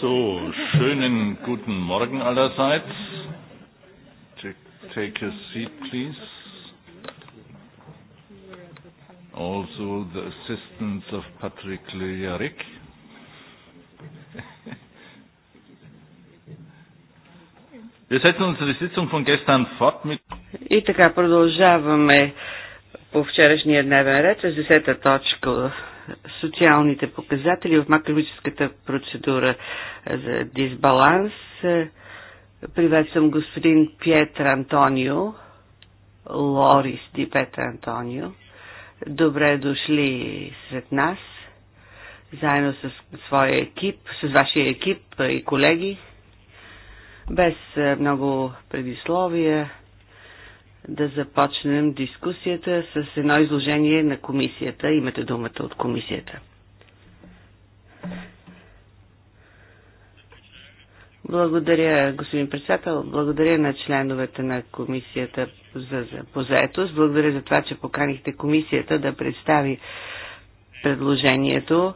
So, schönen guten Morgen allerseits. Take a seat, please. Also the assistance of Patrick Lejarik. Wir setzen unsere Sitzung von gestern fort mit... И така продължаваме по вчерашния дневен ред с 10 точка социалните показатели в макроическата процедура за дисбаланс. Приветствам господин Пьетър Антонио, Лорис Ди Петър Антонио. Добре дошли сред нас, заедно с своя екип, с вашия екип и колеги. Без много предисловия да започнем дискусията с едно изложение на комисията. Имате думата от комисията. Благодаря, господин председател. Благодаря на членовете на комисията за, за, позаетост. Благодаря за това, че поканихте комисията да представи предложението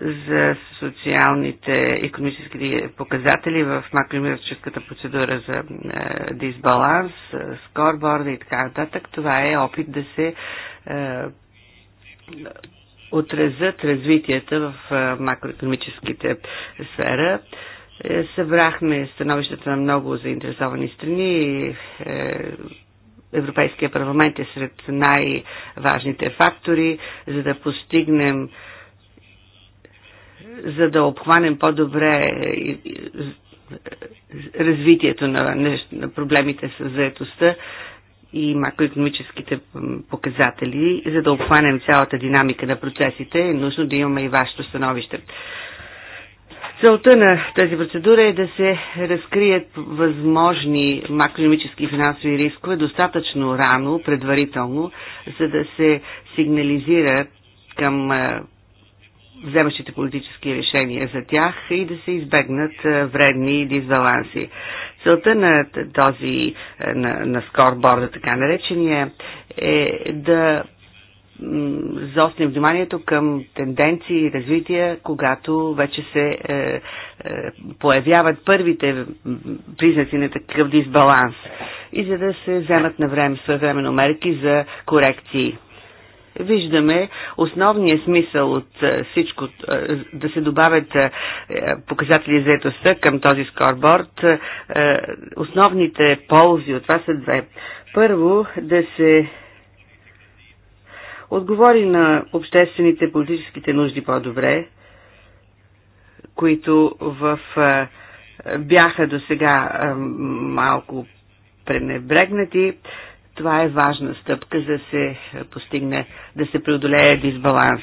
за социалните економически показатели в макроимерическата процедура за е, дисбаланс, е, скорборда и така нататък. Това е опит да се е, отразят развитията в макроекономическите сфера. Събрахме становищата на много заинтересовани страни. Европейския парламент е сред най-важните фактори, за да постигнем за да обхванем по-добре развитието на, на проблемите с заетостта и макроекономическите показатели, за да обхванем цялата динамика на процесите, е нужно да имаме и вашето становище. Целта на тази процедура е да се разкрият възможни макроекономически и финансови рискове достатъчно рано, предварително, за да се сигнализира към вземащите политически решения за тях и да се избегнат вредни дисбаланси. Целта на този, на, на скорборда, така наречения, е да заостним вниманието към тенденции и развития, когато вече се е, е, появяват първите признаци на такъв дисбаланс и за да се вземат на време своевременно мерки за корекции виждаме основния смисъл от е, всичко, е, да се добавят е, показатели за етостта към този скорборд. Основните ползи от това са две. Първо, да се отговори на обществените политическите нужди по-добре, които в, бяха до сега малко пренебрегнати. Това е важна стъпка за да се постигне, да се преодолее дисбаланс.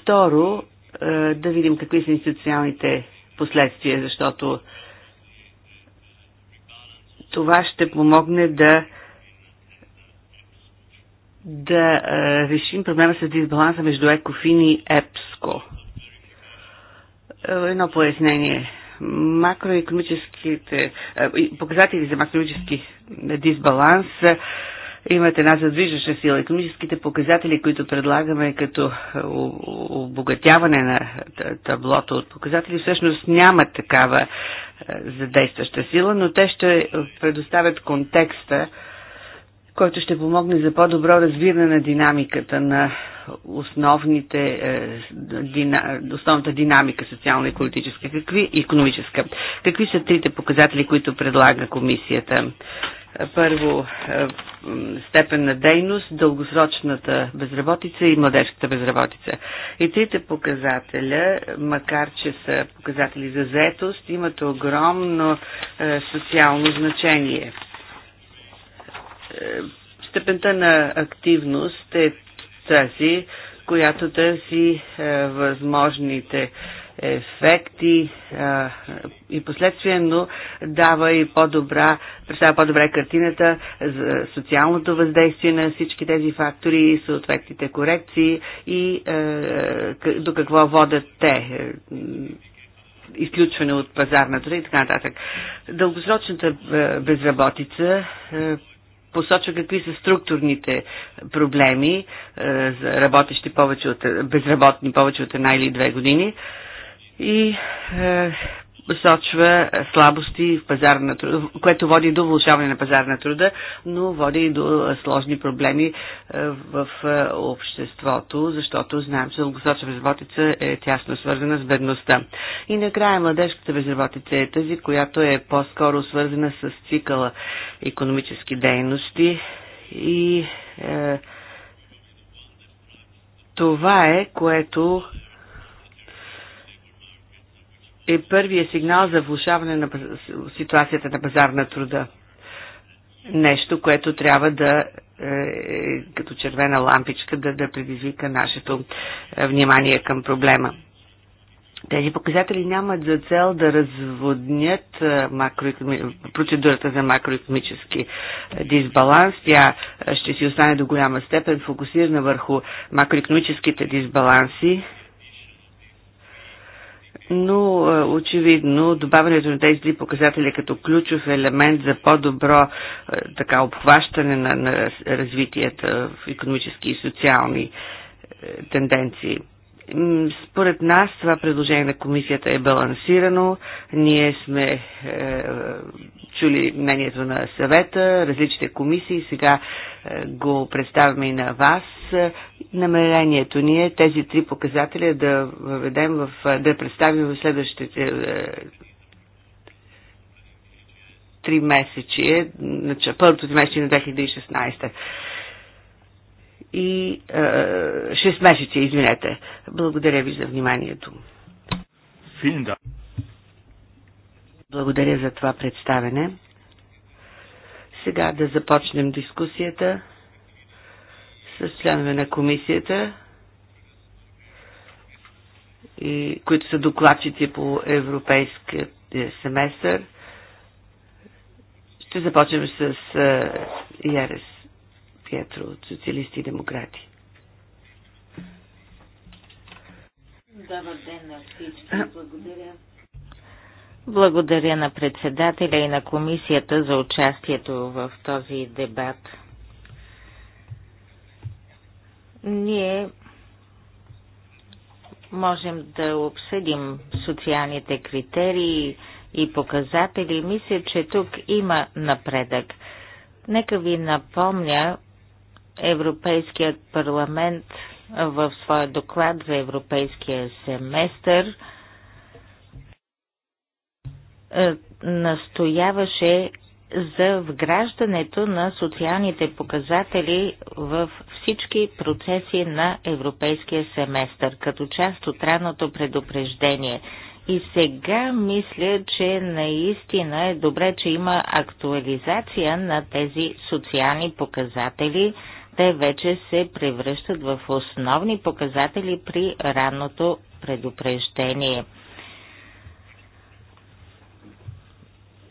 Второ, е, да видим какви са институционалните последствия, защото това ще помогне да да е, решим проблема с дисбаланса между ЕКОФИН и ЕПСКО. Е, едно пояснение макроекономическите показатели за макроекономически дисбаланс имат една задвижваща сила. Економическите показатели, които предлагаме като обогатяване на таблото от показатели, всъщност нямат такава задействаща сила, но те ще предоставят контекста който ще помогне за по-добро разбиране на динамиката на основните, е, дина, основната динамика социална и политическа, какви економическа. Какви са трите показатели, които предлага комисията? Първо, е, степен на дейност, дългосрочната безработица и младежката безработица. И трите показателя, макар че са показатели за заетост, имат огромно е, социално значение – е, степента на активност е тази, която търси е, възможните ефекти е, и последствия, но дава и по-добра, представя по добра картината за социалното въздействие на всички тези фактори и съответните корекции и е, до какво водят те е, изключване от пазарната и така нататък. Дългосрочната е, безработица посочва какви са структурните проблеми е, за работещи повече от, безработни повече от една или две години. И е, посочва слабости в пазар на труда, което води до влушаване на пазар на труда, но води и до сложни проблеми е, в е, обществото, защото знаем, че дългосрочна безработица е тясно свързана с бедността. И накрая младежката безработица е тази, която е по-скоро свързана с цикъла економически дейности и е, това е, което е първият сигнал за влушаване на ситуацията на пазар на труда. Нещо, което трябва да е, е като червена лампичка да, да предизвика нашето е, внимание към проблема. Тези показатели нямат за цел да разводнят е, процедурата за макроекономически дисбаланс. Тя ще си остане до голяма степен фокусирана върху макроекономическите дисбаланси, но е, очевидно добавянето на тези три показатели е като ключов елемент за по-добро е, така обхващане на, на развитието в економически и социални тенденции. Според нас това предложение на комисията е балансирано. Ние сме е, чули мнението на съвета, различните комисии, сега е, го представяме и на вас. Намерението ни е тези три показателя да въведем в, да представим в следващите е, три месечи, е, първото три месече на 2016 и е, 6 месеца, извинете. Благодаря ви за вниманието. Финда. Благодаря за това представене. Сега да започнем дискусията с членове на комисията, и, които са докладчици по европейския семестър. Ще започнем с е, Ярес Пьетро от Социалисти и Демократи. Добър ден на всички. Благодаря. Благодаря на председателя и на комисията за участието в този дебат. Ние можем да обсъдим социалните критерии и показатели. Мисля, че тук има напредък. Нека ви напомня Европейският парламент в своя доклад за европейския семестър е, настояваше за вграждането на социалните показатели в всички процеси на европейския семестър, като част от ранното предупреждение. И сега мисля, че наистина е добре, че има актуализация на тези социални показатели – те вече се превръщат в основни показатели при ранното предупреждение.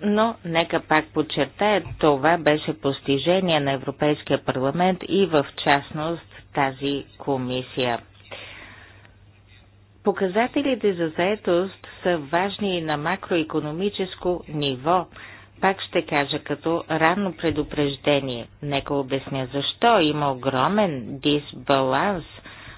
но нека пак подчертая, това беше постижение на Европейския парламент и в частност тази комисия. Показателите за заетост са важни и на макроекономическо ниво, пак ще кажа като ранно предупреждение. Нека обясня защо има огромен дисбаланс,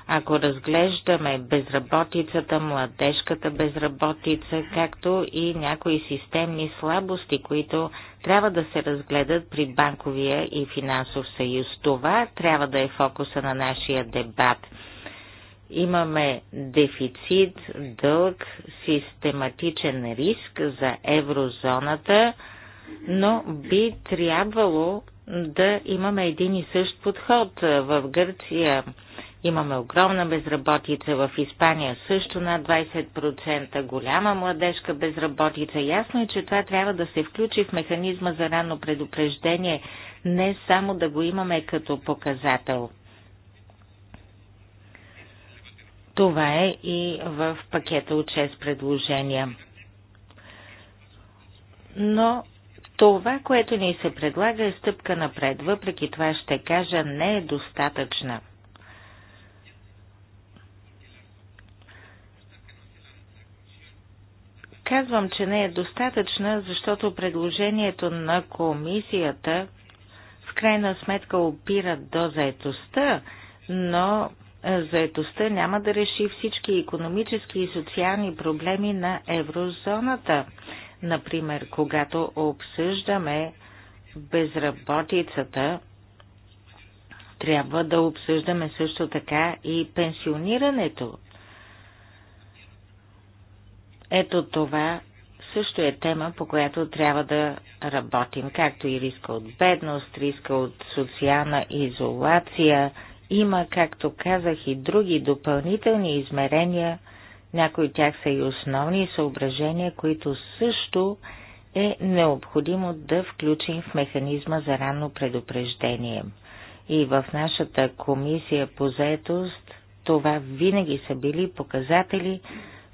ако разглеждаме безработицата, младежката безработица, както и някои системни слабости, които трябва да се разгледат при банковия и финансов съюз. Това трябва да е фокуса на нашия дебат имаме дефицит, дълг, систематичен риск за еврозоната но би трябвало да имаме един и същ подход. В Гърция имаме огромна безработица, в Испания също над 20%, голяма младежка безработица. Ясно е, че това трябва да се включи в механизма за ранно предупреждение, не само да го имаме като показател. Това е и в пакета от 6 предложения. Но това, което ни се предлага е стъпка напред, въпреки това ще кажа не е достатъчна. Казвам, че не е достатъчна, защото предложението на комисията в крайна сметка опира до заетостта, но заетостта няма да реши всички економически и социални проблеми на еврозоната. Например, когато обсъждаме безработицата, трябва да обсъждаме също така и пенсионирането. Ето това също е тема, по която трябва да работим, както и риска от бедност, риска от социална изолация. Има, както казах, и други допълнителни измерения – някои от тях са и основни съображения, които също е необходимо да включим в механизма за ранно предупреждение. И в нашата комисия по заетост това винаги са били показатели,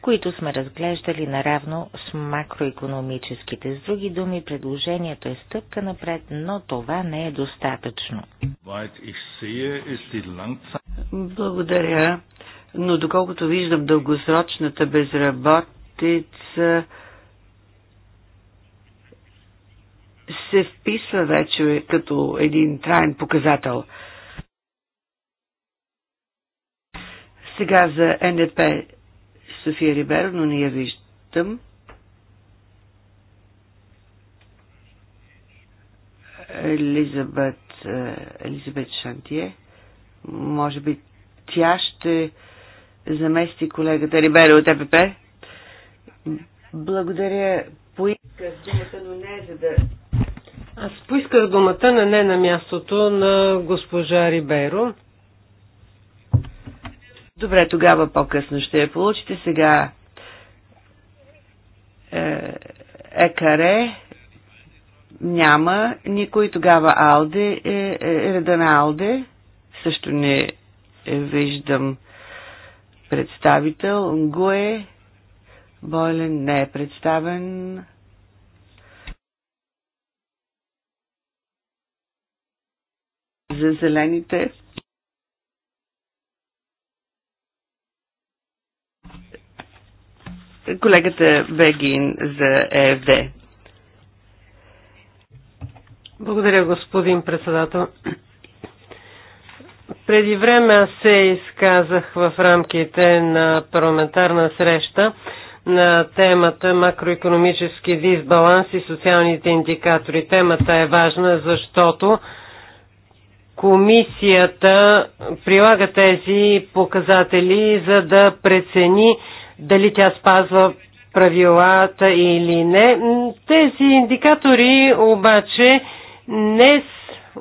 които сме разглеждали наравно с макроекономическите. С други думи, предложението е стъпка напред, но това не е достатъчно. Благодаря но доколкото виждам дългосрочната безработица се вписва вече като един траен показател. Сега за НДП София Риберо, но не я виждам. Елизабет, е, Елизабет Шантие. Може би тя ще замести колегата Риберо от ЕПП. Благодаря. Поисках думата, но не за да... Аз поисках думата, но не на мястото на госпожа Риберо. Добре, тогава по-късно ще я получите. Сега е, екаре няма никой. Тогава Алде е, е, реда на Алде също не е, виждам представител. Гуе Бойлен не е представен. За зелените колегата Бегин за ЕФД. Благодаря, господин председател. Преди време аз се изказах в рамките на парламентарна среща на темата макроекономически дисбаланс и социалните индикатори. Темата е важна, защото комисията прилага тези показатели, за да прецени дали тя спазва правилата или не. Тези индикатори обаче не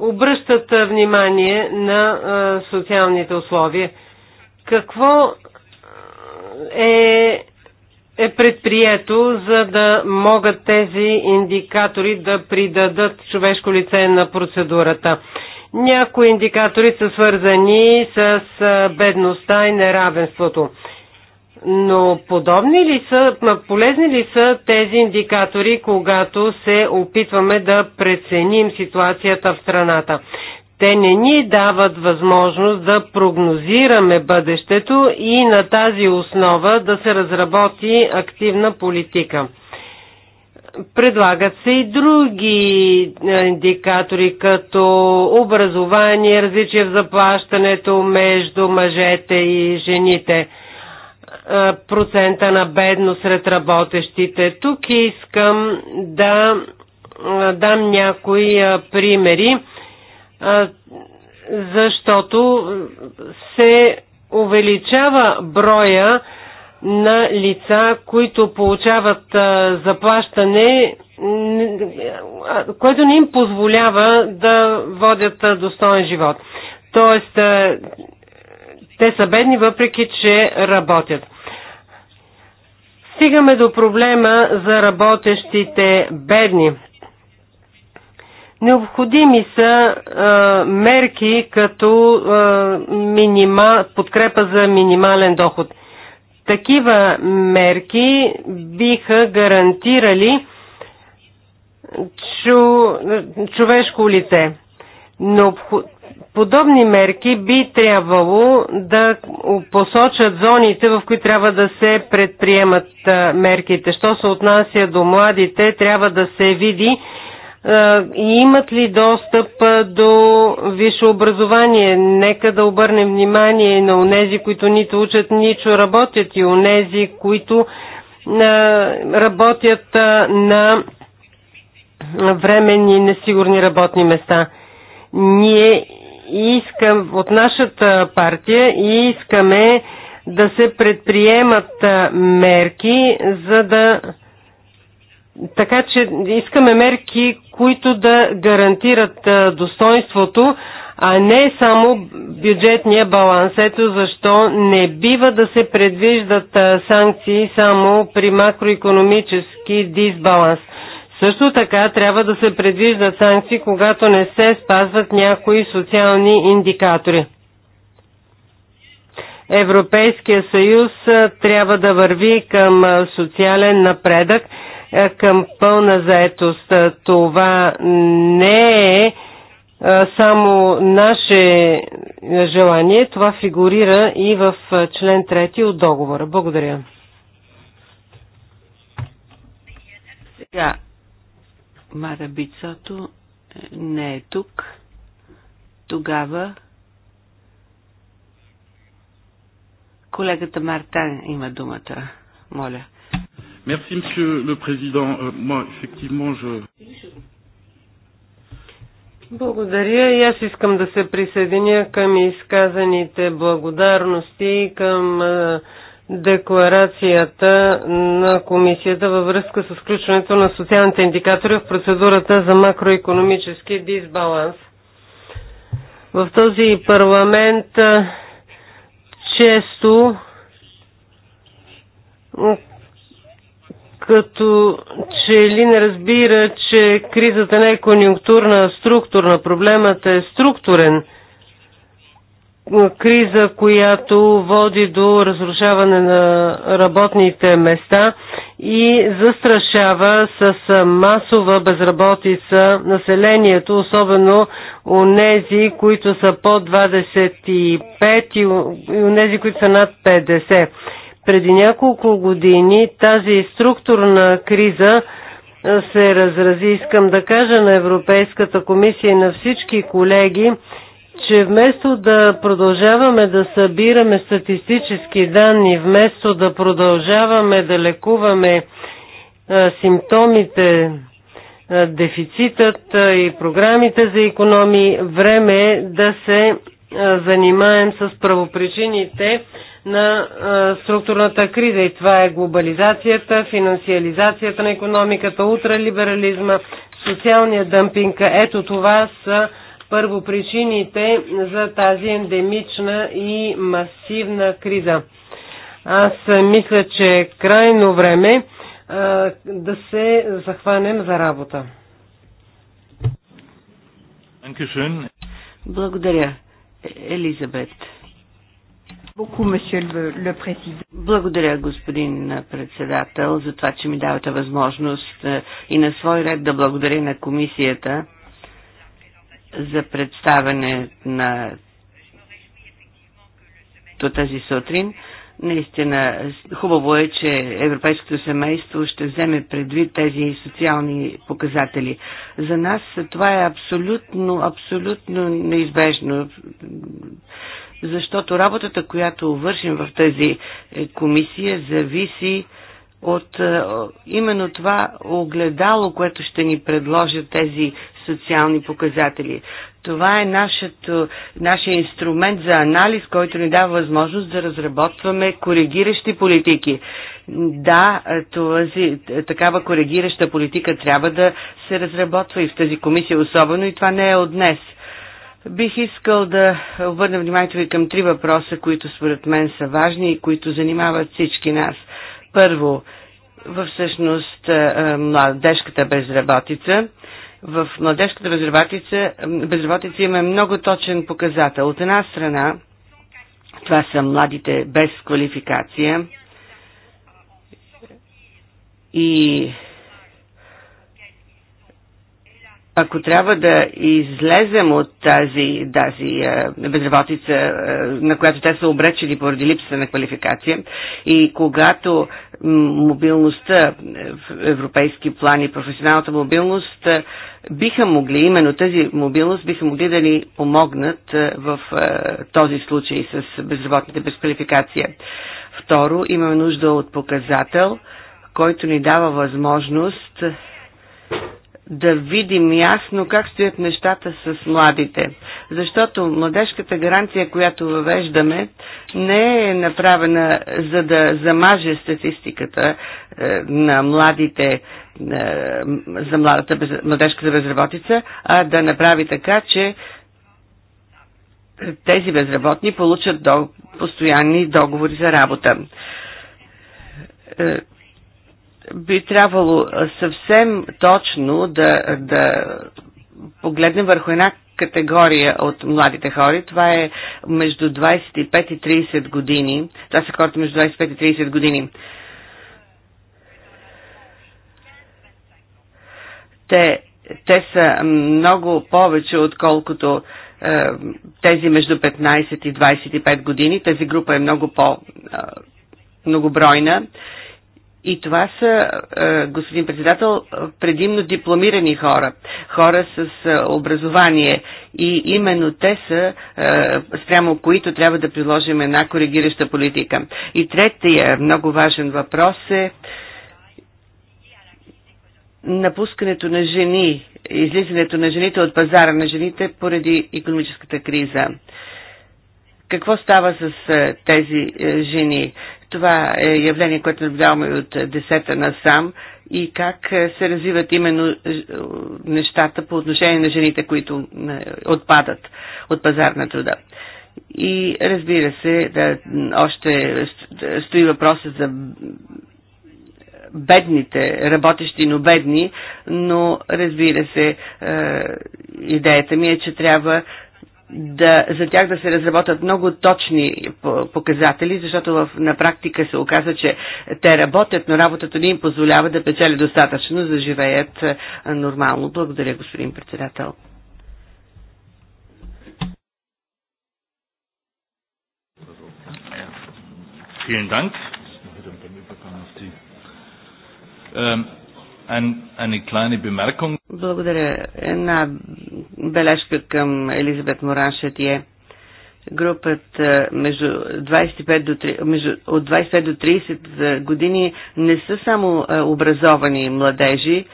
обръщат внимание на социалните условия. Какво е, е предприето, за да могат тези индикатори да придадат човешко лице на процедурата? Някои индикатори са свързани с бедността и неравенството. Но подобни ли са, полезни ли са тези индикатори, когато се опитваме да преценим ситуацията в страната? Те не ни дават възможност да прогнозираме бъдещето и на тази основа да се разработи активна политика. Предлагат се и други е, индикатори, като образование, различие в заплащането между мъжете и жените процента на бедност сред работещите. Тук искам да дам някои примери, защото се увеличава броя на лица, които получават заплащане, което не им позволява да водят достоен живот. Тоест, те са бедни, въпреки че работят. Стигаме до проблема за работещите бедни. Необходими са а, мерки като а, минима, подкрепа за минимален доход. Такива мерки биха гарантирали чу, човешко лице. Необход... Подобни мерки би трябвало да посочат зоните, в които трябва да се предприемат мерките. Що се отнася до младите, трябва да се види и имат ли достъп до висше образование. Нека да обърнем внимание на унези, които нито учат, нито работят и унези, които работят на временни несигурни работни места. Ние искам от нашата партия и искаме да се предприемат мерки, за да така че искаме мерки, които да гарантират достоинството, а не само бюджетния баланс. Ето защо не бива да се предвиждат санкции само при макроекономически дисбаланс. Също така трябва да се предвиждат санкции, когато не се спазват някои социални индикатори. Европейския съюз трябва да върви към социален напредък, към пълна заетост. Това не е само наше желание, това фигурира и в член 3 от договора. Благодаря. Yeah. Мара не е тук. Тогава колегата Мартан има думата. Моля. Merci, Monsieur le Président. Euh, moi, effectivement, je... Благодаря и аз искам да се присъединя към изказаните благодарности към декларацията на комисията във връзка с включването на социалните индикатори в процедурата за макроекономически дисбаланс. В този парламент често като че ли не разбира, че кризата не е конюнктурна, а структурна. Проблемът е структурен – криза, която води до разрушаване на работните места и застрашава с масова безработица населението, особено у нези, които са под 25 и у нези, които са над 50. Преди няколко години тази структурна криза се разрази. Искам да кажа на Европейската комисия и на всички колеги, че вместо да продължаваме да събираме статистически данни, вместо да продължаваме да лекуваме симптомите, дефицитът и програмите за економии, време е да се занимаем с правопричините на структурната криза и това е глобализацията, финансиализацията на економиката, ултралиберализма, социалния дъмпинг. Ето това са първо причините за тази ендемична и масивна криза. Аз мисля, че е крайно време а, да се захванем за работа. Благодаря, Елизабет. Благодаря, господин председател, за това, че ми давате възможност е, и на свой ред да благодаря на комисията за представяне на до тази сутрин. Наистина, хубаво е, че европейското семейство ще вземе предвид тези социални показатели. За нас това е абсолютно, абсолютно неизбежно, защото работата, която вършим в тази е, комисия, зависи от е, именно това огледало, което ще ни предложат тези социални показатели. Това е нашето, нашия инструмент за анализ, който ни дава възможност да разработваме коригиращи политики. Да, този, такава коригираща политика трябва да се разработва и в тази комисия особено и това не е от днес. Бих искал да обърна вниманието ви към три въпроса, които според мен са важни и които занимават всички нас. Първо, всъщност е, е, младежката безработица в младежката безработица, безработица има много точен показател. От една страна, това са младите без квалификация и ако трябва да излезем от тази, тази е, безработица, е, на която те са обречени поради липсата на квалификация, и когато мобилността е, в европейски план и професионалната мобилност биха могли, именно тази мобилност биха могли да ни помогнат в този случай с безработните без квалификация. Второ, имаме нужда от показател, който ни дава възможност да видим ясно как стоят нещата с младите. Защото младежката гаранция, която въвеждаме, не е направена за да замаже статистиката е, на младите, е, за младата младежката безработица, а да направи така, че тези безработни получат до, постоянни договори за работа е, би трябвало съвсем точно да, да погледнем върху една категория от младите хора. Това е между 25 и 30 години. Това са хората между 25 и 30 години. Те, те са много повече, отколкото е, тези между 15 и 25 години. Тази група е много по-многобройна. Е, и това са, е, господин председател, предимно дипломирани хора, хора с е, образование. И именно те са, е, спрямо които трябва да приложим една коригираща политика. И третия много важен въпрос е напускането на жени, излизането на жените от пазара на жените поради економическата криза. Какво става с тези жени? Това е явление, което наблюдаваме от десета насам и как е, се развиват именно е, нещата по отношение на жените, които е, отпадат от пазар на труда. И разбира се, да, още стои въпросът за бедните, работещи, но бедни, но разбира се, идеята ми е, че трябва да, за тях да се разработят много точни показатели, защото в, на практика се оказа, че те работят, но работата не им позволява да печели достатъчно, за да живеят е, нормално. Благодаря, господин председател. Vielen Dank. Ähm, благодаря. Една бележка към Елизабет Мораншет е Групата между 25 до 3, между, от 25 до 30 е, години не са само е, образовани младежи.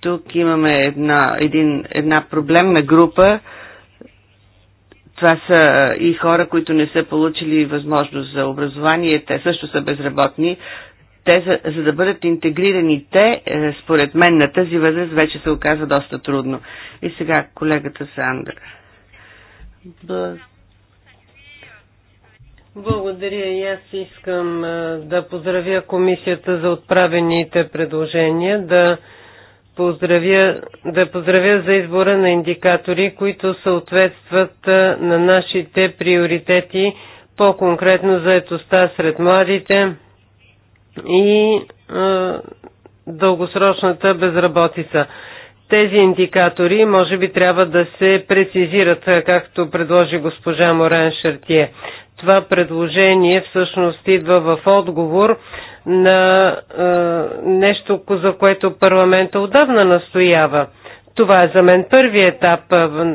Тук имаме една, един, една проблемна група. Това са е, и хора, които не са получили възможност за образование. Те също са безработни те, за, за да бъдат интегрирани те, е, според мен на тази възраст вече се оказа доста трудно. И сега колегата Сандра. Благодаря и аз искам е, да поздравя комисията за отправените предложения, да поздравя, да поздравя за избора на индикатори, които съответстват е, на нашите приоритети, по-конкретно заетостта сред младите, и а, дългосрочната безработица. Тези индикатори може би трябва да се прецизират, както предложи госпожа Моран Шартие. Това предложение всъщност идва в отговор на е, нещо, за което парламента отдавна настоява. Това е за мен първи етап. В,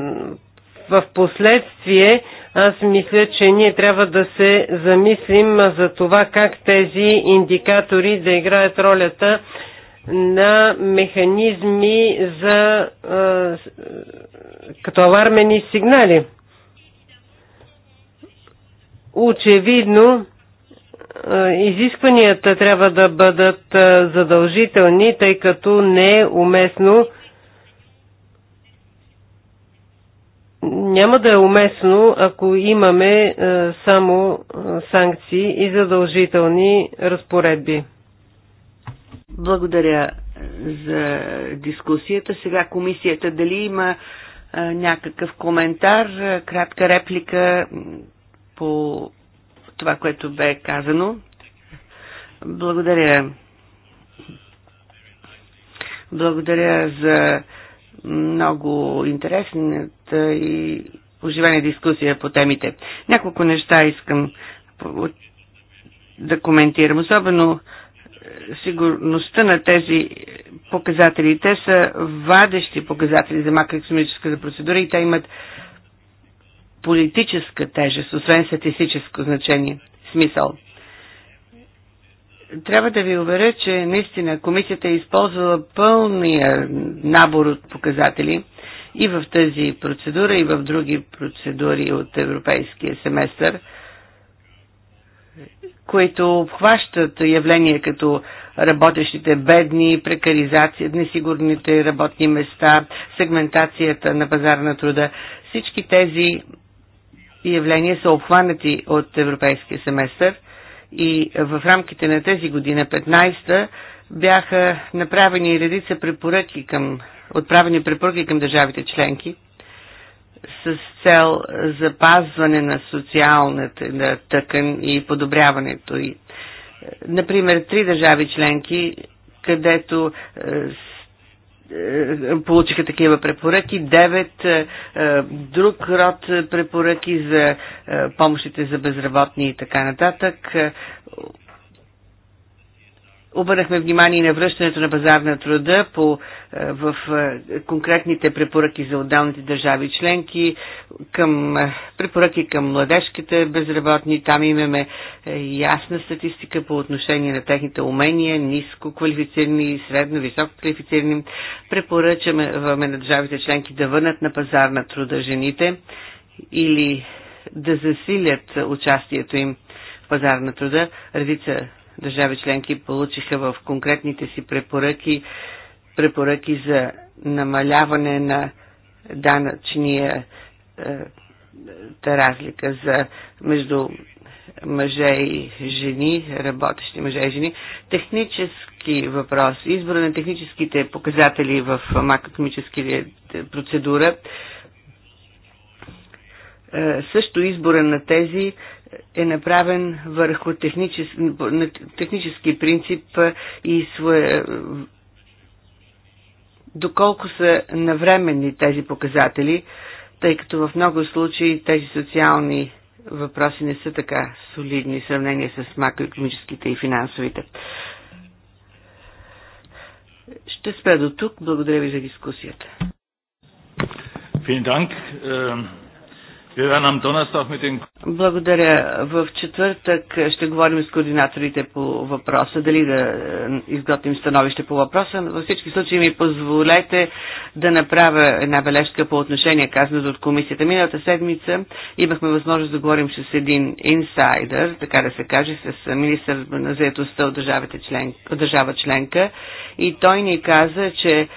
в последствие аз мисля, че ние трябва да се замислим за това как тези индикатори да играят ролята на механизми за като авармени сигнали. Очевидно, изискванията трябва да бъдат задължителни, тъй като не е уместно няма да е уместно, ако имаме е, само е, санкции и задължителни разпоредби. Благодаря за дискусията. Сега комисията дали има е, някакъв коментар, кратка реплика по това, което бе казано. Благодаря. Благодаря за много интересни и оживена дискусия по темите. Няколко неща искам да коментирам. Особено е, сигурността на тези показатели. Те са вадещи показатели за макроекономическата процедура и те имат политическа тежест, освен статистическо значение, смисъл. Трябва да ви уверя, че наистина комисията е използвала пълния набор от показатели – и в тази процедура, и в други процедури от европейския семестър, които обхващат явления като работещите бедни, прекаризация, несигурните работни места, сегментацията на пазар на труда. Всички тези явления са обхванати от европейския семестър и в рамките на тези година 15-та бяха направени редица препоръки към отправени препоръки към държавите членки с цел запазване на социалната на тъкан и подобряването й. Например, три държави членки, където е, е, получиха такива препоръки, девет е, друг род препоръки за помощите за безработни и така нататък. Обърнахме внимание на връщането на пазар на труда по, е, в е, конкретните препоръки за отдалните държави членки, към е, препоръки към младежките безработни. Там имаме ясна статистика по отношение на техните умения, ниско квалифицирани и средно високо квалифицирани. Препоръчаме на държавите членки да върнат на пазар на труда жените или да засилят участието им в пазар на труда. Редица държави членки получиха в конкретните си препоръки препоръки за намаляване на данъчния е, разлика за между мъже и жени, работещи мъже и жени. Технически въпрос, избора на техническите показатели в макроекономически процедура, е, също избора на тези е направен върху техничес, на технически принцип и свое, доколко са навременни тези показатели, тъй като в много случаи тези социални въпроси не са така солидни в сравнение с макроекономическите и финансовите. Ще спя до тук. Благодаря ви за дискусията. Vielen Dank. Äh, благодаря. В четвъртък ще говорим с координаторите по въпроса, дали да е, изготвим становище по въпроса. Във всички случаи ми позволете да направя една бележка по отношение казано от комисията. Миналата седмица имахме възможност да говорим с един инсайдър, така да се каже, с министър на заедостта от, от държава членка и той ни каза, че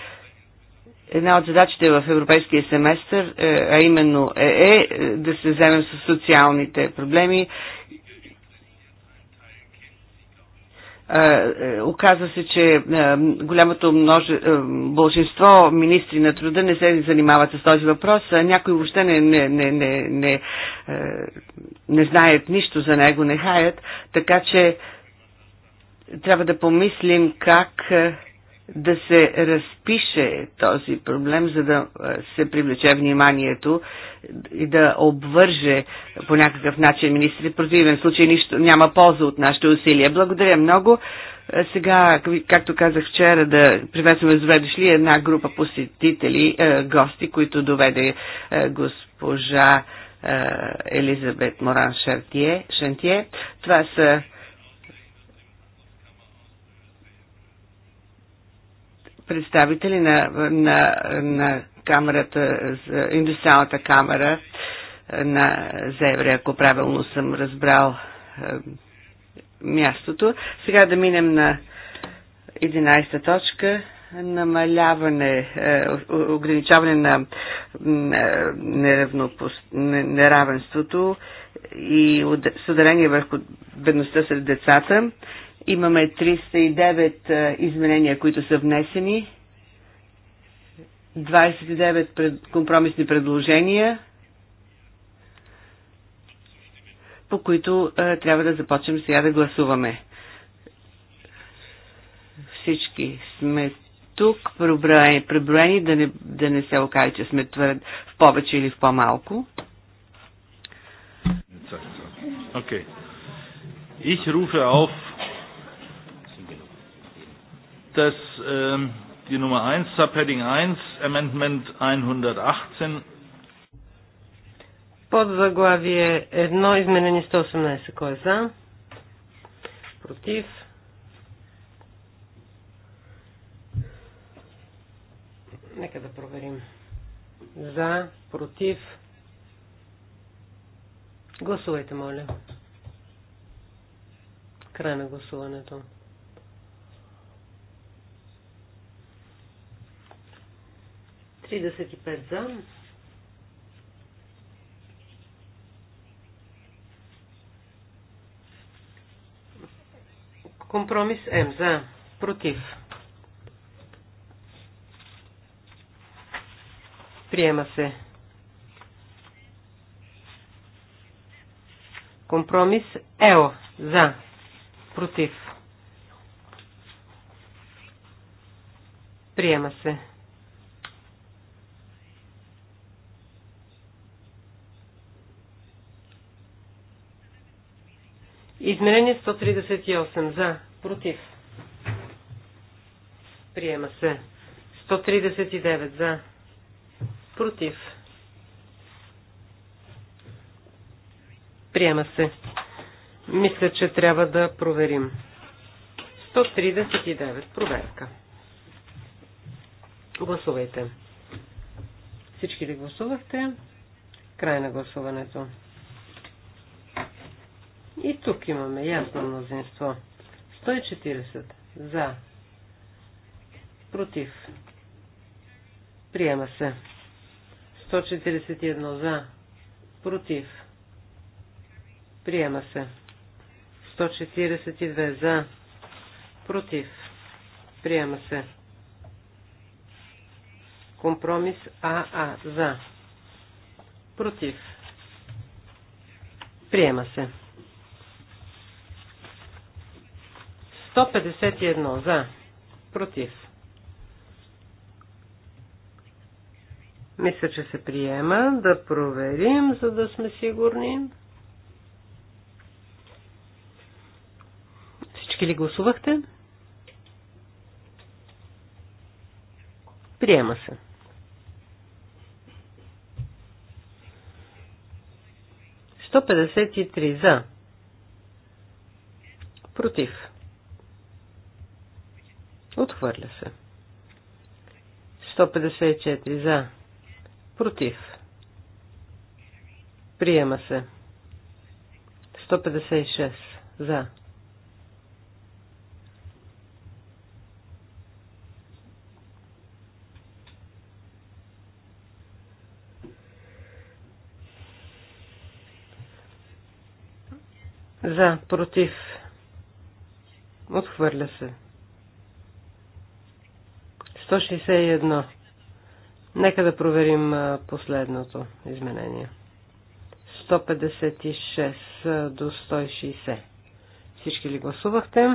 Една от задачите в европейския семестър, е, а именно е, е да се вземем с социалните проблеми. Е, е, оказва се, че голямото множе, бължинство министри на труда не се занимават с този въпрос. Някои въобще не, не, не, не, не, не знаят нищо за него, не хаят. Така че трябва да помислим как да се разпише този проблем, за да се привлече вниманието и да обвърже по някакъв начин министри. В противен случай нищо, няма полза от нашите усилия. Благодаря много. Сега, както казах вчера, да приветстваме с дошли една група посетители, гости, които доведе госпожа Елизабет Моран Шантие. Това са представители на, на, на камерата, индустриалната камера е, на Зевре, ако правилно съм разбрал е, мястото. Сега да минем на 11 та точка намаляване, е, ограничаване на неравенството и с ударение върху бедността сред децата Имаме 309 е, изменения, които са внесени, 29 компромисни предложения, по които е, трябва да започнем сега да гласуваме. Всички сме тук, преброени, преброени да, не, да не се окаже, че сме твърд в повече или в по-малко. Okay. Ich rufe auf dass ähm, die Nummer 1, Subheading 1, Amendment 118. Подзаглавие 1, изменени 118. Кой е за? Против? Нека да проверим. За, против. Гласувайте, моля. Край на гласуването. 35 за. Компромис М за. Против. Приема се. Компромис Ео. за. Против. Приема се. Изменение 138. За. Против. Приема се. 139. За. Против. Приема се. Мисля, че трябва да проверим. 139. Проверка. Гласувайте. Всички ли гласувахте? Край на гласуването. И тук имаме ясно мнозинство. 140 за. Против. Приема се. 141 за. Против. Приема се. 142 за. Против. Приема се. Компромис АА за. Против. Приема се. 151 за. Против. Мисля, че се приема. Да проверим, за да сме сигурни. Всички ли гласувахте? Приема се. Сто пятьдесят и три за. Против. Отхвърля се. 154 за. Против. Приема се. 156 за. За, против. Отхвърля се. 161. Нека да проверим последното изменение. 156 до 160. Всички ли гласувахте?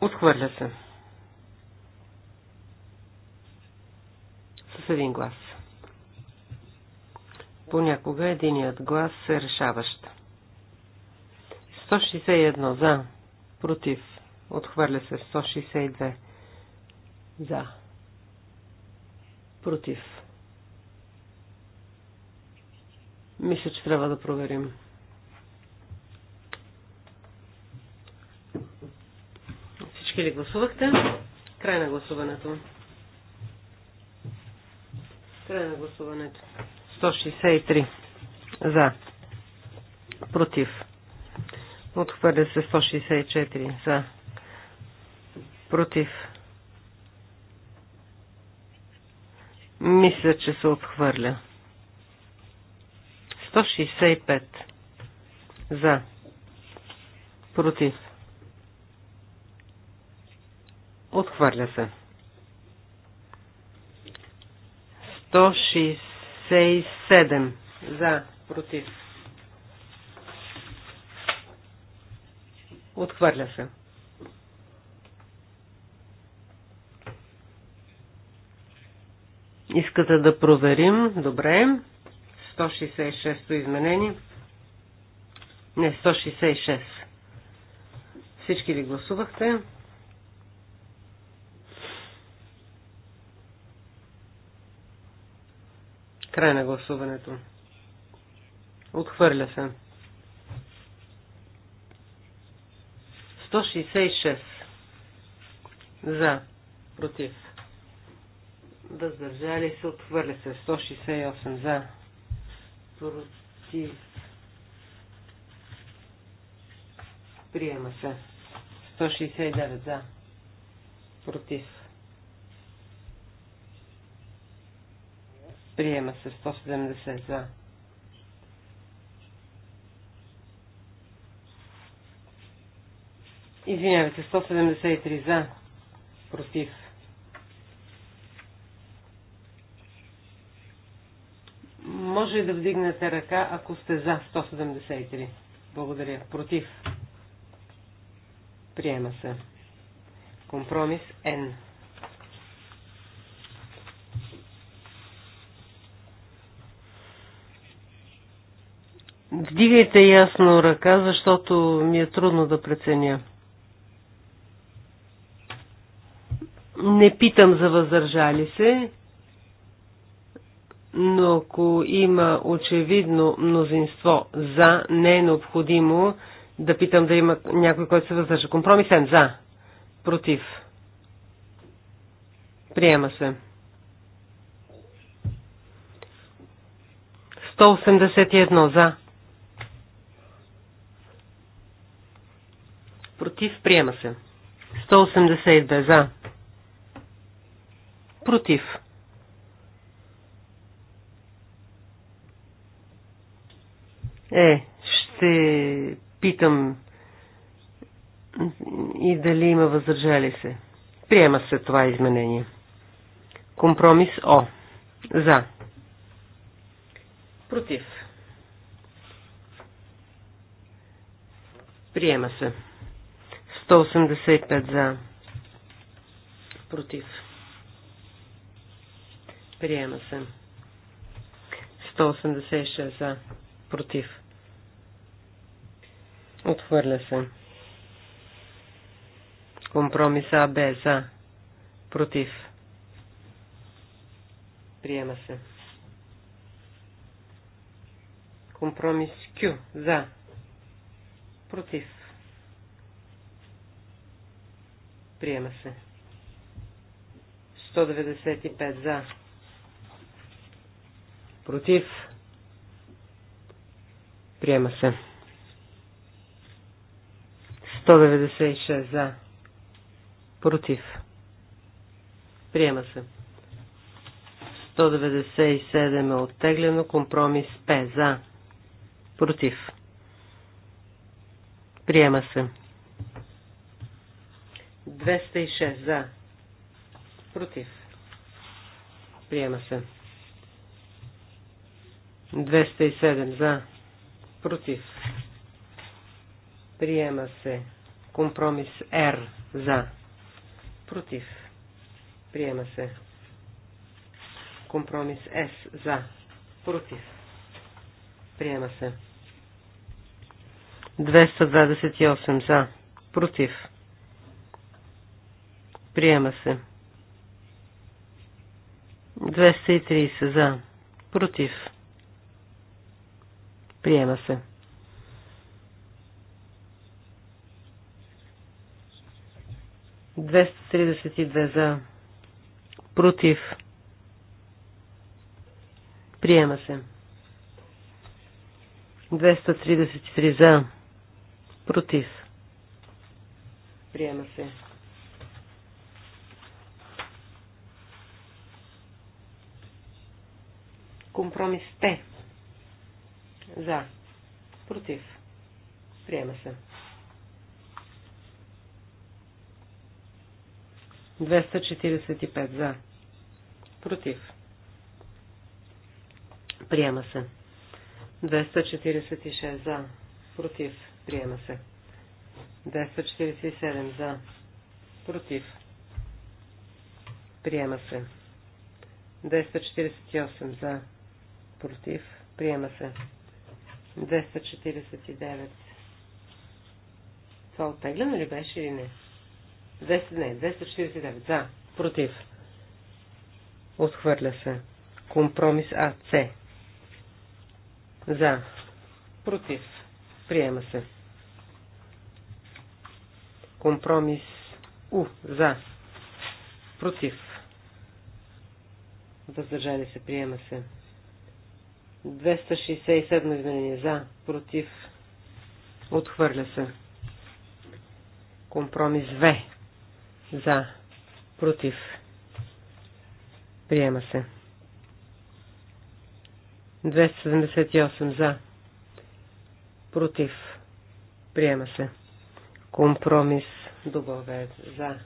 Отхвърля се. един глас. Понякога единият глас е решаващ. 161 за, против, отхвърля се 162 за, против. Мисля, че трябва да проверим. Всички ли гласувахте? Край на гласуването. Край на гласуването. 163. За. Против. Отхвърля се 164. За. Против. Мисля, че се отхвърля. 165. За. Против. Отхвърля се. 167 за, против. Отхвърля се. Искате да проверим? Добре. 166-то изменение. Не, 166. Всички ли гласувахте? Край на гласуването. Отхвърля се. 166. За. Против. Въздържали се. Отхвърля се. 168. За. Против. Приема се. 169. За. Против Приема се 170 за. Извинявайте, 173 за. Против. Може ли да вдигнете ръка, ако сте за 173? Благодаря. Против. Приема се. Компромис N. Вдигайте ясно ръка, защото ми е трудно да преценя. Не питам за въздържали се, но ако има очевидно мнозинство за, не е необходимо да питам да има някой, който се въздържа. Компромисен за, против. Приема се. 181 за Против. Приема се. 182 за. Против. Е, ще питам и дали има въздържали се. Приема се това изменение. Компромис О. За. Против. Приема се. 185 за. Против. Приема се. 186 за. Против. Отхвърля се. Компромис АБ за. Против. Приема се. Компромис Q за. Против. Приема се. 195 за. Против. Приема се. 196 за. Против. Приема се. 197 е оттеглено. Компромис П. За. Против. Приема се. 206 за. Против. Приема се. 207 за. Против. Приема се. Компромис Р за. Против. Приема се. Компромис С за. Против. Приема се. 228 за. Против. Приема се. 230 за. Против. Приема се. Двеста тридесет и две за. Против. Приема се. 233 за. Против. Приема се. Компромис сте. За. Против. Приема се. 245 за. Против. Приема се. 246 за. Против. Приема се. 247 за. Против. Приема се. 248 за против, приема се. 249. Това оттеглено ли беше или не? 200, не, 249. За, против. Отхвърля се. Компромис АЦ. За, против, приема се. Компромис У. За, против. Въздържали се, приема се. 267 изменение за, против, отхвърля се. Компромис В за, против, приема се. 278 за, против, приема се. Компромис добавят за,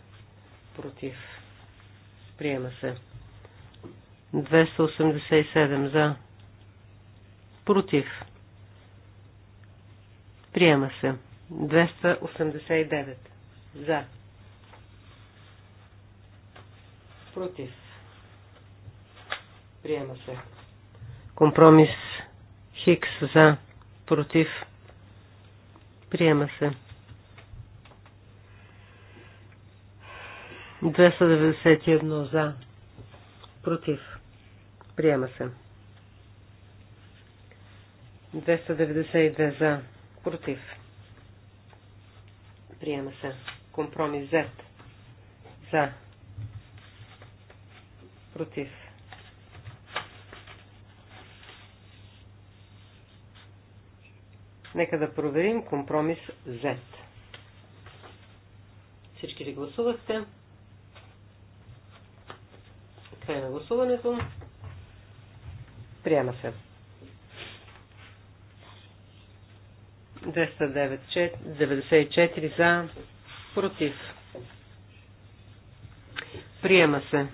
против, приема се. 287 за, Против. Приема се. 289. За. Против. Приема се. Компромис Хикс за. Против. Приема се. 291 за. Против. Приема се. 292 за. Против. Приема се. Компромис Z. За. Против. Нека да проверим компромис Z. Всички ли гласувахте? Край на гласуването. Приема се. 294 за, против. Приема се.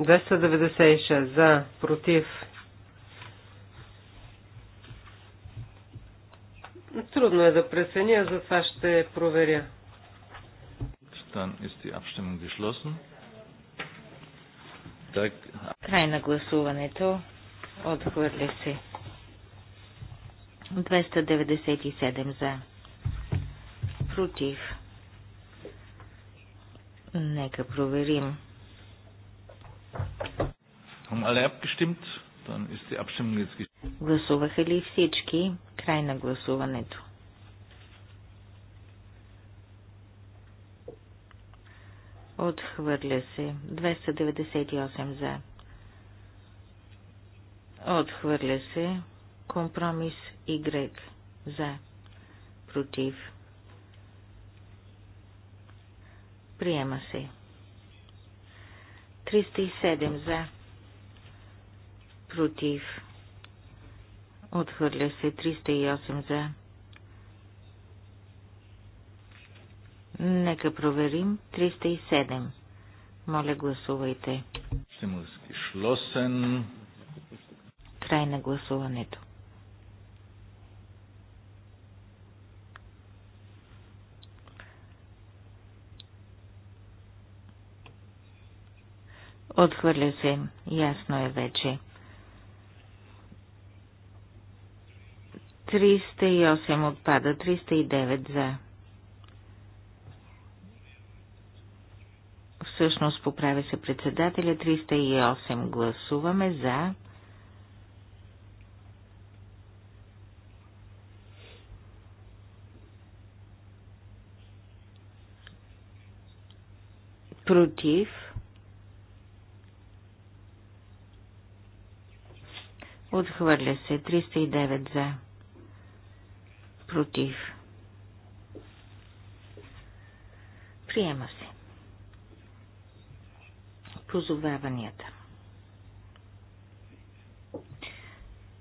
Двеста за, против. Трудно е да преценя, затова ще проверя. Dann ist die Abstimmung geschlossen. Da Край на гласуването. Отхвърля се. 297 за. Против. Нека проверим. Гласуваха ли всички? Край на гласуването. Отхвърля се. 298 за. Отхвърля се. Компромис Y. За. Против. Приема се. 307 за. Против. Отхвърля се 308 за. Нека проверим 307. Моля гласувайте. Ще му Край на гласуването. Отхвърля се, ясно е вече. 308 отпада, 309 за. Всъщност поправя се председателя, 308 гласуваме за, против, отхвърля се 309 за, против, приема се. Позоваванията.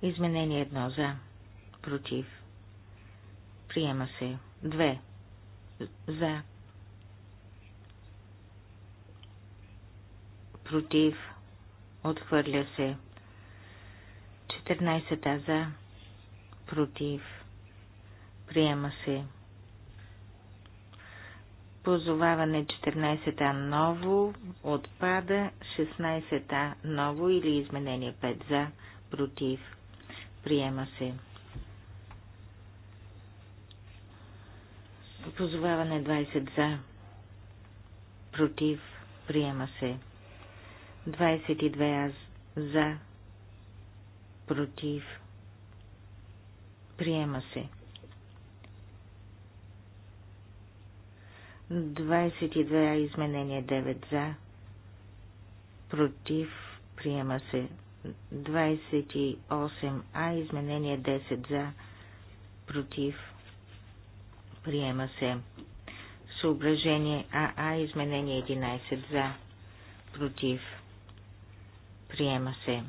Изменение 1 за, против, приема се 2 за, против, отхвърля се. 14 за, против, приема се. Позоваване 14 та ново отпада, 16 та ново или изменение 5 за, против, приема се. Позоваване 20 за, против, приема се. 22 аз за, против, приема се. 22 а изменение 9 за, против, приема се. 28 а изменение 10 за, против, приема се. Съображение АА изменение 11 за, против, Приема се.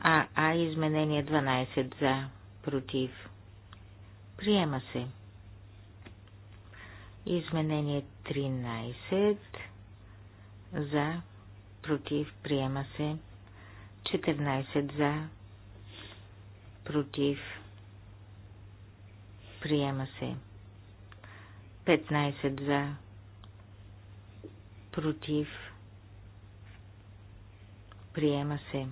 А, а изменение 12 за, против. Приема се. Изменение 13 за, против, приема се. 14 за, против, приема се. 15 за, против, Приема се.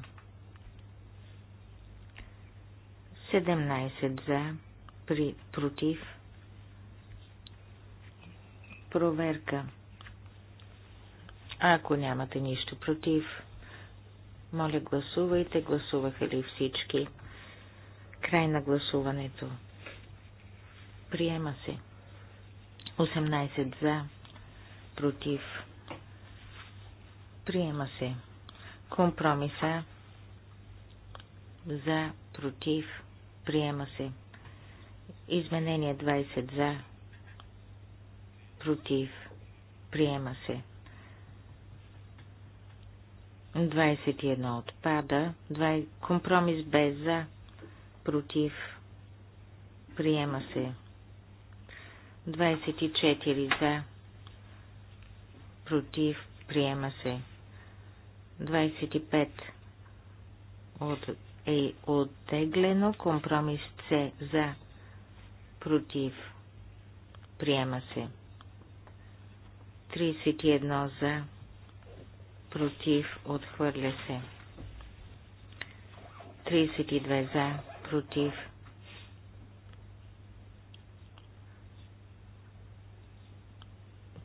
17 за. При, против. Проверка. Ако нямате нищо против, моля гласувайте. Гласуваха ли всички? Край на гласуването. Приема се. 18 за. Против. Приема се. Компромиса за, против, приема се. Изменение 20 за, против, приема се. 21 отпада, 2, компромис без за, против, приема се. 24 за, против, приема се. 25 от, е оттеглено. Компромис С за против. Приема се. 31 за против. Отхвърля се. 32 за против.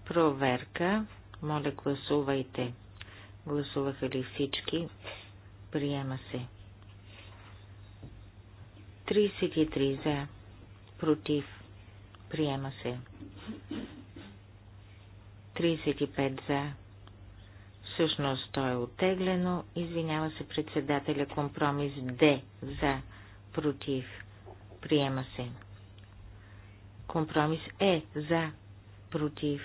Проверка. Моля, гласувайте. Гласуваха ли всички? Приема се. 33 за. Против. Приема се. 35 за. Всъщност то е отеглено. Извинява се председателя компромис Д за. Против. Приема се. Компромис Е за. Против.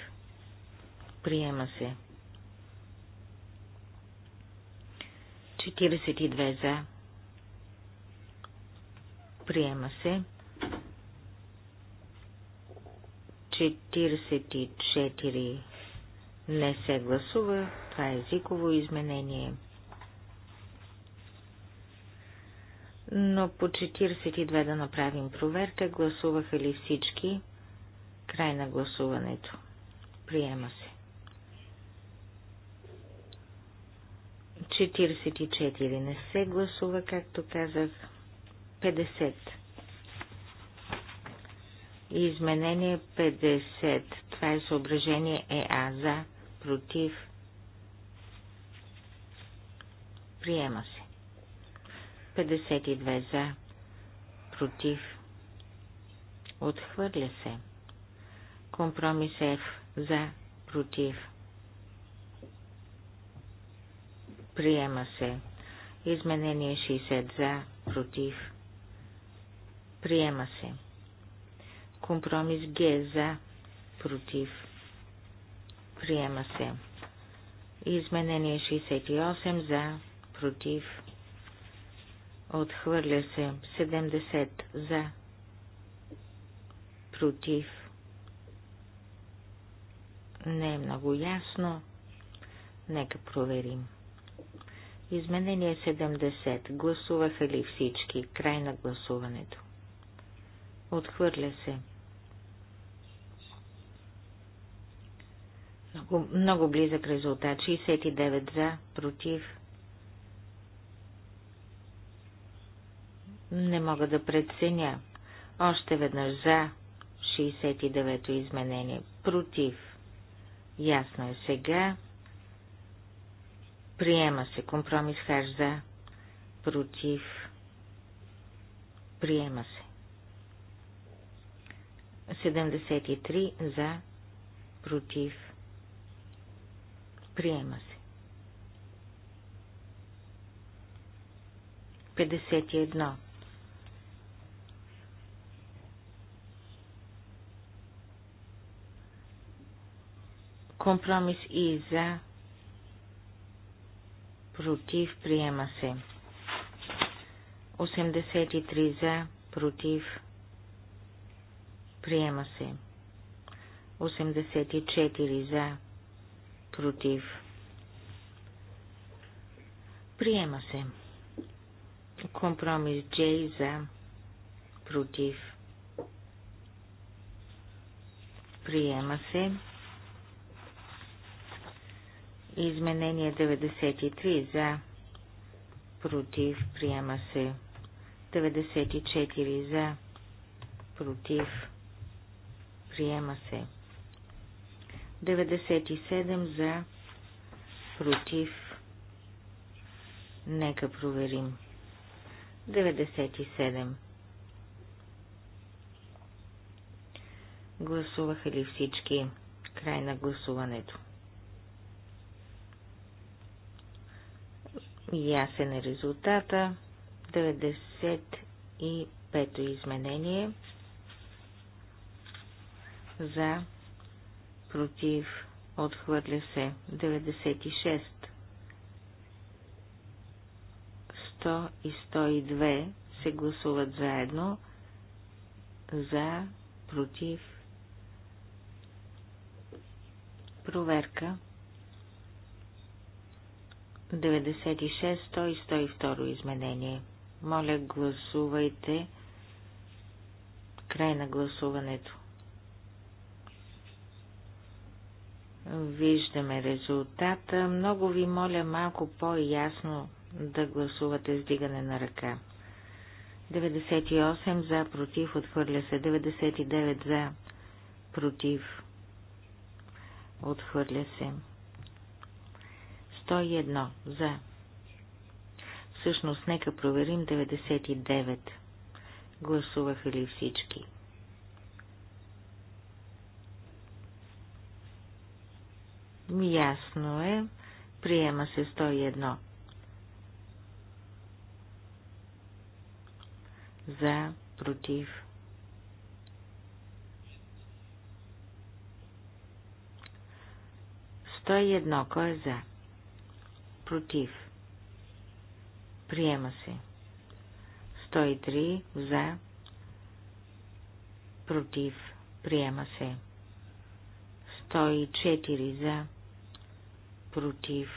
Приема се. 42 за. Приема се. 44 не се гласува. Това е езиково изменение. Но по 42 да направим проверка. Гласуваха ли всички? Край на гласуването. Приема се. 44 не се гласува, както казах. 50. Изменение 50. Това е съображение ЕА за, против. Приема се. 52 за, против. Отхвърля се. Компромис Ф за, против Приема се. Изменение 60 за, против. Приема се. Компромис Г за, против. Приема се. Изменение 68 за, против. Отхвърля се 70 за, против. Не е много ясно. Нека проверим. Изменение 70. Гласуваха ли всички? Край на гласуването. Отхвърля се. Много, много близък резултат. 69 за, против. Не мога да преценя. Още веднъж за 69-то изменение. Против. Ясно е сега. Приема се компромис Херза. за, против, приема се. 73 за, против, приема се. 51 Компромис и за, против, приема се. 83 за, против, приема се. 84 за, против, приема се. Компромис J за, против, приема се. Изменение 93 за, против, приема се. 94 за, против, приема се. 97 за, против. Нека проверим. 97. Гласуваха ли всички? Край на гласуването. Ясен е резултата. 95-то изменение за против отхвърля се 96 100 и 102 се гласуват заедно за против проверка 96, 100 и 102 изменение. Моля, гласувайте. Край на гласуването. Виждаме резултата. Много ви моля малко по-ясно да гласувате с дигане на ръка. 98 за, против, отхвърля се. 99 за, против, отхвърля се. 101 за. Всъщност, нека проверим 99. Гласуваха ли всички? Ясно е. Приема се 101. За, против. Сто едно. Кой е за? против. Приема се. 103 за, против, приема се. 104 за, против,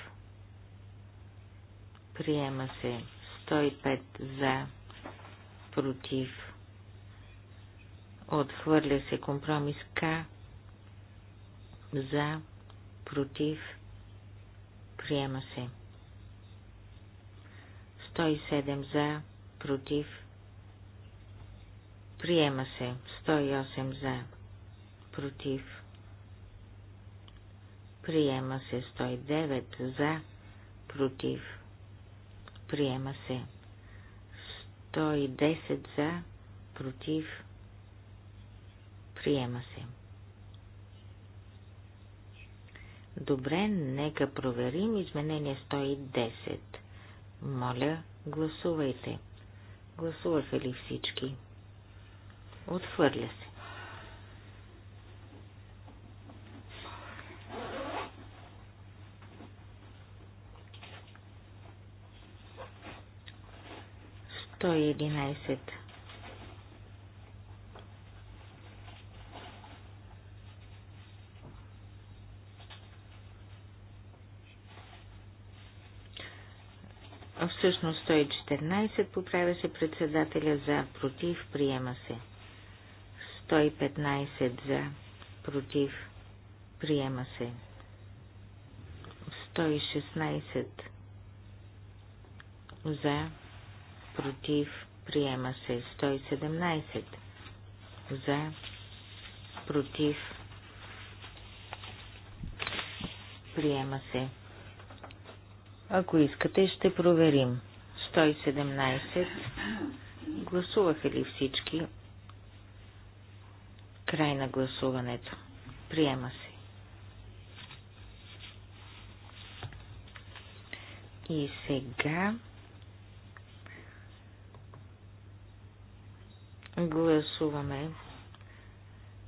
приема се. 105 за, против, отхвърля се компромис К, за, против, приема се. 107 за, против. Приема се 108 за, против. Приема се 109 за, против. Приема се 110 за, против. Приема се. Добре, нека проверим изменение 110. Моля, Гласувайте. Гласуваха ли всички? Отхвърля се. Той е 11. Всъщност 114 поправя се председателя за, против, приема се. 115 за, против, приема се. 116 за, против, приема се. 117 за, против, приема се. Ако искате, ще проверим. 117. Гласуваха ли всички? Край на гласуването. Приема се. И сега гласуваме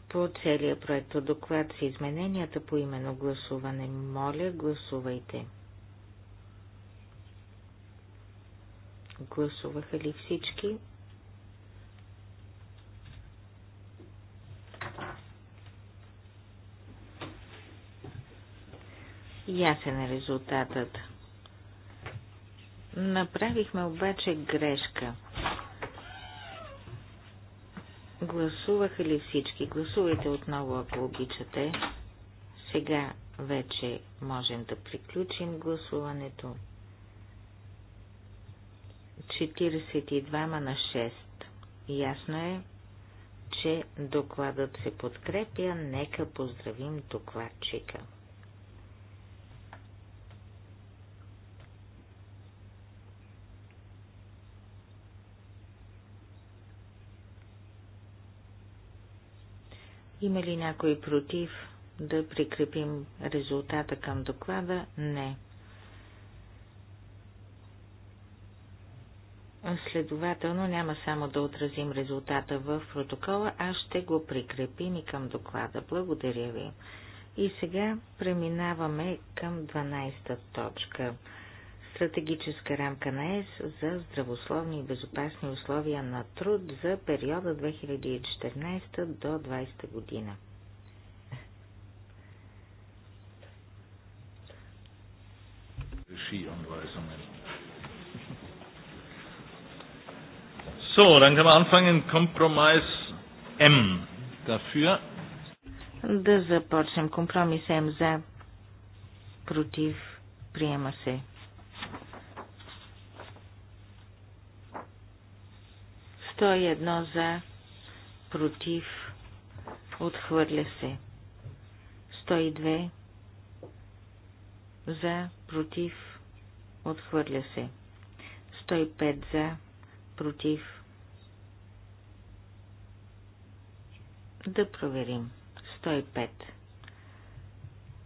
по целия проект доклад с измененията по именно гласуване. Моля, гласувайте. Гласуваха ли всички? Ясен е резултатът. Направихме обаче грешка. Гласуваха ли всички? Гласувайте отново, ако обичате. Сега вече можем да приключим гласуването. 42 на 6. Ясно е, че докладът се подкрепя. Нека поздравим докладчика. Има ли някой против да прикрепим резултата към доклада? Не. Следователно няма само да отразим резултата в протокола, а ще го прикрепим и към доклада. Благодаря ви. И сега преминаваме към 12-та точка. Стратегическа рамка на ЕС за здравословни и безопасни условия на труд за периода 2014 до 2020 година. Regieanweisungen So, dann können wir anfangen. Kompromiss M. Dafür. Да започнем. Компромис М за. Против. Приема се. Сто едно за. Против. Отхвърля се. 102 за, против, отхвърля се. 105 за, против, Да проверим. 105.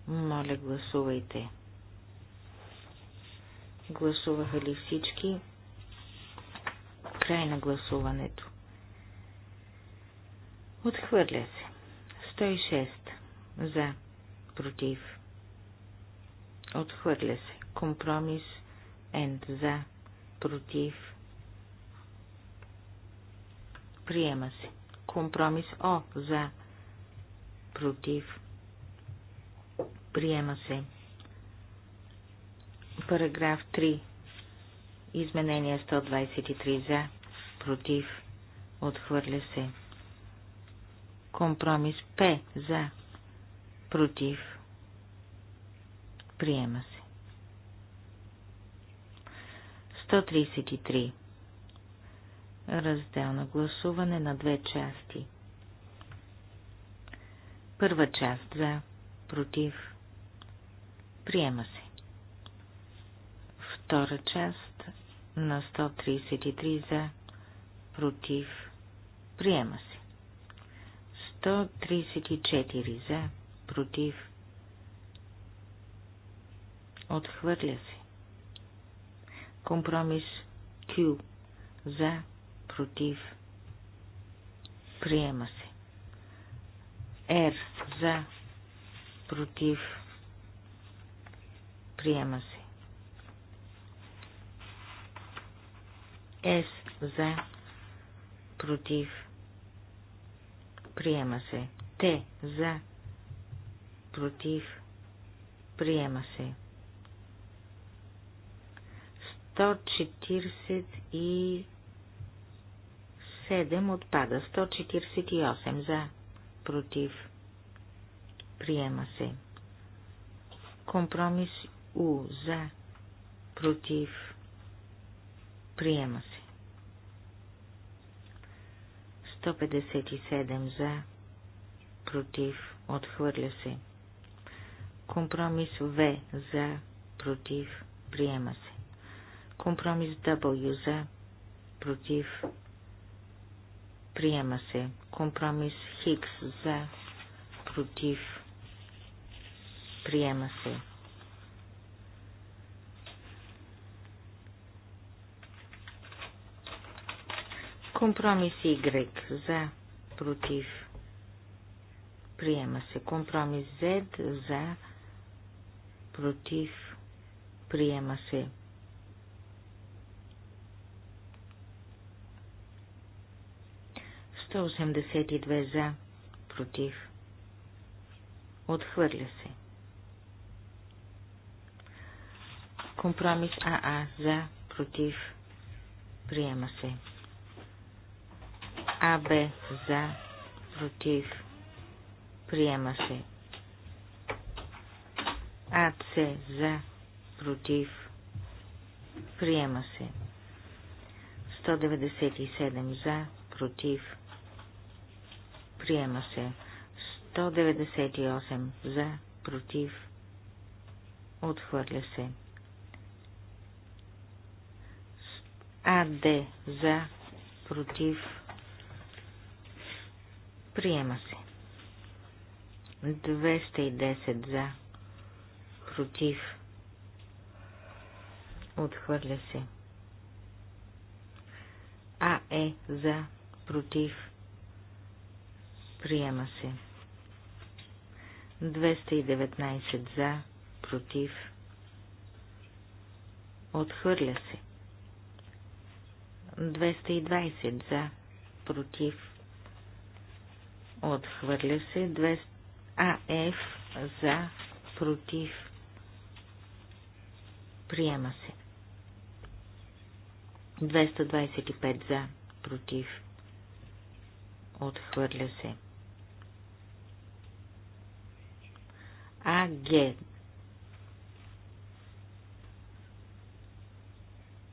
Моля, гласувайте. Гласуваха ли всички? Край на гласуването. Отхвърля се. 106. За. Против. Отхвърля се. Компромис. Енд. За. Против. Приема се. Компромис О за. Против. Приема се. Параграф 3. Изменение 123 за. Против. Отхвърля се. Компромис П за. Против. Приема се. 133 разделно гласуване на две части. Първа част за, против, приема се. Втора част на 133 за, против, приема се. 134 за, против, отхвърля се. Компромис Q за, против, приема се. Р за, против, приема се. С за, против, приема се. Т за, против, приема се. 140 и 7 отпада. 148 за. Против. Приема се. Компромис У за. Против. Приема се. 157 за. Против. Отхвърля се. Компромис В за. Против. Приема се. Компромис W за. Против. Приема се. Компромис Хикс за. Против. Приема се. Компромис Y за. Против. Приема се. Компромис Z за. Против. Приема се. 182 за, против. Отхвърля се. Компромис АА за, против. Приема се. АБ за, против. Приема се. АЦ за, против. Приема се. 197 за, против. Приема се. 198 за, против, отхвърля се. АД за, против, приема се. 210 за, против, отхвърля се. АЕ за, против, Приема се. 219 за, против. Отхвърля се. 220 за, против. Отхвърля се. 200... АФ за, против. Приема се. 225 за, против. Отхвърля се. 226 АГ.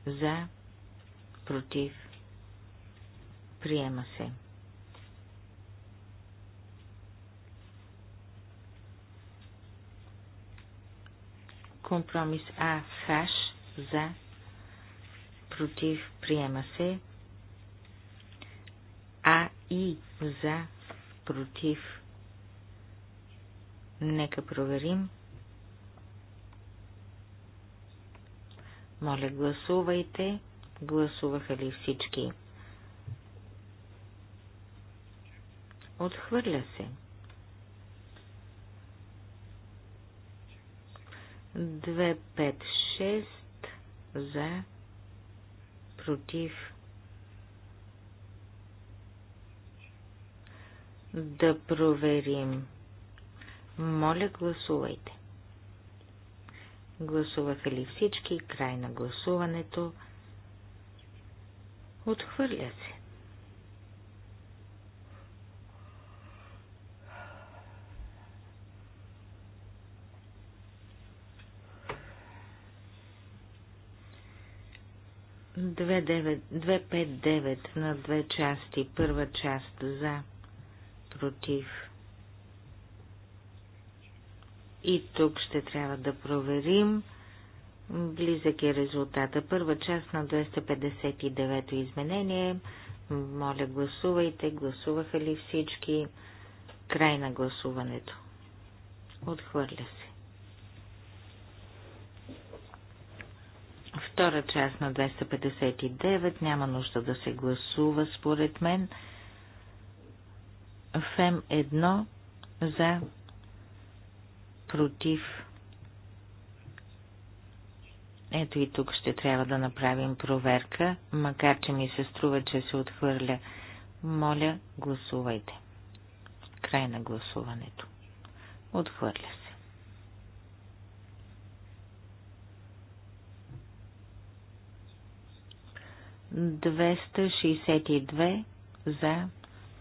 За, против, приема се. Компромис А хаш за, против, приема се. А и за, против, приема се. Нека проверим. Моля, гласувайте. Гласуваха ли всички? Отхвърля се. Две, пет, шест за против да проверим моля, гласувайте. Гласуваха ли всички? Край на гласуването. Отхвърля се. Две пет девет на две части. Първа част за, против, и тук ще трябва да проверим. Близък е резултата. Първа част на 259 то изменение. Моля, гласувайте. Гласуваха ли всички? Край на гласуването. Отхвърля се. Втора част на 259 няма нужда да се гласува според мен. ФЕМ 1 за против. Ето и тук ще трябва да направим проверка, макар че ми се струва, че се отхвърля. Моля, гласувайте. Край на гласуването. Отхвърля се. Двеста шестдесет и две за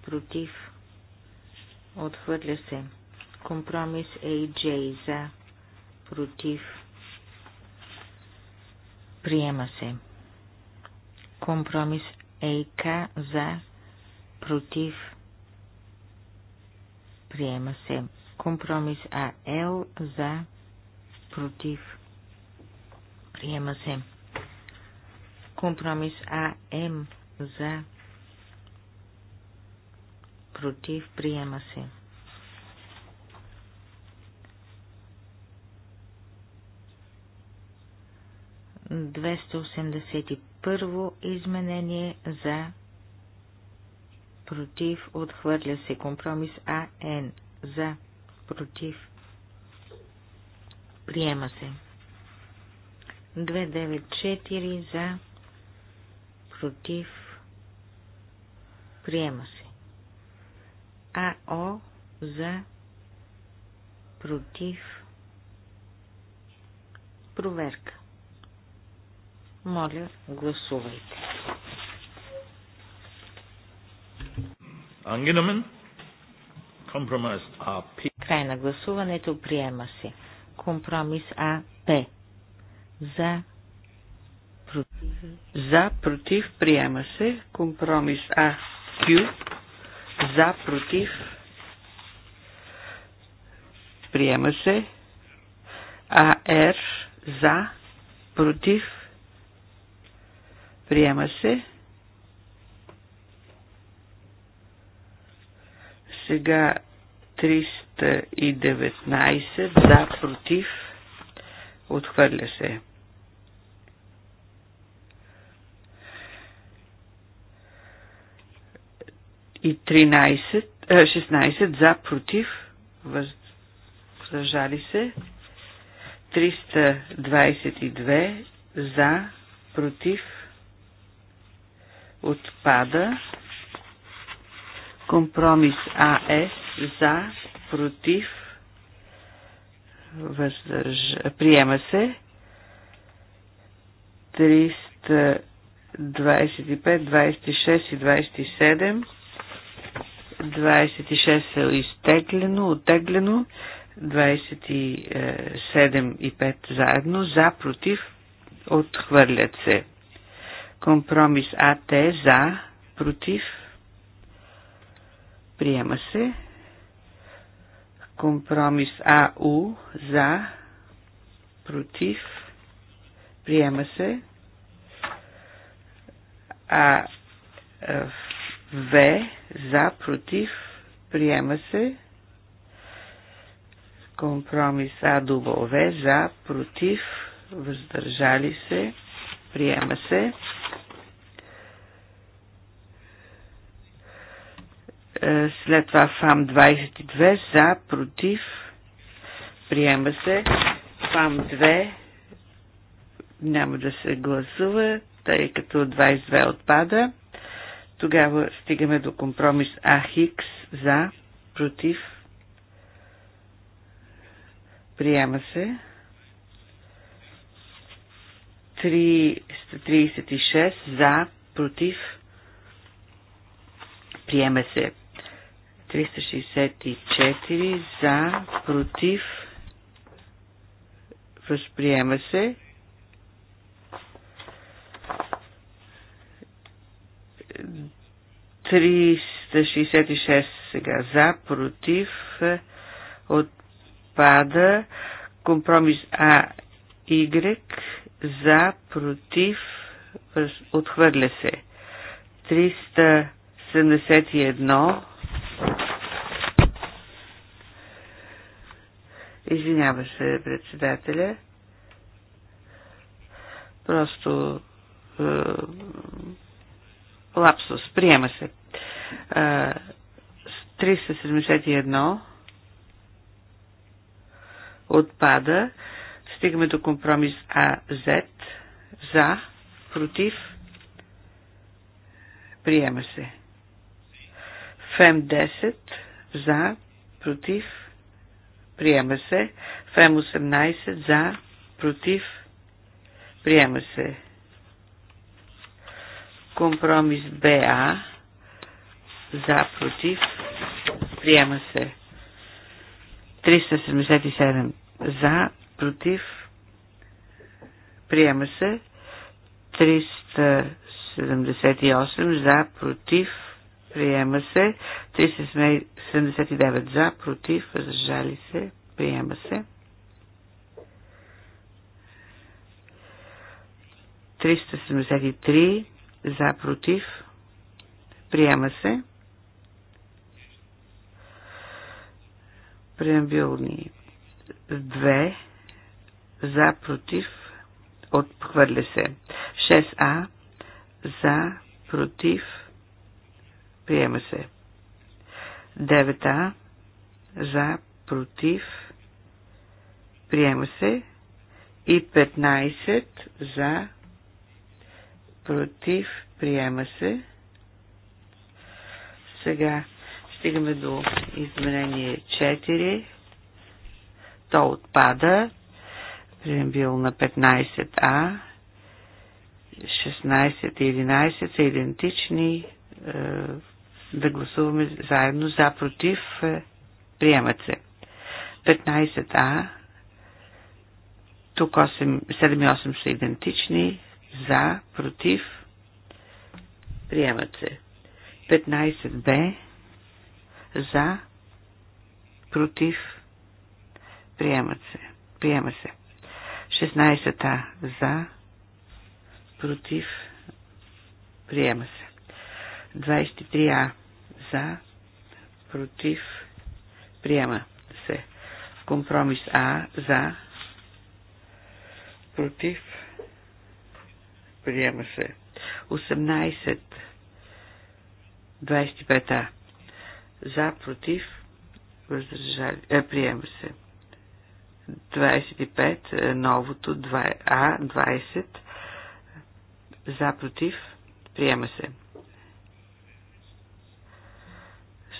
против. Отхвърля се. Компромис AJ е за, против, приема се. Компромис AK е за, против, приема се. Компромис АЛ за, против, приема се. Компромис АМ за, против, приема се 281 изменение за против, отхвърля се компромис АН за против, приема се. 294 за против, приема се. АО за против, проверка. Моля, гласувайте. Angenommen. Компромис АП. Край на гласуването приема се. Компромис АП. За. Против. За, против, приема се. Компромис АК. За, против. Приема се. АР. За, против. Приема се. Сега 319 за, против. Отхвърля се. И 13, 16 за, против. Въздържали се. 322 за, против отпада. Компромис АС за, против, въздърж... приема се. 325, 26 и 27. 26 е изтеглено, оттеглено. 27 и 5 заедно, за, против, отхвърлят се. Компромис АТ за, против, приема се. Компромис АУ за, против, приема се. А В за, против, приема се. Компромис АВ за, против, въздържали се Приема се. Е, след това ФАМ 22 за, против. Приема се. ФАМ 2 няма да се гласува, тъй като 22 отпада. Тогава стигаме до компромис АХИКС за, против. Приема се. 336 за, против, приема се. 364 за, против, възприема се. 366 сега за, против, отпада компромис А, Y, за, против, отхвърля се. 371 Извинява се председателя. Просто е, лапсус. Приема се. Е, 371 отпада. Е, Стигаме до компромис АЗ. За, против, приема се. ФЕМ 10. За, против, приема се. ФЕМ 18. За, против, приема се. Компромис БА. За, против, приема се. 377 за, против, приема се. 378 за, против, приема се. 379 за, против, въздържали се, приема се. 373 за, против, приема се. Преамбилни 2 за, против, отхвърля се. 6а, за, против, приема се. 9а, за, против, приема се. И 15 за, против, приема се. Сега стигаме до изменение 4. То отпада, бил на 15А, 16 и 11 са идентични. Е, да гласуваме заедно за, против, е, приемат се. 15А, тук 8, 7 и 8 са идентични, за, против, приемат се. 15Б, за, против, приемат се. Приема се. 16-та за, против, приема се. 23А за, против, приема се. Компромис А за, против, приема се. 18 25А за, против, въздържали, е, приема се. 25, е, новото 2А, 20, за, против, приема се.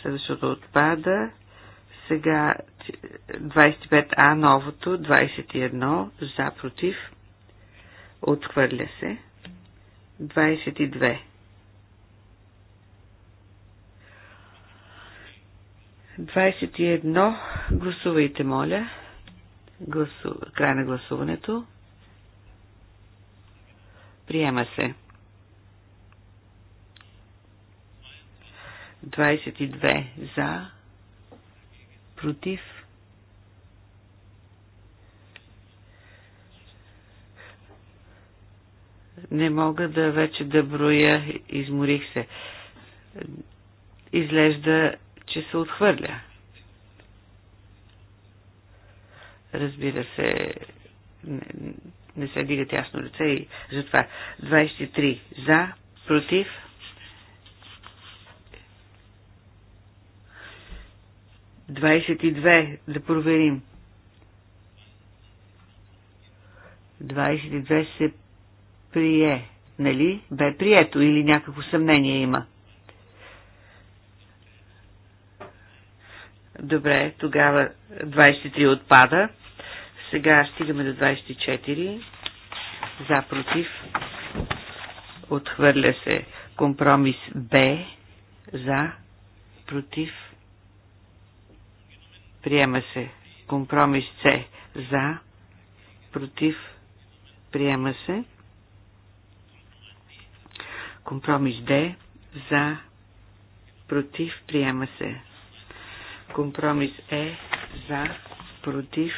Следващото отпада. Сега 25А, новото, 21, за, против, отхвърля се. 22. 21. Гласувайте, моля. Гласу... Край на гласуването. Приема се. 22 за, против. Не мога да вече да броя, изморих се. Изглежда, че се отхвърля. разбира се, не, не се дигат ясно лице и затова 23 за, против. Двадесет и две, да проверим. 22 се прие, нали? Бе прието или някакво съмнение има. Добре, тогава 23 отпада. Сега стигаме до 24. За, против. Отхвърля се компромис Б. За, против. Приема се компромис С. За, против. Приема се. Компромис Д. За, против. Приема се. Компромис Е. За, против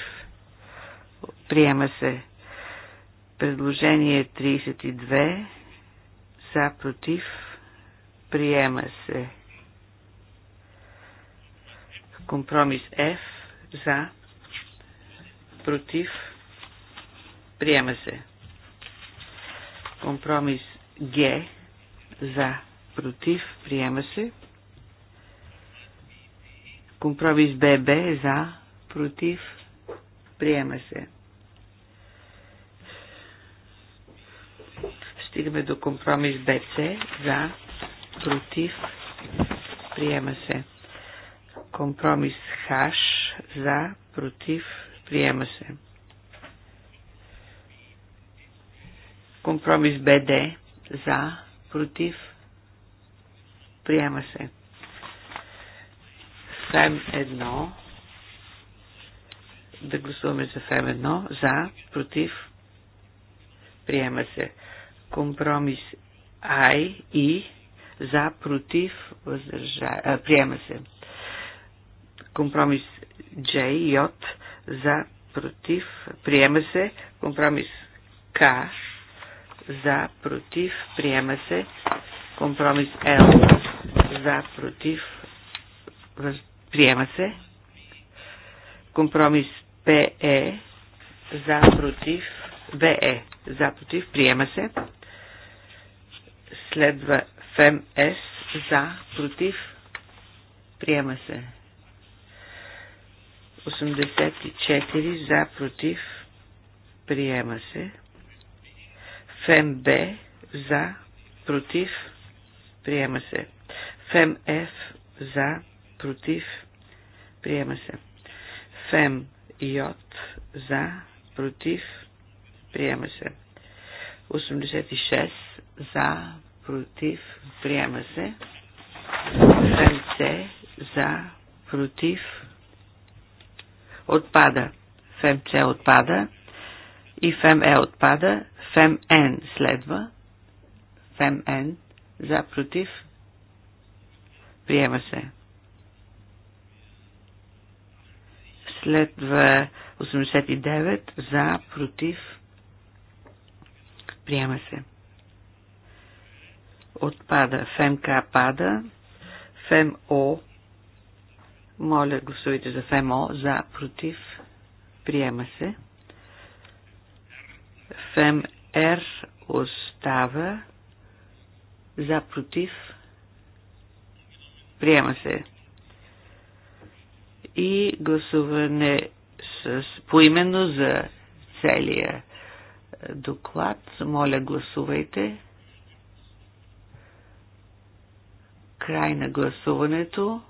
Приема се предложение 32 за против. Приема се компромис F за против. Приема се компромис Г за против. Приема се компромис ББ за против Приема се. Стигаме до компромис БЦ. За. Против. Приема се. Компромис ХАШ. За. Против. Приема се. Компромис БД. За. Против. Приема се. Фем 1 да гласуваме за ФМ1. За, против, приема се. Компромис Ай и за, против, въздържа, а, приема се. Компромис J и за, против, приема се. Компромис К за, против, приема се. Компромис Л за, против, приема се. Компромис ПЕ за против БЕ за против приема се. Следва ФМС за против приема се. 84 за против приема се. ФМБ за против приема се. ФМФ за против приема се. ФМ Йод за, против, приема се. 86 за, против, приема се. Фемце за, против, отпада. Фемце отпада и ФМЕ отпада. ФМН следва. ФМН за, против, приема се. Следва 89 за, против, приема се. Отпада. ФМК пада. ФМО. Моля, гласувайте за ФМО. За, против, приема се. ФМР остава. За, против, приема се и гласуване с поименно за целия доклад. Моля, гласувайте. Край на гласуването.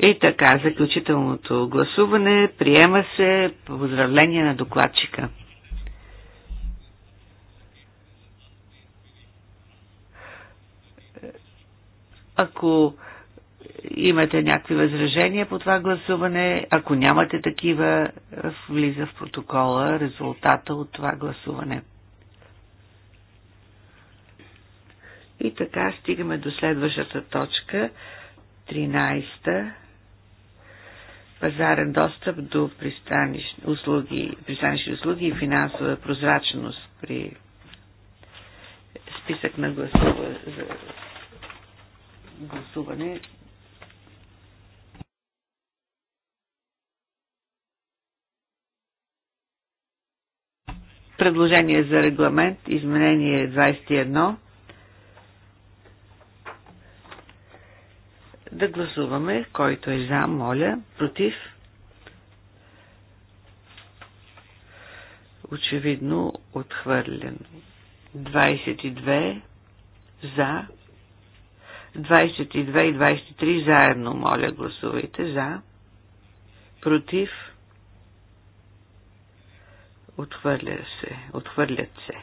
И така, заключителното гласуване приема се поздравление на докладчика. Ако имате някакви възражения по това гласуване, ако нямате такива, влиза в протокола резултата от това гласуване. И така стигаме до следващата точка, 13-та. Пазарен достъп до пристанищни услуги, пристанищни услуги и финансова прозрачност при списък на гласува, за гласуване предложение за регламент, изменение 21. Да гласуваме, който е за, моля, против. Очевидно отхвърлен. 22 за. 22 и 23 заедно, моля, гласувайте за. Против. Отхвърля се. Отхвърлят се.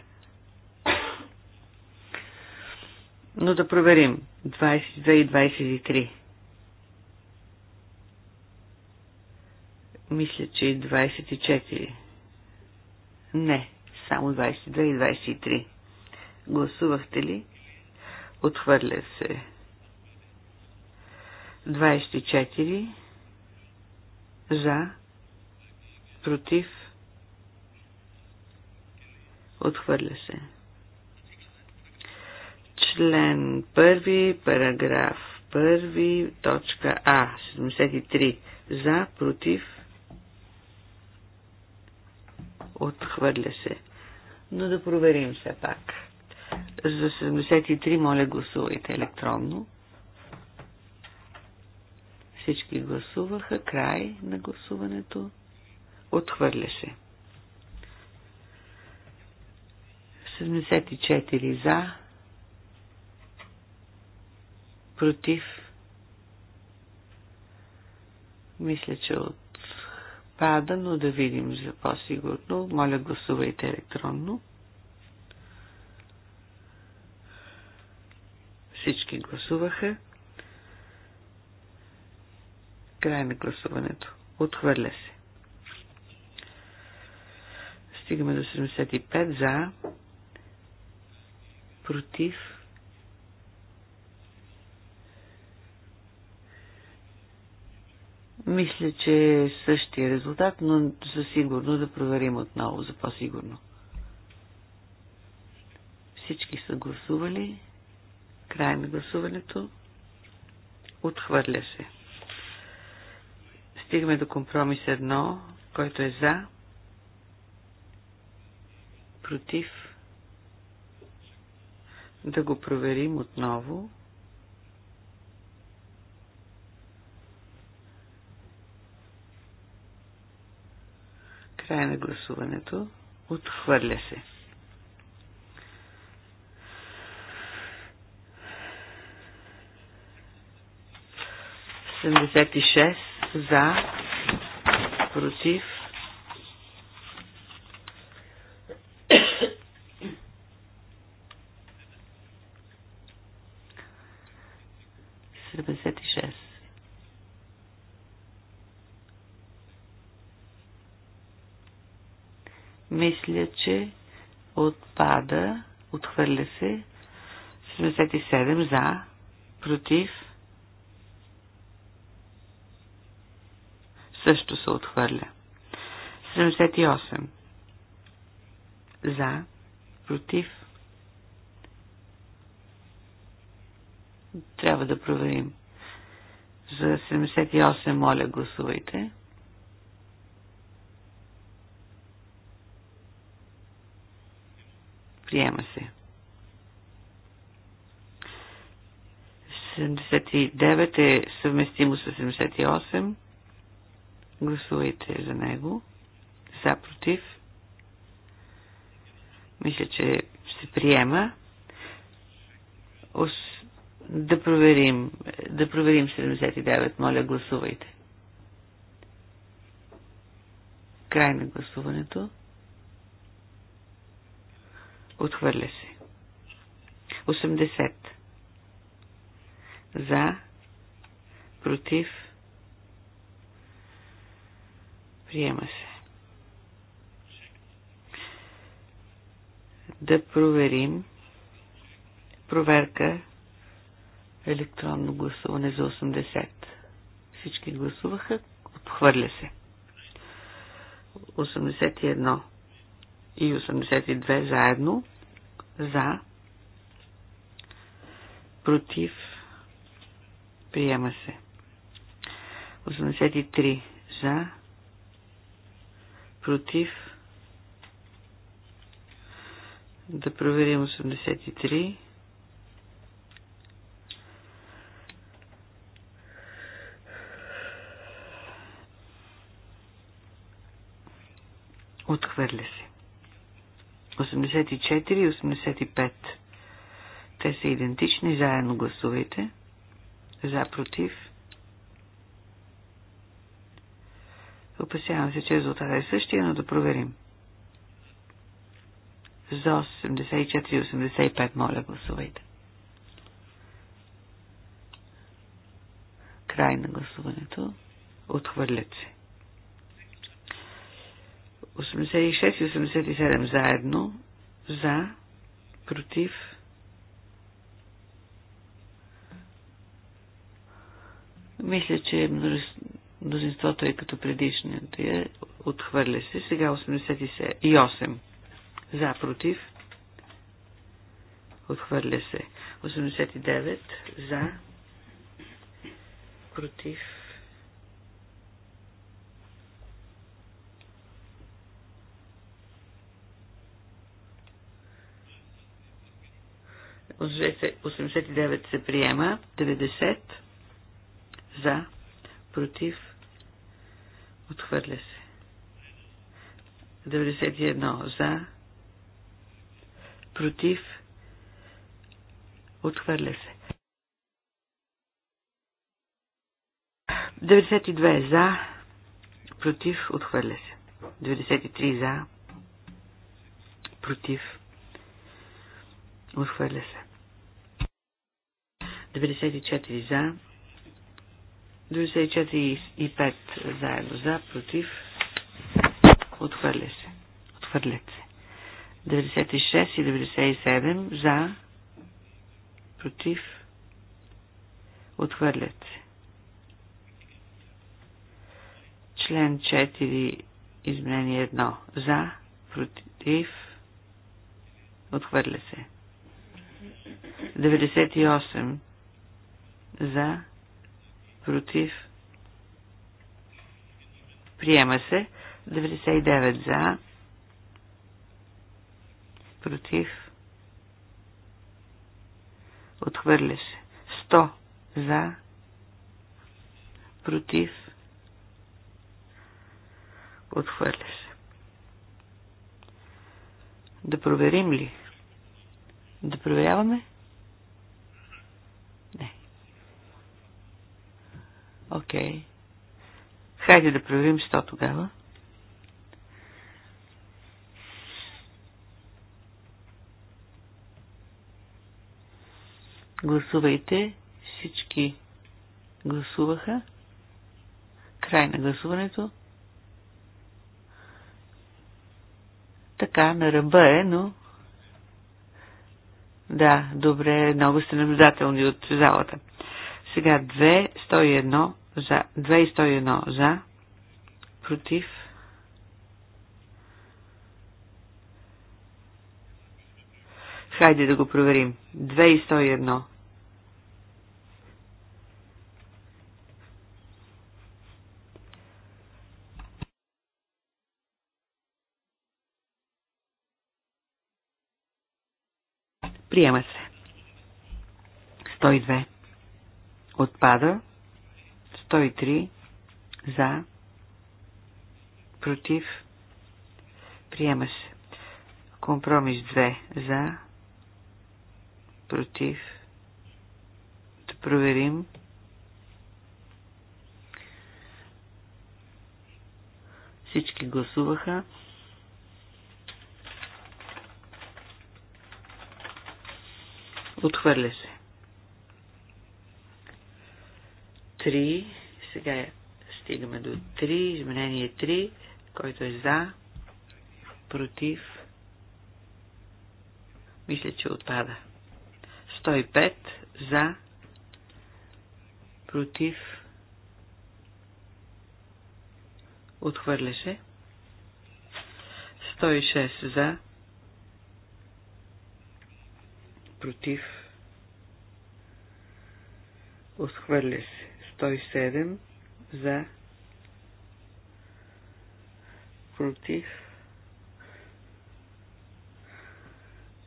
Но да проверим. 22 и 23. Мисля, че е и 24. Не, само 22 и 23. Гласувахте ли? Отхвърля се. 24. За. Против. Отхвърля се. Член 1, параграф 1, точка А. 73. За. Против отхвърля се. Но да проверим все пак. За 73 моля гласувайте електронно. Всички гласуваха. Край на гласуването. Отхвърля се. 74 за. Против. Мисля, че от пада, но да видим за по-сигурно. Моля, гласувайте електронно. Всички гласуваха. Край на гласуването. Отхвърля се. Стигаме до 75 за, против, Мисля, че е същия резултат, но за сигурно да проверим отново за по-сигурно. Всички са гласували. Край на гласуването. Отхвърля се. Стигаме до компромис 1, който е за, против, да го проверим отново. Край на гласуването. Отхвърля се. Седемдесет и шест за, против, за, против, също се отхвърля. 78. За, против. Трябва да проверим. За 78, моля, гласувайте. Приема се. 79 е съвместимо с 78. Гласувайте за него. За, против. Мисля, че се приема. Ос... Да проверим. Да проверим 79. Моля, гласувайте. Край на гласуването. Отхвърля се. 80 за, против, приема се. Да проверим проверка електронно гласуване за 80. Всички гласуваха, отхвърля се. 81 и 82 заедно за, против, Приема се. 83 за. Против. Да проверим 83. Отхвърля се. 84 и 85. Те са идентични, заедно гласувайте. 84 за против. Опасявам се, че резултата е същия, но да проверим. За 84 и 85, моля, гласувайте. Край на гласуването. Отхвърлят се. 86 и 87 заедно. За. Против. Мисля, че мнозинството е като предишното е. Отхвърля се. Сега 88. За, против. Отхвърля се. 89. За. Против. От 89 се приема. 90. За. Против. Отхвърля се. 91. За. Против. Отхвърля се. 92 за, против, отхвърля се. 93 за, против, отхвърля се. 94 за, 94 и 5 заедно за, против, отхвърля се. Отхвърлят се. 96 и 97 за, против, отхвърлят се. Член 4, изменение 1. За, против, отхвърля се. 98 за, против, приема се, 99 за, против, отхвърля се, 100 за, против, отхвърля се. Да проверим ли? Да проверяваме? Окей. Okay. Хайде да проверим 100 тогава. Гласувайте. Всички гласуваха. Край на гласуването. Така, на ръба е, но... Да, добре, много сте наблюдателни от залата. Сега 2, 101, за 201 за, против, Хайде да го проверим. 201, Приема се. 102. Отпада. 103 за, против, приема се. Компромис 2 за, против, да проверим. Всички гласуваха. Отхвърля се. Три. Сега стигаме до 3, изменение 3, който е за, против, мисля, че отпада. 105 за, против, отхвърля се. 106 за, против, отхвърляше. се. 107 за, против,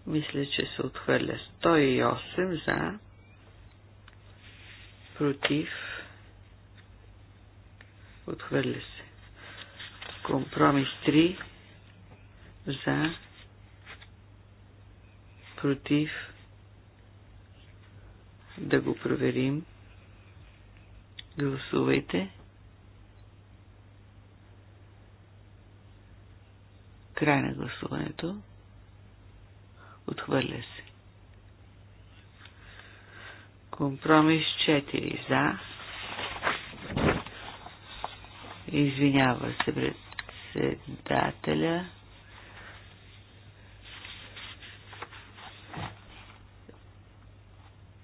мисля, че се отхвърля 108 за, против, отхвърля се. Компромис 3 за, против, да го проверим. Гласувайте. Край на гласуването. Отхвърля се. Компромис 4 за. Извинява се председателя.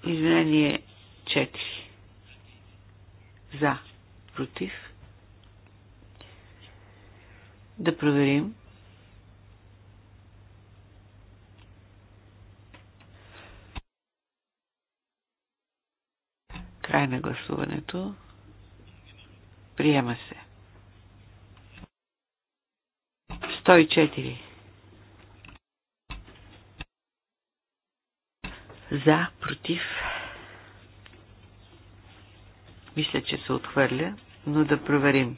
Извинение 4. За. Против. Да проверим. Край на гласуването. Приема се. 104. За, против, мисля, че се отхвърля, но да проверим.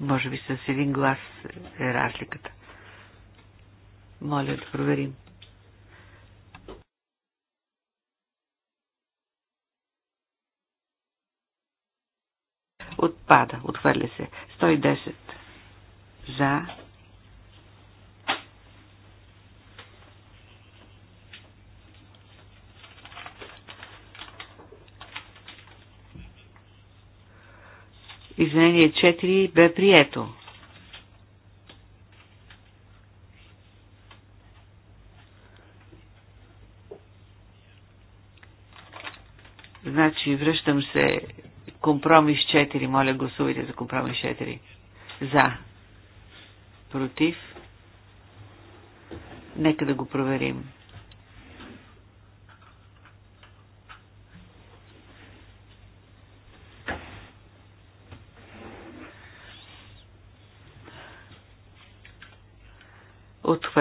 Може би с един глас е разликата. Моля да проверим. Отпада, отхвърля се. 110 за, Извинение 4 бе прието. Значи връщам се компромис 4. Моля гласувайте за компромис 4. За. Против. Нека да го проверим.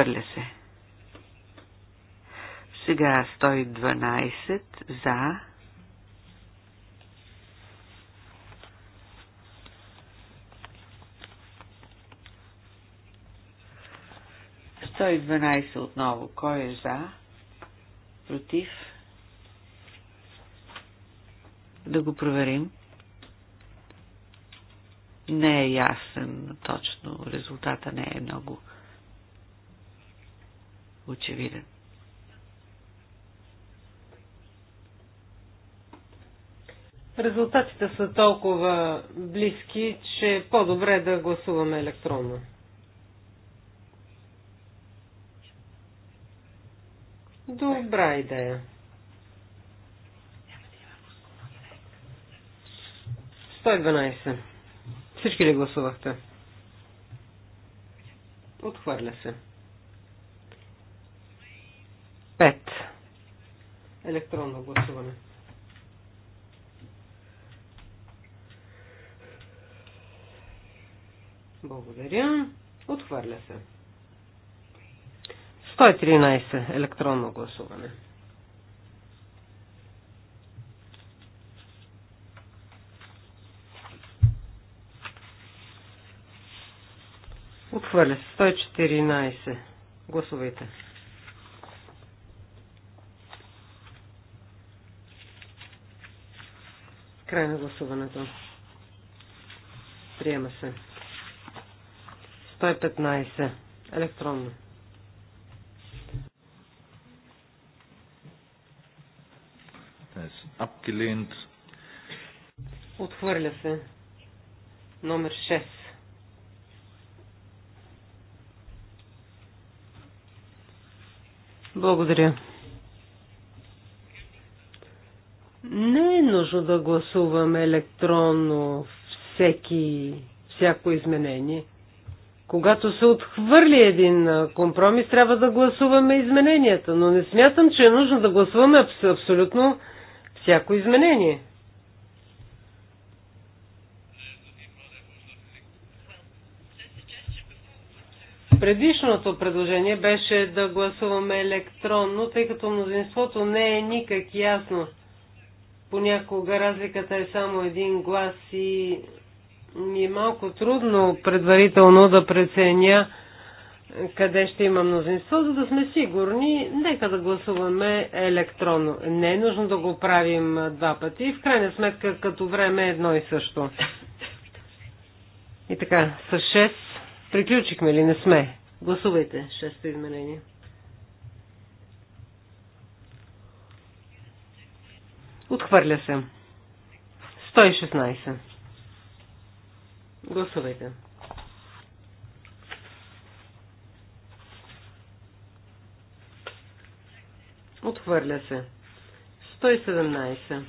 Отхвърля се. Сега 112 за. Сто 12 отново. Кой е за? Против? Да го проверим. Не е ясен точно. Резултата не е много очевиден. Резултатите са толкова близки, че е по-добре да гласуваме електронно. Добра идея. Сто 12. Всички ли гласувахте? Отхвърля се. Пет. Електронно гласуване. Благодаря. Отхвърля се. 113. Електронно гласуване. Отхвърля се. 114. Гласувайте. Край на гласуването. Приема се. 115. Електронно. Abgelehnt. Отхвърля се. Номер 6. Благодаря. Не е нужно да гласуваме електронно всеки, всяко изменение. Когато се отхвърли един компромис, трябва да гласуваме измененията, но не смятам, че е нужно да гласуваме абсолютно всяко изменение. предишното предложение беше да гласуваме електронно, тъй като мнозинството не е никак ясно. Понякога разликата е само един глас и ми е малко трудно предварително да преценя къде ще има мнозинство, за да сме сигурни, нека да гласуваме електронно. Не е нужно да го правим два пъти. В крайна сметка, като време е едно и също. И така, с 6 приключихме ли? Не сме. Гласувайте 6 изменение. Отхвърля се. 116. Гласувайте. Отхвърля се. 117.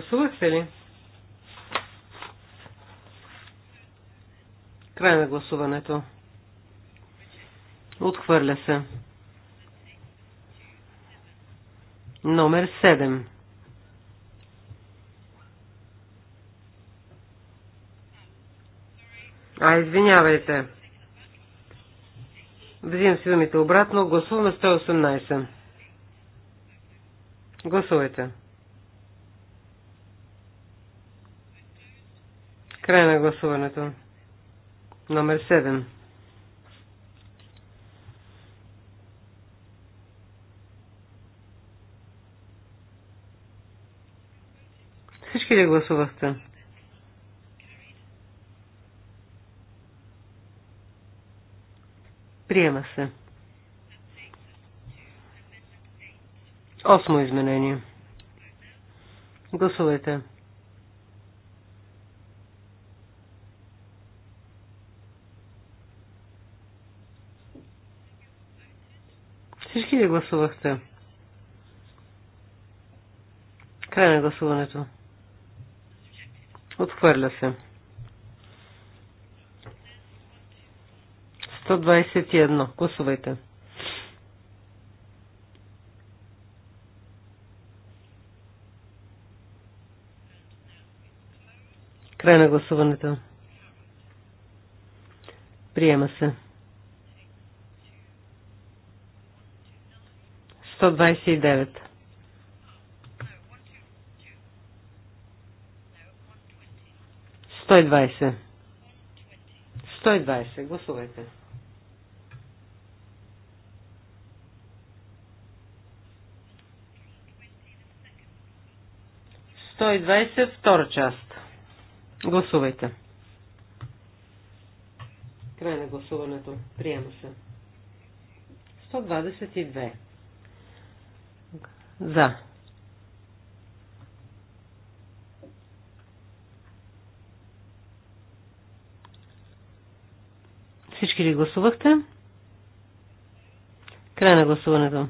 Гласувахте ли? Край на гласуването. Отхвърля се. Номер 7. А, извинявайте. Взимам си думите обратно. Гласуваме 118. Гласувайте. Край на гласуването. Номер 7. Всички ли гласувахте? Приема се. Осмо изменение. Гласувайте. Всички ли гласувахте? Край на гласуването. Отхвърля се. 121. Гласувайте. Край на гласуването. Приема се. 120. Гласувайте. Сто и двадесет. Втора част. Гласувайте. Край на гласуването. Приема се. 122. За. Всички ли гласувахте? Край на гласуването.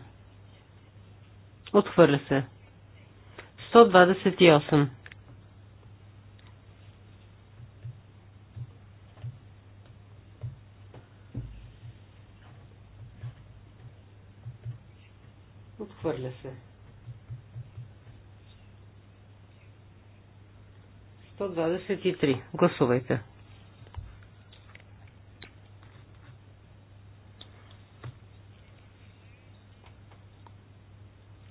Отхвърля се. 128. Отхвърля се. 123. Гласувайте.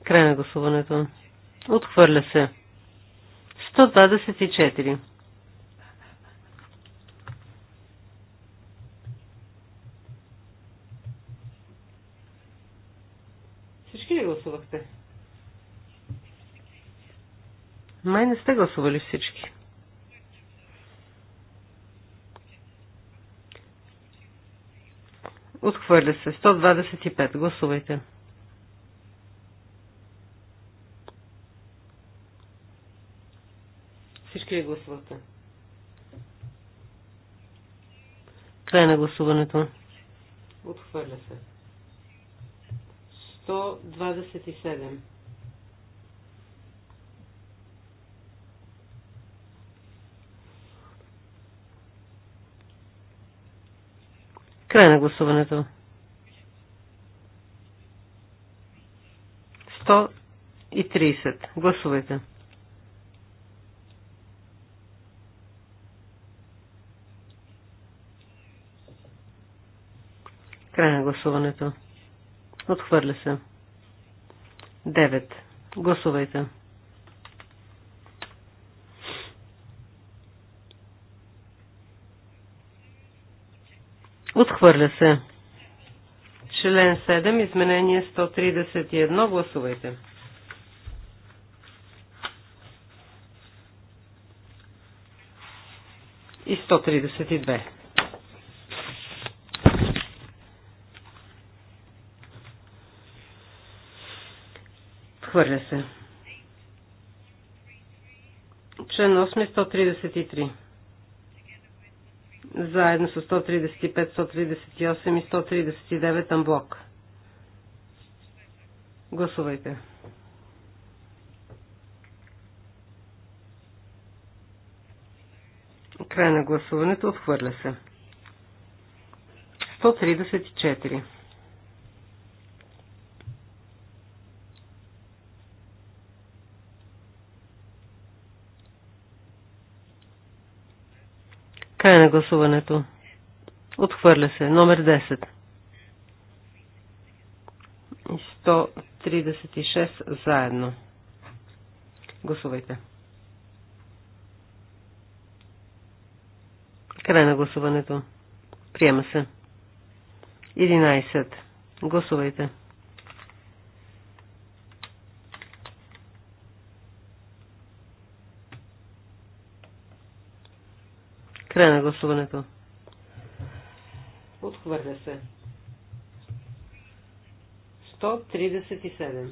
Край на гласуването. Отхвърля се. 124. Всички ли гласувахте? Май не сте гласували всички. Отхвърля се. 125. Гласувайте. Всички ли гласувате? Край на гласуването. Отхвърля се. 127. Край на гласуването. 130. Гласувайте. Край на гласуването. Отхвърля се. 9. Гласувайте. Отхвърля се. Член 7, изменение 131. Гласувайте. И 132. Хвърля се. Член 8, 133 заедно с 135, 138 и 139 амблок. Гласувайте. Край на гласуването отхвърля се. 134. Край на гласуването. Отхвърля се. Номер 10. 136 заедно. Гласувайте. Край на гласуването. Приема се. 11. Гласувайте. края на гласуването. Отхвърля се. 137.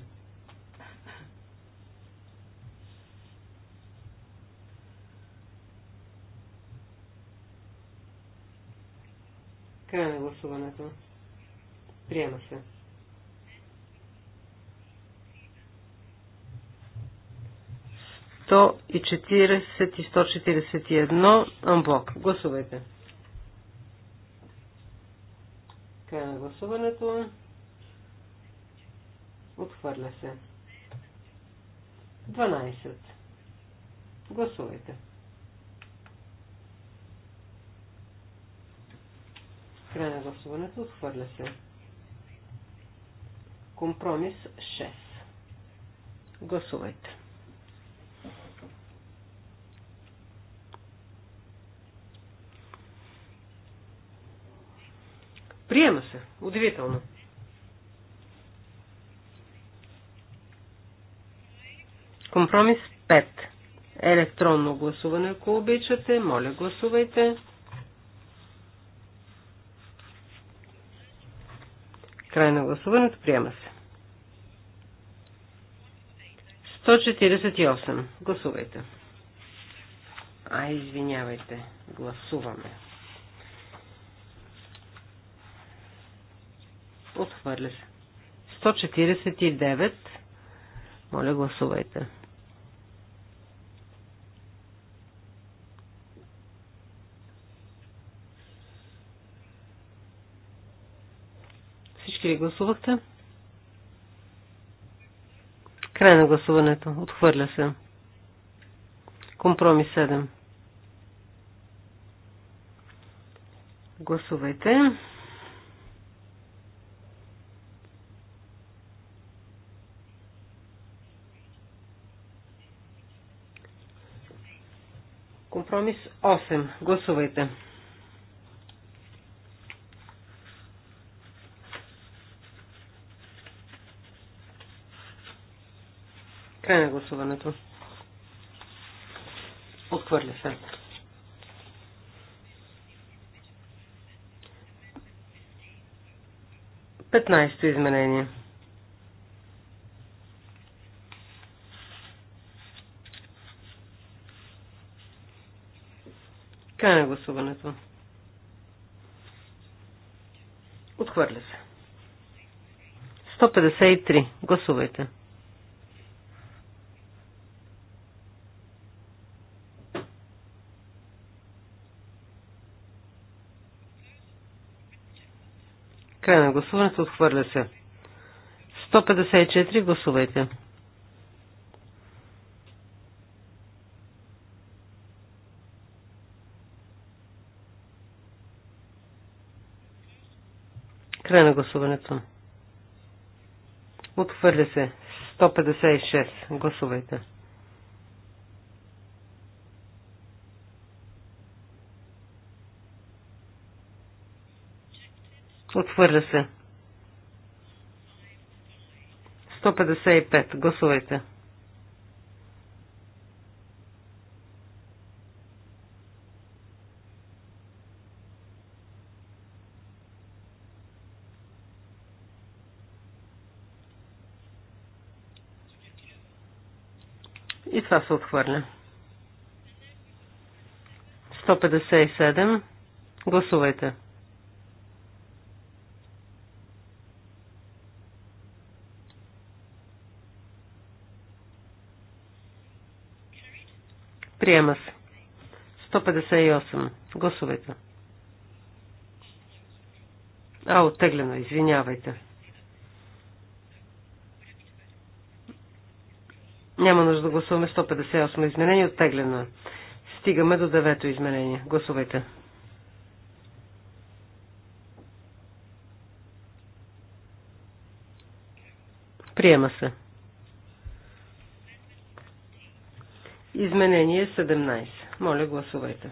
Край на гласуването. Приема се. 140 и 141 анблок. Гласувайте. Край на гласуването. Отхвърля се. 12. Гласувайте. Край на гласуването. Отхвърля се. Компромис 6. Гласувайте. Приема се. Удивително. Компромис 5. Електронно гласуване, ако обичате. Моля, гласувайте. Край на гласуването. Приема се. 148. Гласувайте. А, извинявайте. Гласуваме. Отхвърля се. 149. Моля, гласувайте. Всички ли гласувахте? Край на гласуването. Отхвърля се. Компромис 7. Гласувайте. компромис 8. Гласувайте. Край на гласуването. Отхвърля се. Петнайсто изменение. Край на гласуването. Отхвърля се. 153. Гласувайте. Край на гласуването. Отхвърля се. 154. Гласувайте. Край на гласуването. Отхвърля се. 156. Гласувайте. Отхвърля се. 155. Гласувайте. това се отхвърля. 157. Гласувайте. Приема се. 158. Гласувайте. А, оттеглено, извинявайте. Няма нужда да гласуваме 158 изменение, оттеглено. Е. Стигаме до 9 изменение. Гласувайте. Приема се. Изменение 17. Моля, гласувайте.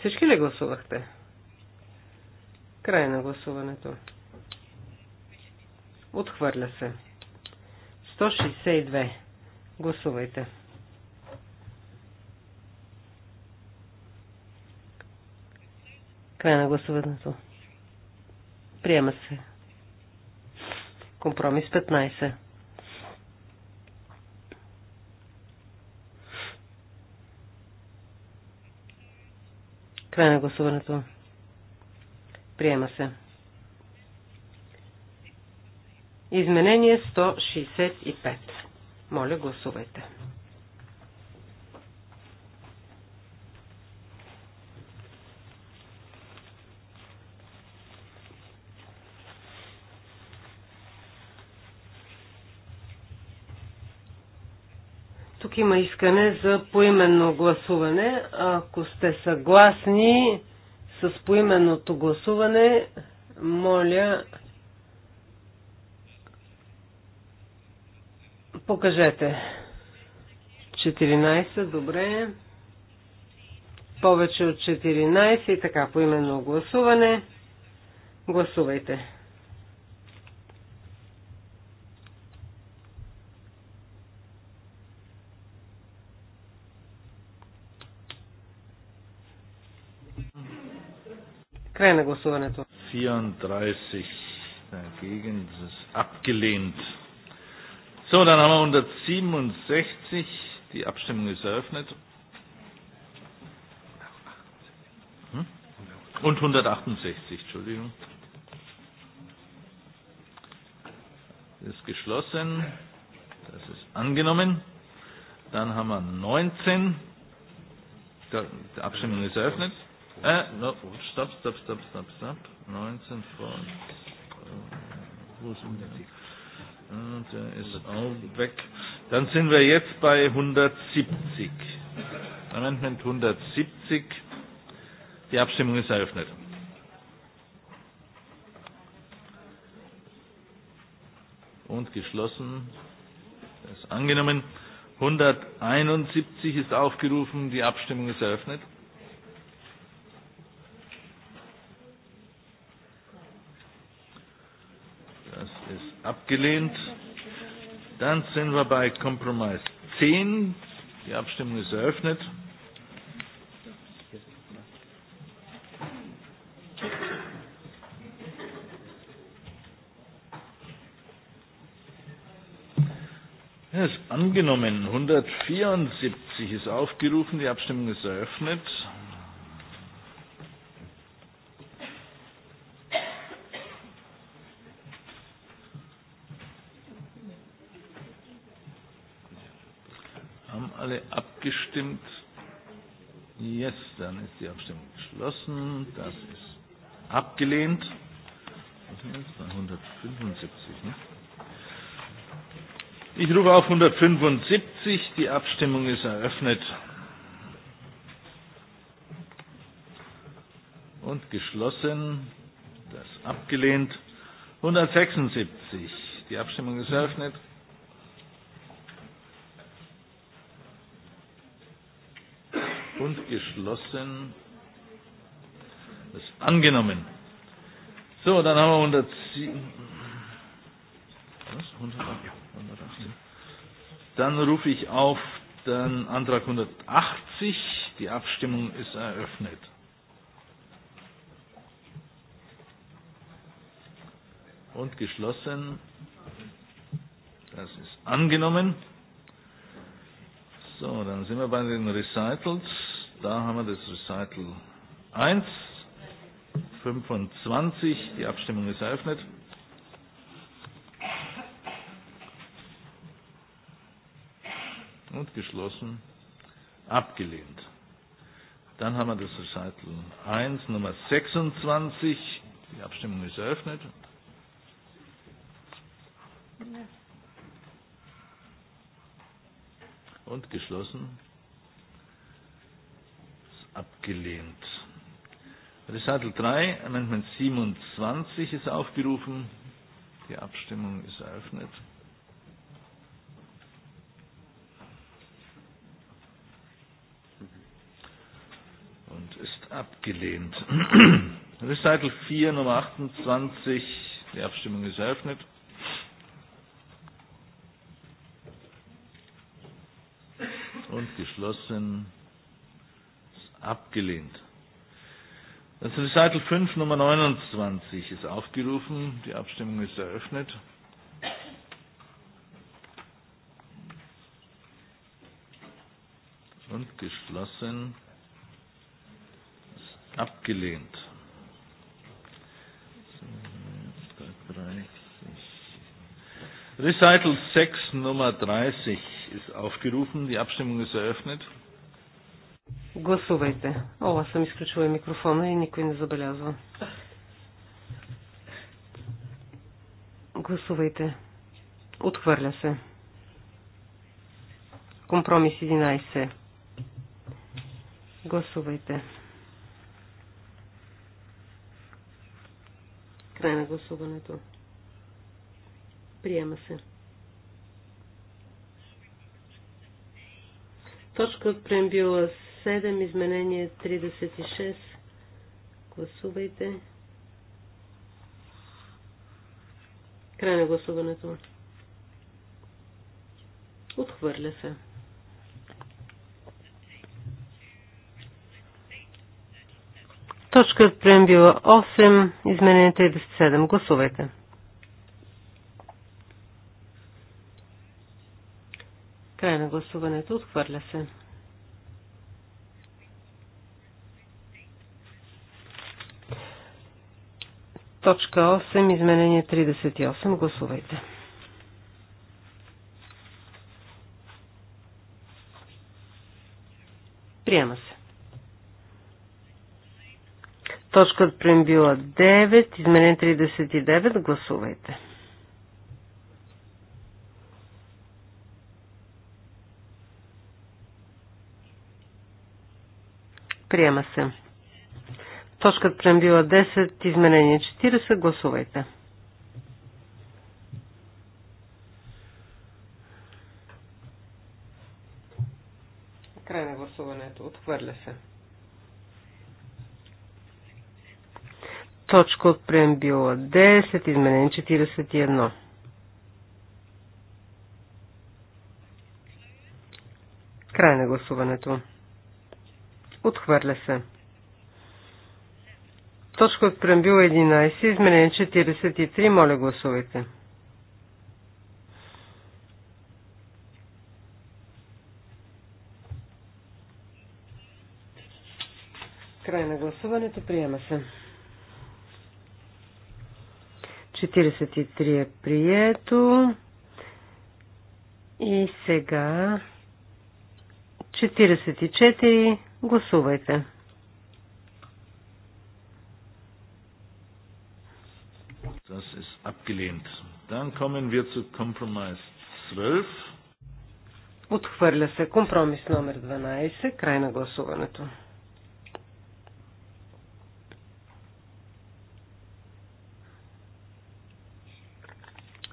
Всички ли гласувахте? Край на гласуването. Отхвърля се. 162. Гласувайте. Край на гласуването. Приема се. Компромис 15. Край на гласуването. Приема се. Изменение 165. Моля, гласувайте. Тук има искане за поименно гласуване. Ако сте съгласни, с поименното гласуване. Моля, покажете. 14, добре. Повече от 14 и така поименно гласуване. Гласувайте. Край на гласуването. 34 dagegen, das ist abgelehnt. So, dann haben wir 167. Die Abstimmung ist eröffnet. Und 168, Entschuldigung. Ist geschlossen. Das ist angenommen. Dann haben wir 19. Die Abstimmung ist eröffnet. Äh, no, stopp, stopp, stopp, stopp, stopp. 19 vor. Wo ist Der ist auch weg. Dann sind wir jetzt bei 170. Amendment 170. Die Abstimmung ist eröffnet. Und geschlossen. Das ist angenommen. 171 ist aufgerufen. Die Abstimmung ist eröffnet. abgelehnt. Dann sind wir bei Kompromiss 10. Die Abstimmung ist eröffnet. Es ist angenommen. 174 ist aufgerufen. Die Abstimmung ist eröffnet. geschlossen. Das ist abgelehnt. Was 175, ne? Ich rufe auf 175. Die Abstimmung ist eröffnet. Und geschlossen. Das abgelehnt. 176. Die Abstimmung ist eröffnet. Und geschlossen. Das ist angenommen. So, dann haben wir 107. Was? 180. Dann rufe ich auf den Antrag 180. Die Abstimmung ist eröffnet. Und geschlossen. Das ist angenommen. So, dann sind wir bei den Recitals. Da haben wir das Recital 1. 25. Die Abstimmung ist eröffnet. Und geschlossen. Abgelehnt. Dann haben wir das Recital 1, Nummer 26. Die Abstimmung ist eröffnet. Und geschlossen. Ist abgelehnt. Recital 3, Amendment 27 ist aufgerufen. Die Abstimmung ist eröffnet. Und ist abgelehnt. Recital 4, Nummer 28. Die Abstimmung ist eröffnet. Und geschlossen. Ist abgelehnt. Das Recital 5 Nummer 29 ist aufgerufen. Die Abstimmung ist eröffnet. Und geschlossen. Ist abgelehnt. 30. Recital 6 Nummer 30 ist aufgerufen. Die Abstimmung ist eröffnet. Гласувайте. О, аз съм изключила микрофона и никой не забелязва. Гласувайте. Отхвърля се. Компромис 11. Гласувайте. Край на гласуването. Приема се. Точка от преамбюла 7, изменение 36. Гласувайте. Край на гласуването. Отхвърля се. Точка от преамбила 8, изменение 37. Гласувайте. Край на гласуването. Отхвърля се. Точка 8, изменение 38. Гласувайте. Приема се. Точка от преембила 9, изменение 39. Гласувайте. Приема се прем прембила 10, изменение 40, гласувайте. Край на гласуването. Отхвърля се. Точка от преамбила 10, изменение 41. Край на гласуването. Отхвърля се. Точка от преамбил 11, изменение 43, моля гласувайте. Край на гласуването, приема се. 43 е прието. И сега 44 гласувайте. Abgelehnt. Dann kommen wir zu Kompromiss 12. Отхвърля се компромис номер 12. Край на гласуването.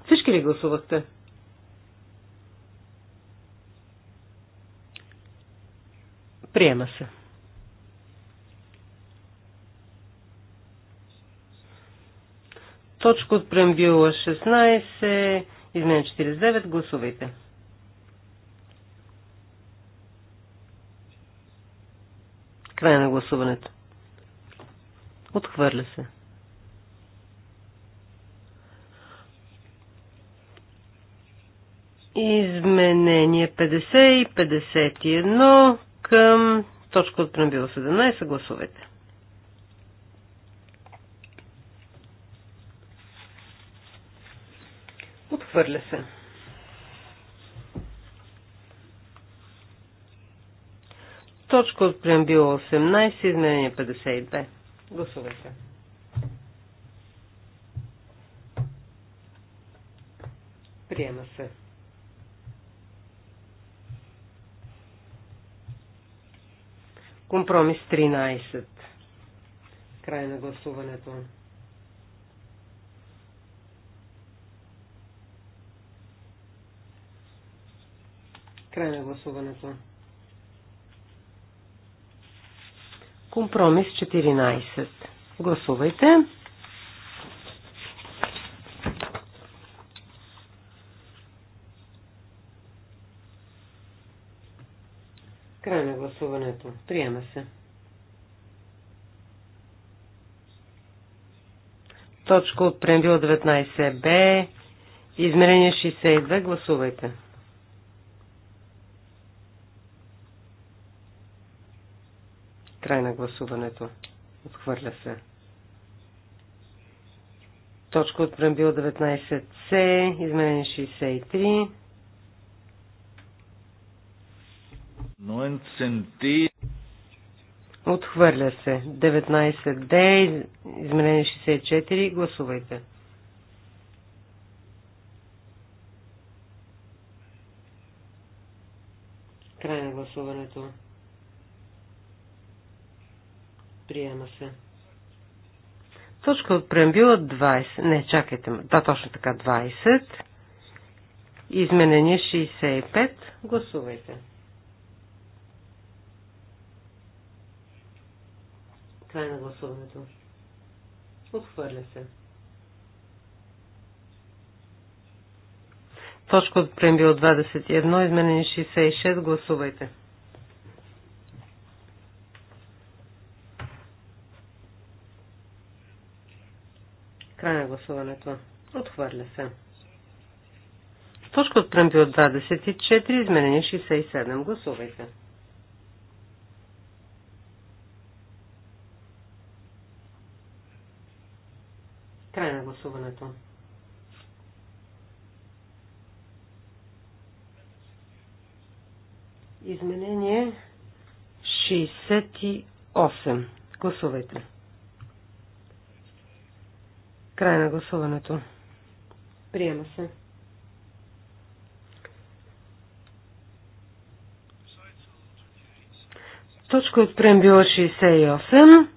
Всички ли гласувахте? Приема се. точка от преамбюла 16, измене 49, гласувайте. Край на гласуването. Отхвърля се. Изменение 50 и 51 към точка от преамбюла 17. Гласувайте. Отхвърля се. Точка от преамбила 18, изменение 52. Гласувайте. Приема се. Компромис 13. Край на гласуването. Край на гласуването. Компромис 14. Гласувайте. Край на гласуването. Приема се. Точка от преамбил 19б. Измерение 62. Гласувайте. Край на гласуването. Отхвърля се. Точка от Прембил 19C, изменение 63. 19 Отхвърля се. 19D, изменение 64. Гласувайте. Край на гласуването. Приема се. Точка от преамбила 20. Не, чакайте. Да, точно така 20. Изменение 65. Гласувайте. Край на гласуването. Отхвърля се. Точка от преамбила 21, изменение 66, гласувайте. Край на гласуването. Отхвърля се. Точка от от 24, изменение 67. Гласувайте. Край на гласуването. Изменение 68. Гласувайте. Край на гласуването. Приема се. Точка от била 68.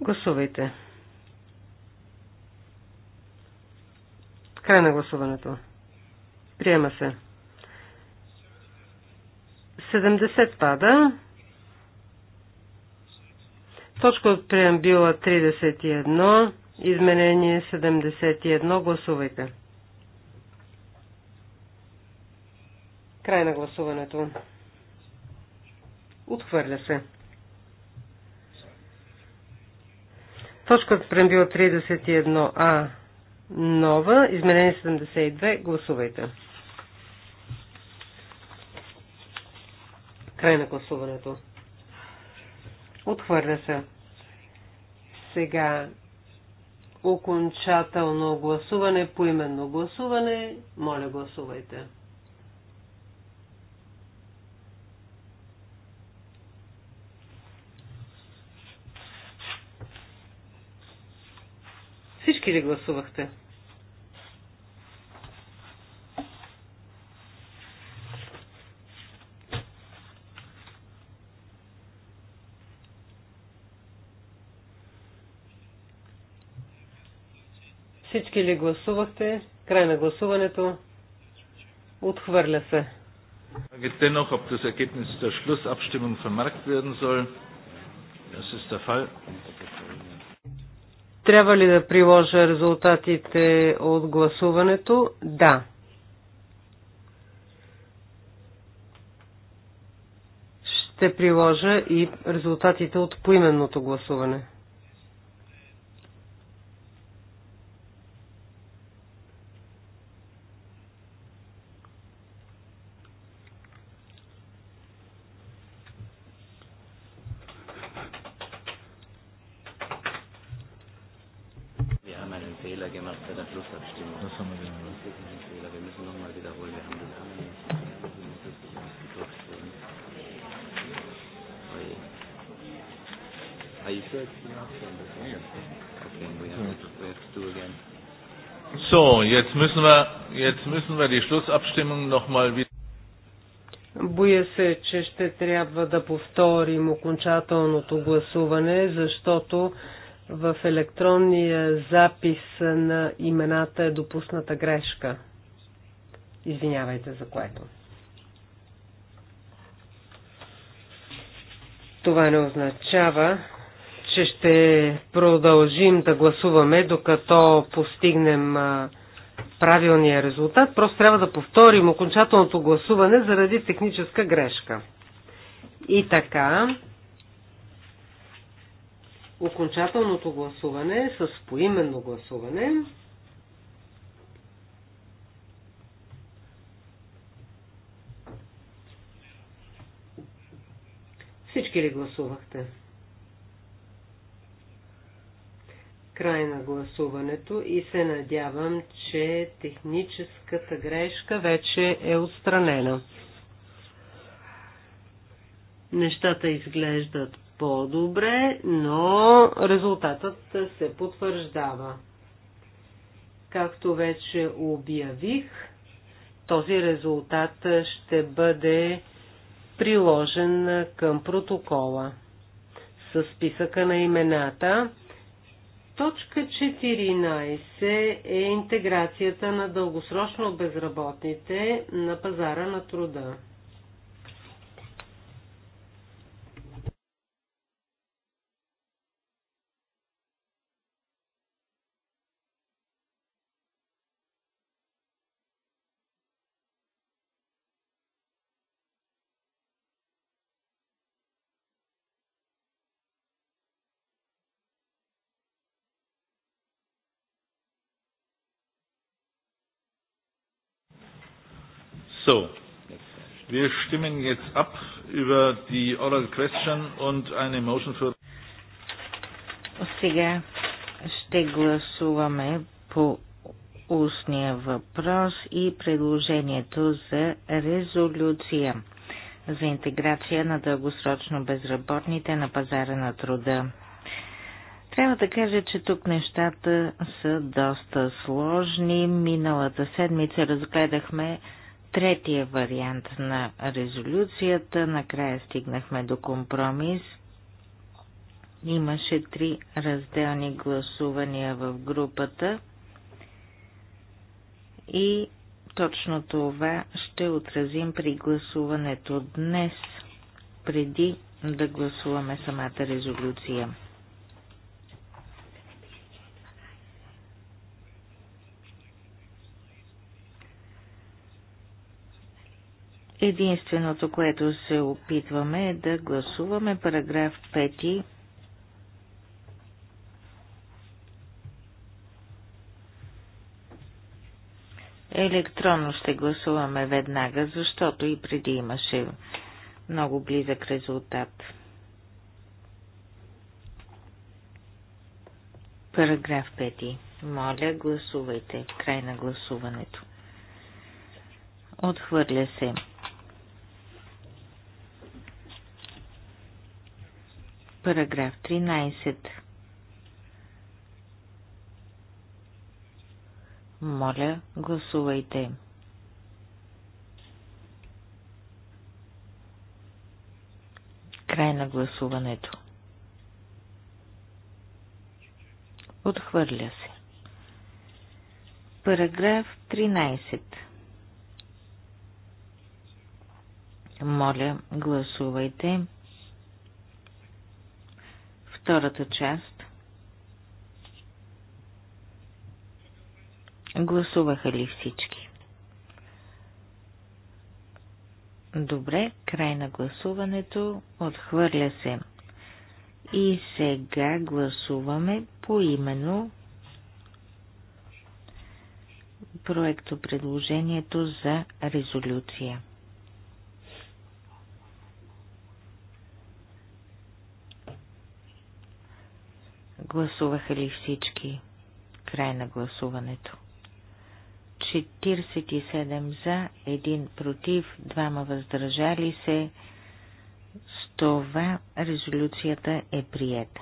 Гласувайте. Край на гласуването. Приема се. 70 пада. Точка от преамбила 31, изменение 71, гласувайте. Край на гласуването. Отхвърля се. Точка от преамбила 31А, нова, изменение 72, гласувайте. Край на гласуването. Отхвърля се. Сега окончателно гласуване, поименно гласуване. Моля, гласувайте. Всички ли гласувахте? Всички ли гласувахте? Край на гласуването. Отхвърля се. Dennoch, ob das Ergebnis der Schlussabstimmung vermerkt werden soll. Das ist der Fall. Трябва ли да приложа резултатите от гласуването? Да. Ще приложа и резултатите от поименното гласуване. müssen wir, jetzt müssen wir die Schlussabstimmung noch mal wieder. Боя се, че ще трябва да повторим окончателното гласуване, защото в електронния запис на имената е допусната грешка. Извинявайте за което. Това не означава, че ще продължим да гласуваме, докато постигнем правилния резултат. Просто трябва да повторим окончателното гласуване заради техническа грешка. И така, окончателното гласуване е с поименно гласуване. Всички ли гласувахте? край на гласуването и се надявам, че техническата грешка вече е отстранена. Нещата изглеждат по-добре, но резултатът се потвърждава. Както вече обявих, този резултат ще бъде приложен към протокола с списъка на имената Точка 14 е интеграцията на дългосрочно безработните на пазара на труда. So, wir stimmen jetzt ab über die Oral Question und eine Motion für. Сега ще гласуваме по устния въпрос и предложението за резолюция за интеграция на дългосрочно безработните на пазара на труда. Трябва да кажа, че тук нещата са доста сложни. Миналата седмица разгледахме третия вариант на резолюцията. Накрая стигнахме до компромис. Имаше три разделни гласувания в групата и точно това ще отразим при гласуването днес, преди да гласуваме самата резолюция. Единственото, което се опитваме е да гласуваме параграф 5 Електронно ще гласуваме веднага, защото и преди имаше много близък резултат. Параграф 5. Моля, гласувайте. Край на гласуването. Отхвърля се. Параграф 13. Моля, гласувайте. Край на гласуването. Отхвърля се. Параграф 13. Моля, гласувайте. Втората част. Гласуваха ли всички? Добре, край на гласуването. Отхвърля се. И сега гласуваме по именно проекто предложението за резолюция. Гласуваха ли всички? Край на гласуването. 47 за, 1 против, 2 въздържали се. С това резолюцията е приета.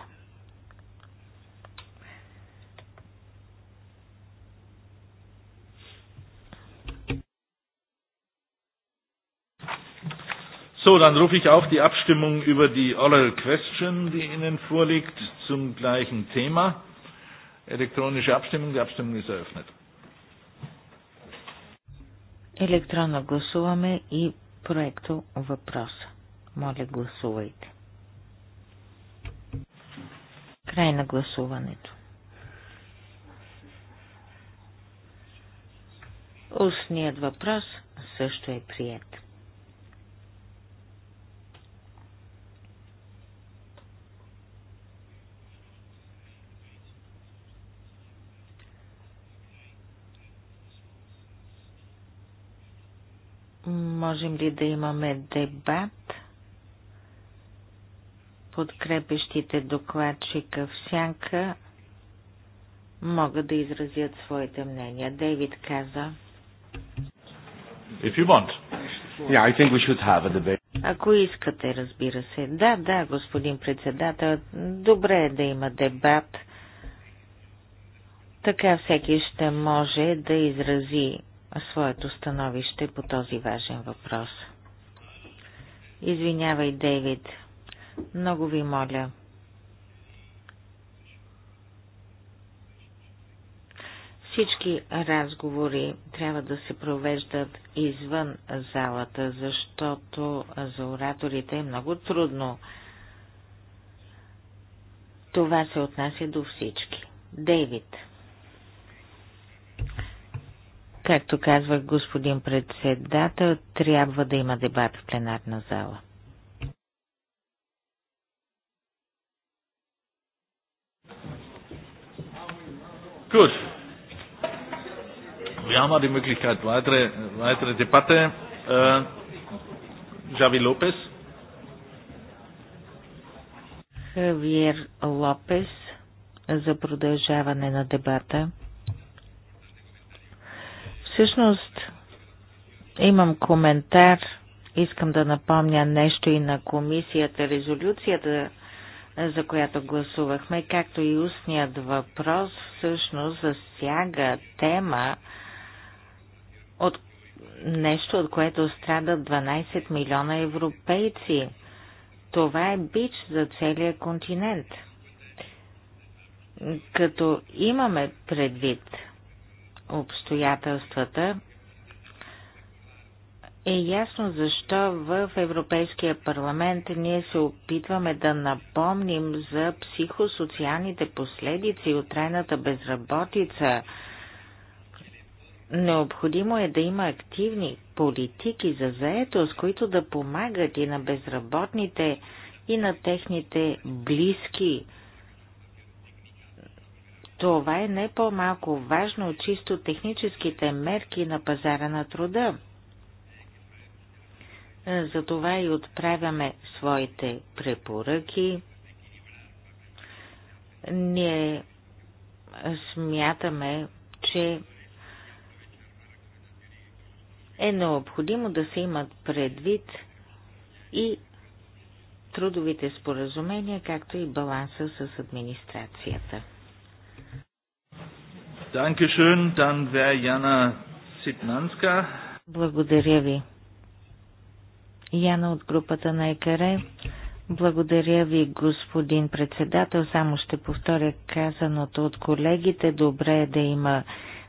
So, dann rufe ich auf die Abstimmung über die Oral Question, die Ihnen vorliegt, zum gleichen Thema. Elektronische Abstimmung. Die Abstimmung ist eröffnet. Електронно гласуваме и проекто въпроса. Моля, гласувайте. Край на гласуването. Устният въпрос също е Можем ли да имаме дебат? Подкрепещите докладчика в сянка могат да изразят своите мнения. Дейвид каза. If you want. Yeah, I think we should have a debate. Ако искате, разбира се. Да, да, господин председател, добре е да има дебат. Така всеки ще може да изрази своето становище по този важен въпрос. Извинявай, Дейвид. Много ви моля. Всички разговори трябва да се провеждат извън залата, защото за ораторите е много трудно. Това се отнася до всички. Дейвид. Както казва господин председател, трябва да има дебат в пленарна зала. Gut. Wir haben auch die Möglichkeit, weitere, weitere Debatte. Äh, Javi Lopez. Хавиер Лопес за продължаване на дебата. Всъщност имам коментар. Искам да напомня нещо и на комисията. Резолюцията, за която гласувахме, както и устният въпрос, всъщност засяга тема от нещо, от което страдат 12 милиона европейци. Това е бич за целия континент. Като имаме предвид обстоятелствата, е ясно защо в Европейския парламент ние се опитваме да напомним за психосоциалните последици от трайната безработица. Необходимо е да има активни политики за заетост, които да помагат и на безработните, и на техните близки – това е не по-малко важно от чисто техническите мерки на пазара на труда. Затова и отправяме своите препоръки. Ние смятаме, че е необходимо да се имат предвид и трудовите споразумения, както и баланса с администрацията. Dankeschön, dann wäre Jana Благодаря ви. Яна от групата на ЕКР. Благодаря ви, господин председател. Само ще повторя казаното от колегите. Добре е да има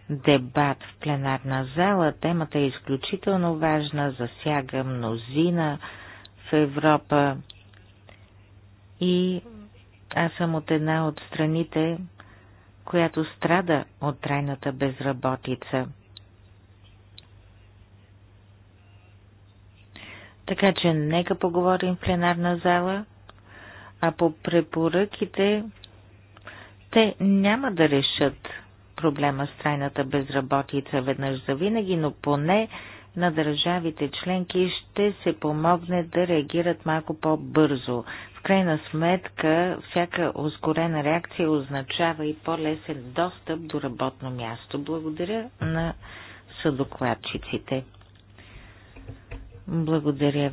дебат в пленарна зала. Темата е изключително важна, засяга мнозина в Европа. И аз съм от една от страните, която страда от трайната безработица. Така че нека поговорим в пленарна зала, а по препоръките те няма да решат проблема с трайната безработица веднъж за винаги, но поне на държавите членки ще се помогне да реагират малко по-бързо, в крайна сметка, всяка ускорена реакция означава и по-лесен достъп до работно място. Благодаря на съдокладчиците. Благодаря.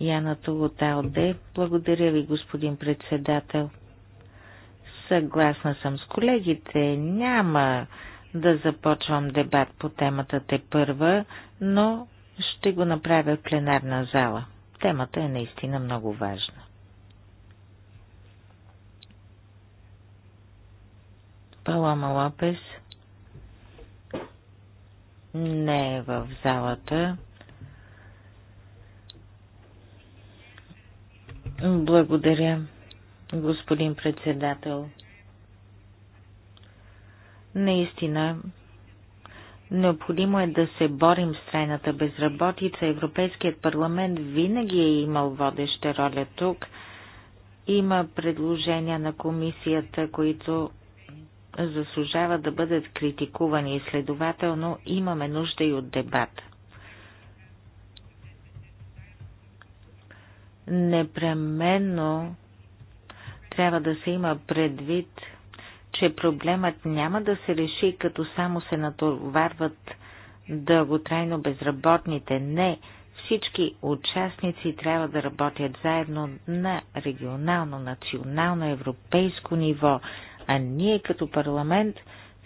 Яна Толоталде, благодаря ви, господин председател. Съгласна съм с колегите, няма да започвам дебат по темата те първа, но ще го направя в пленарна зала. Темата е наистина много важна. Палама Лапес не е в залата. Благодаря, господин председател. Наистина, необходимо е да се борим с трайната безработица. Европейският парламент винаги е имал водеща роля тук. Има предложения на комисията, които Заслужава да бъдат критикувани и следователно имаме нужда и от дебат. Непременно трябва да се има предвид, че проблемът няма да се реши, като само се натоварват дълготрайно безработните. Не, всички участници трябва да работят заедно на регионално, национално, европейско ниво а ние като парламент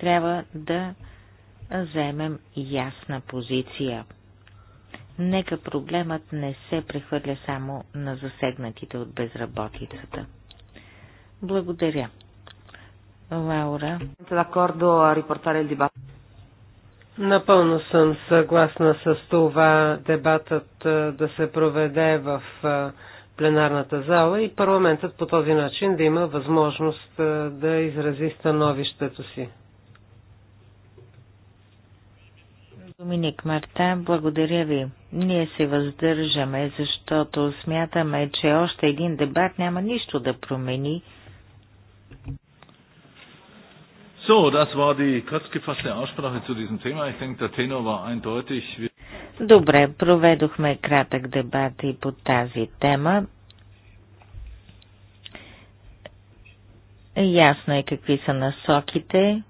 трябва да заемем ясна позиция. Нека проблемът не се прехвърля само на засегнатите от безработицата. Благодаря. Лаура. Напълно съм съгласна с това дебатът да се проведе в пленарната зала и парламентът по този начин да има възможност да изрази становището си. Доминик Марта, благодаря ви. Ние се въздържаме, защото смятаме, че още един дебат няма нищо да промени. So, das war die kurzgefasste Aussprache zu diesem Thema. Ich denke, der Tenor war eindeutig. Добре, проведохме кратък дебат и по тази тема. Ясно е какви са насоките.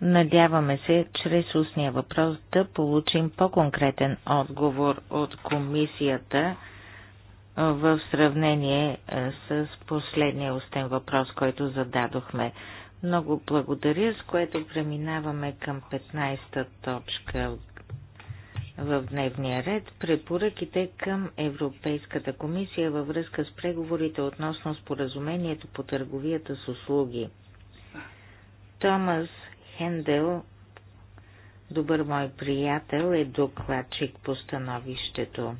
Надяваме се, чрез устния въпрос да получим по-конкретен отговор от комисията в сравнение е, с последния устен въпрос, който зададохме. Много благодаря, с което преминаваме към 15-та точка в дневния ред препоръките към Европейската комисия във връзка с преговорите относно споразумението по търговията с услуги. Томас Хендел, добър мой приятел, е докладчик по становището.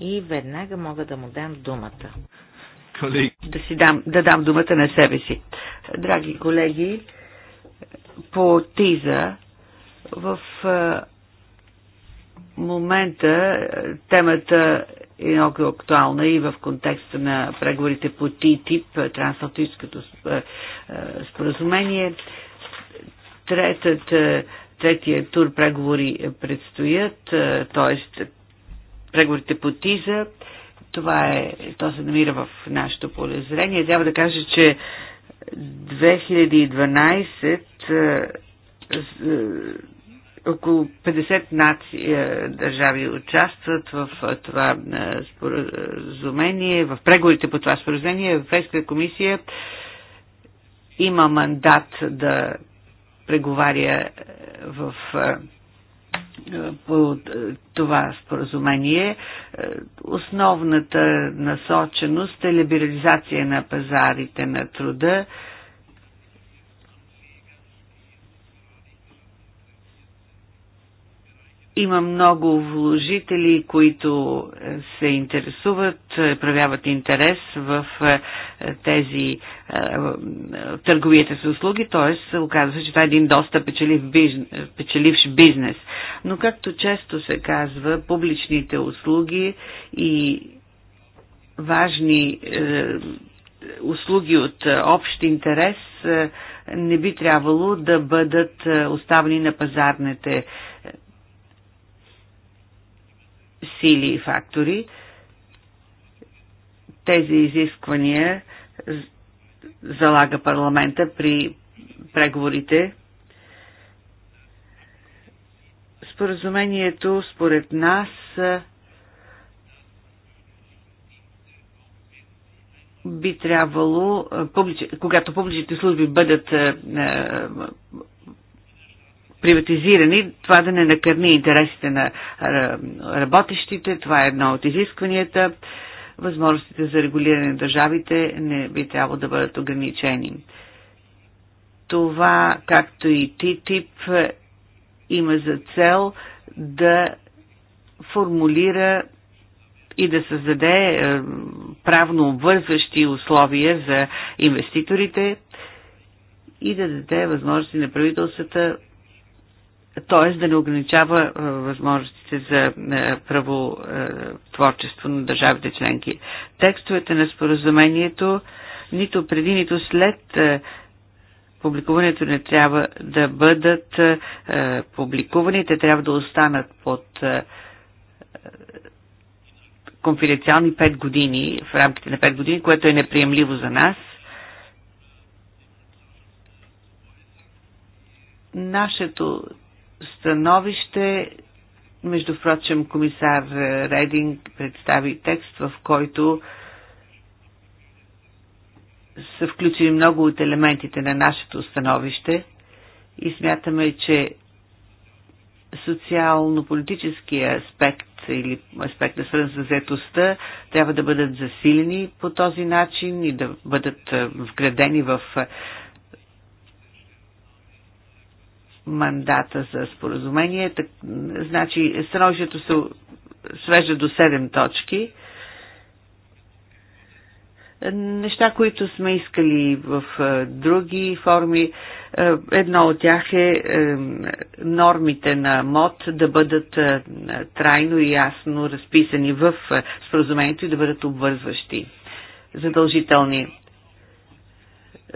И веднага мога да му дам думата. Да, си дам, да дам думата на себе си. Драги колеги, по ТИЗа в момента темата е много актуална и в контекста на преговорите по ТИТИП, трансатлантическото споразумение. Третата, третия тур преговори предстоят, т.е. преговорите по ТИЗа това е, то се намира в нашето полезрение. Трябва да кажа, че 2012 е, е, около 50 нации, е, държави участват в това споразумение, в преговорите по това споразумение. Европейската комисия има мандат да преговаря в по е, това споразумение. Е, основната насоченост е либерализация на пазарите на труда, Има много вложители, които се интересуват, проявяват интерес в е, тези е, търговията с услуги, т.е. оказва се, че това е един доста печелив бизнес, печеливш бизнес. Но както често се казва, публичните услуги и важни е, услуги от общ интерес не би трябвало да бъдат оставени на пазарните сили и фактори. Тези изисквания залага парламента при преговорите. Споразумението според нас би трябвало, когато публичните служби бъдат е, е, приватизирани, това да не накърни интересите на работещите, това е едно от изискванията. Възможностите за регулиране на държавите не би трябвало да бъдат ограничени. Това, както и ТИТИП, има за цел да формулира и да създаде е, правно обвързващи условия за инвеститорите и да даде възможности на правителствата т.е. да не ограничава е, възможностите за е, право е, творчество на държавите членки. Текстовете на споразумението нито преди, нито след публикуването не трябва да бъдат публикувани, те трябва да останат под конфиденциални 5 години, в рамките на 5 години, което е неприемливо за нас. Нашето становище. Между прочим, комисар Рединг представи текст, в който са включени много от елементите на нашето становище и смятаме, че социално-политическия аспект или на свързан с заетостта трябва да бъдат засилени по този начин и да бъдат вградени в мандата за споразумение. Так, значи, становището се свежда до 7 точки. Неща, които сме искали в е, други форми, е, едно от тях е, е нормите на МОД да бъдат трайно и ясно разписани в споразумението и да бъдат обвързващи, задължителни.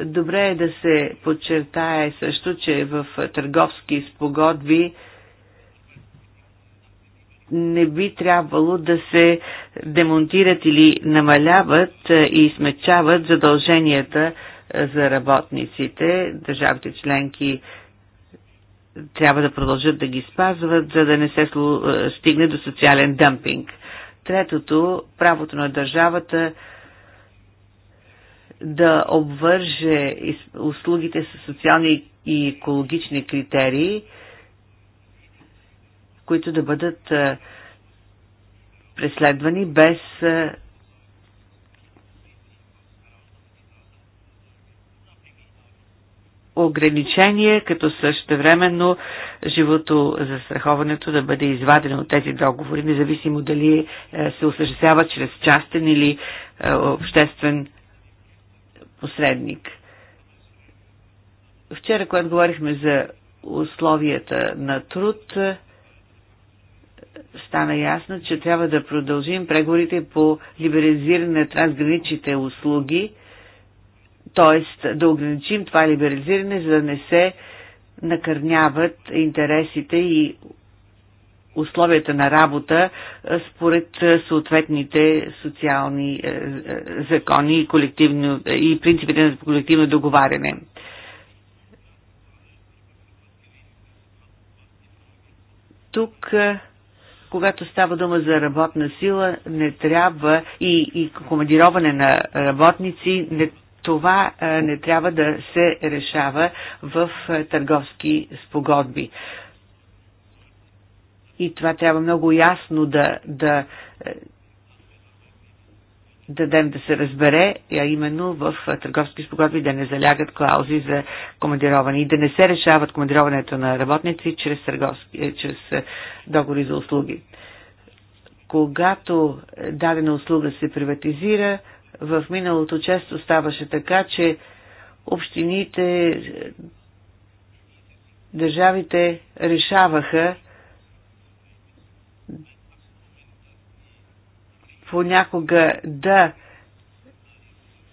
Добре е да се подчертае също, че в търговски спогодби не би трябвало да се демонтират или намаляват е, и смечават задълженията е, за работниците. Държавите членки трябва да продължат да ги спазват, за да не се е, стигне до социален дъмпинг. Третото, правото на държавата да обвърже услугите с социални и екологични критерии, които да бъдат преследвани без ограничение, като същевременно живото застраховането да бъде извадено от тези договори, независимо дали е, се осъществява чрез частен или е, обществен посредник. Вчера, когато говорихме за условията на труд, стана ясно, че трябва да продължим преговорите по либерализиране на трансграничните услуги, т.е. да ограничим това либерализиране, за да не се накърняват интересите и условията на работа според съответните социални закони и, колективно, и принципите на колективно договаряне. Тук когато става дума за работна сила, не трябва и, и командироване на работници, не, това не трябва да се решава в търговски спогодби. И това трябва много ясно да, да е, дадем да се разбере, а именно в е, търговски спогодби да не залягат клаузи за командироване и да не се решават командироването на работници чрез, търговски, е, чрез договори за услуги. Когато дадена услуга се приватизира, в миналото често ставаше така, че общините, държавите решаваха понякога да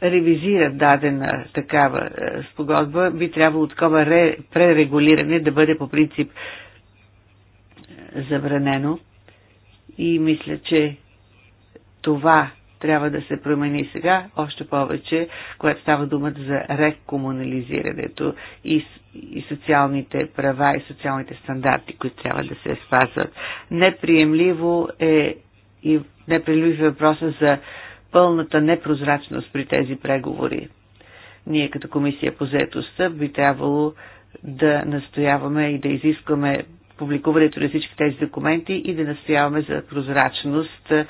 ревизират дадена такава е, спогодба, би трябвало такова ре, пререгулиране да бъде по принцип е, забранено. И мисля, че това трябва да се промени сега, още повече, когато става думата за рекомунализирането и, и социалните права и социалните стандарти, които трябва да се спазват. Неприемливо е и не прелюви въпроса за пълната непрозрачност при тези преговори. Ние като комисия по заетостта би трябвало да настояваме и да изискваме публикуването на всички тези документи и да настояваме за прозрачност е,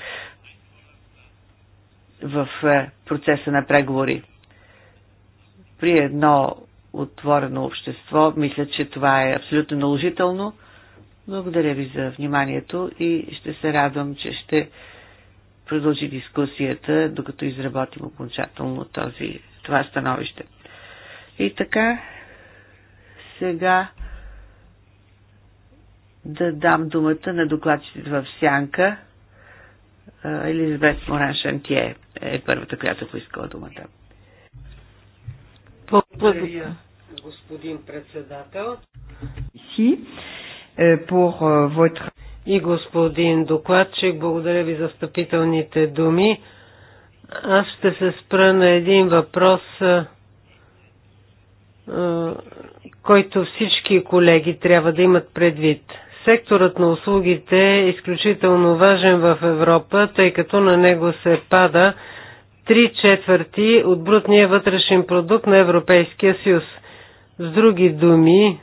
в е, процеса на преговори. При едно отворено общество, мисля, че това е абсолютно наложително – благодаря ви за вниманието и ще се радвам, че ще продължи дискусията, докато изработим окончателно този, това становище. И така, сега да дам думата на докладчите в Сянка. Елизабет Моран Шантие е първата, която поискала думата. Благодаря, господин председател. Си. Е, pour е, votre... И господин докладчик, благодаря ви за стъпителните думи. Аз ще се спра на един въпрос, е, който всички колеги трябва да имат предвид. Секторът на услугите е изключително важен в Европа, тъй като на него се пада 3 четвърти от брутния вътрешен продукт на Европейския съюз. С други думи,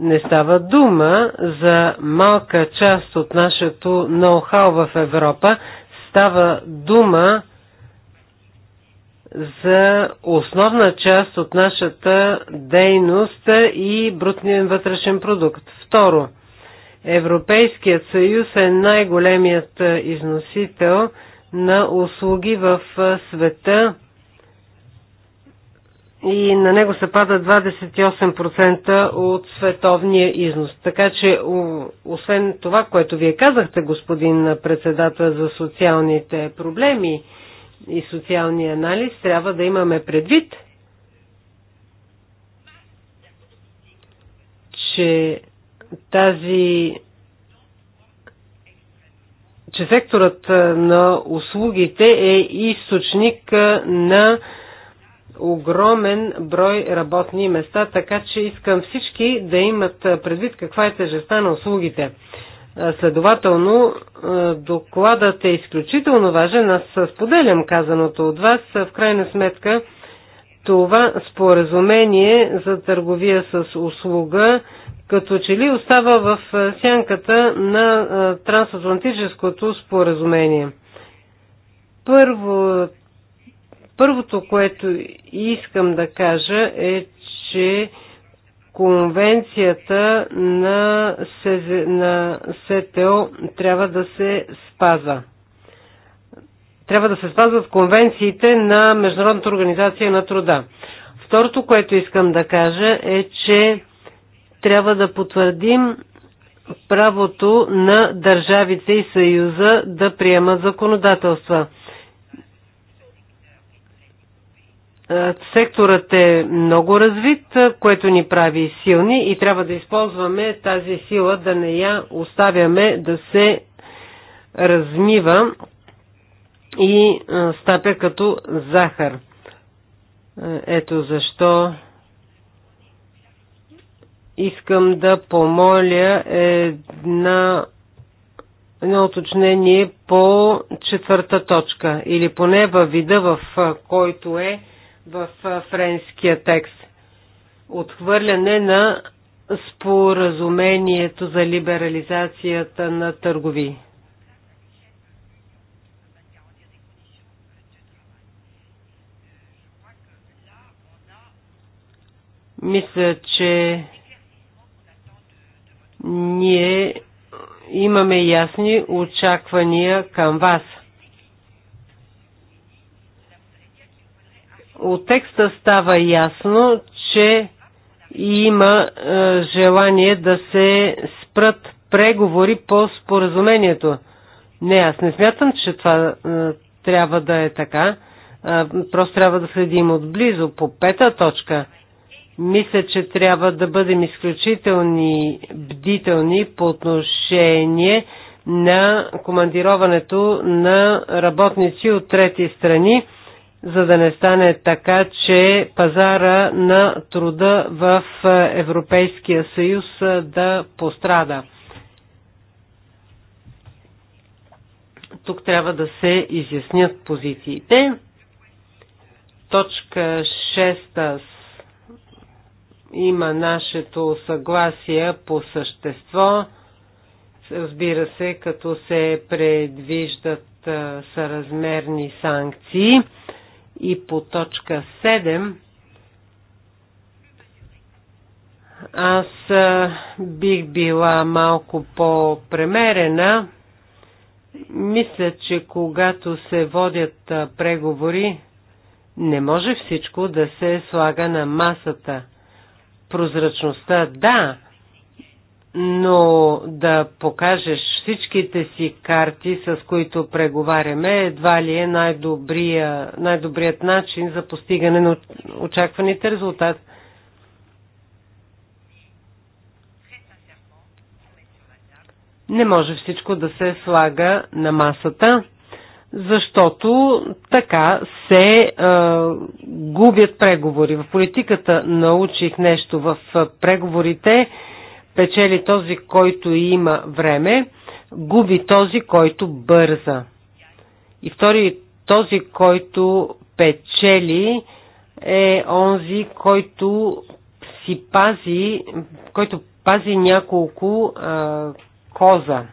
не става дума за малка част от нашето ноу-хау в Европа. Става дума за основна част от нашата дейност и брутния вътрешен продукт. Второ, Европейският съюз е най-големият износител на услуги в света – и на него се пада 28% от световния износ. Така че, освен това, което вие казахте, господин председател, за социалните проблеми и социалния анализ, трябва да имаме предвид, че тази че секторът на услугите е източник на огромен брой работни места, така че искам всички да имат предвид каква е тежестта на услугите. Следователно, докладът е изключително важен. Аз споделям казаното от вас. В крайна сметка, това споразумение за търговия с услуга като че ли остава в сянката на трансатлантическото споразумение. Първо, Първото, което искам да кажа е, че конвенцията на, СЗ, на СТО трябва да се спаза. Трябва да се спазват конвенциите на Международната организация на труда. Второто, което искам да кажа е, че трябва да потвърдим правото на държавите и Съюза да приемат законодателства. Е, секторът е много развит, е, което ни прави силни и трябва да използваме тази сила, да не я оставяме да се размива и е, стапя като захар. Ето защо искам да помоля една, едно уточнение по четвърта точка или поне във вида, в който е в френския текст. Отхвърляне на споразумението за либерализацията на търгови. Мисля, че ние имаме ясни очаквания към вас – От текста става ясно, че има е, желание да се спрат преговори по споразумението. Не, аз не смятам, че това е, трябва да е така. Е, просто трябва да следим отблизо. По пета точка мисля, че трябва да бъдем изключителни бдителни по отношение на командироването на работници от трети страни за да не стане така, че пазара на труда в Европейския съюз да пострада. Тук трябва да се изяснят позициите. Точка 6 има нашето съгласие по същество. Разбира се, като се предвиждат съразмерни санкции и по точка 7 аз бих била малко по-премерена. Мисля, че когато се водят преговори, не може всичко да се слага на масата. Прозрачността, да, но да покажеш всичките си карти, с които преговаряме, едва ли е най-добрия, най-добрият начин за постигане на очакваните резултати. Не може всичко да се слага на масата, защото така се е, губят преговори. В политиката научих нещо в е, преговорите Печели този, който има време, губи този, който бърза. И втори, този, който печели, е онзи, който си пази, който пази няколко а, коза.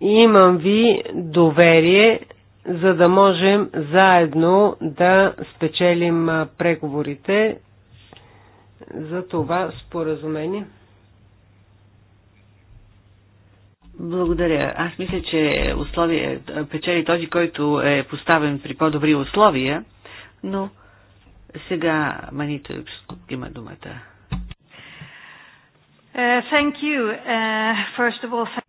имам ви доверие, за да можем заедно да спечелим преговорите за това споразумение? Благодаря. Аз мисля, че условия, печели този, който е поставен при по-добри условия, но сега Манито има думата. Uh, thank you. Uh, first of all, thank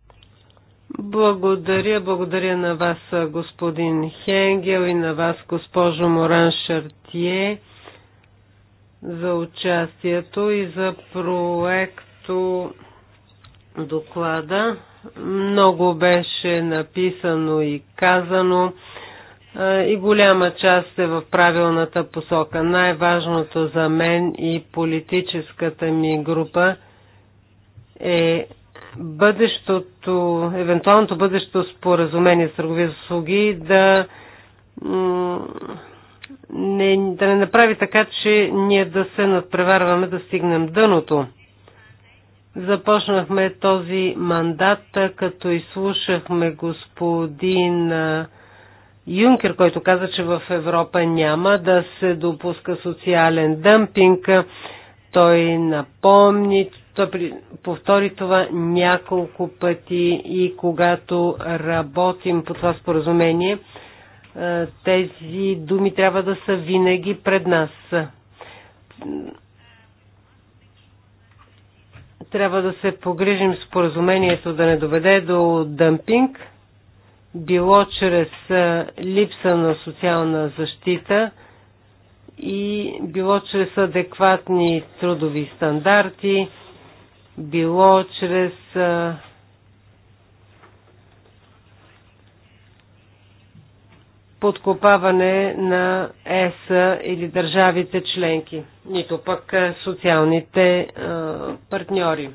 благодаря, благодаря на вас, господин Хенгел и на вас, госпожо Моран Шартие за участието и за проекто доклада. Много беше написано и казано и голяма част е в правилната посока. Най-важното за мен и политическата ми група е бъдещото, евентуалното бъдещо споразумение с търговия услуги да не, да не направи така, че ние да се надпреварваме да стигнем дъното. Започнахме този мандат, като изслушахме господин Юнкер, който каза, че в Европа няма да се допуска социален дъмпинг. Той напомни, той повтори това няколко пъти и когато работим по това споразумение – е, тези думи трябва да са винаги пред нас. Трябва да се погрижим споразумението да не доведе до дъмпинг, било чрез е, липса на социална защита и било чрез адекватни трудови стандарти, било чрез е, подкопаване на ЕС или държавите членки, нито пък социалните партньори.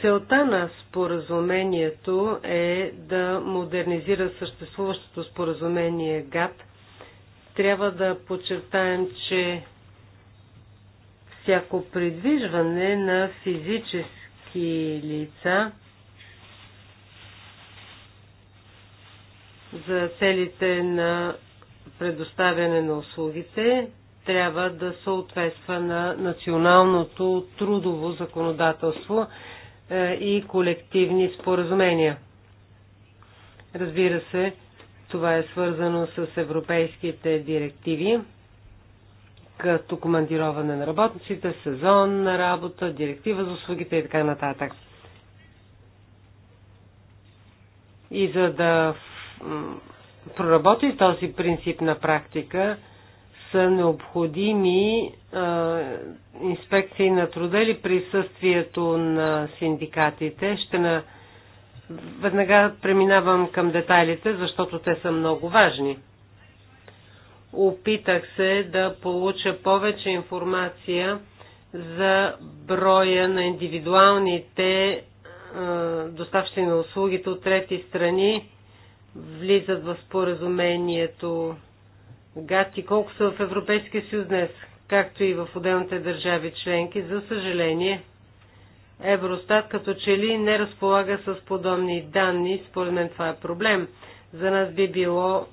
Целта на споразумението е да модернизира съществуващото споразумение ГАТ. Трябва да подчертаем, че всяко придвижване на физически лица – за целите на предоставяне на услугите трябва да съответства на националното трудово законодателство е, и колективни споразумения. Разбира се, това е свързано с европейските директиви, като командироване на работниците, сезон на работа, директива за услугите и така нататък. И за да проработи този принцип на практика, са необходими а, инспекции на труда или присъствието на синдикатите. Ще на... Веднага преминавам към детайлите, защото те са много важни. Опитах се да получа повече информация за броя на индивидуалните доставщи на услугите от трети страни влизат в споразумението гати, колко са в Европейския съюз днес, както и в отделните държави членки. За съжаление, Евростат като че ли не разполага с подобни данни. Според мен това е проблем. За нас би било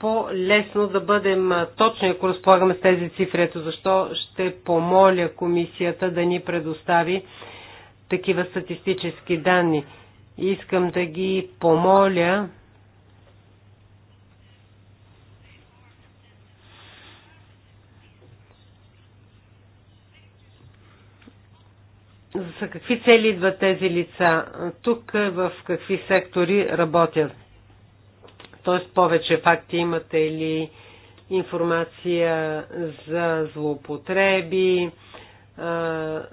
по-лесно да бъдем точни, ако разполагаме с тези цифри. Ето защо ще помоля комисията да ни предостави такива статистически данни. Искам да ги помоля за какви цели идват тези лица, тук в какви сектори работят. Тоест повече факти имате или информация за злоупотреби,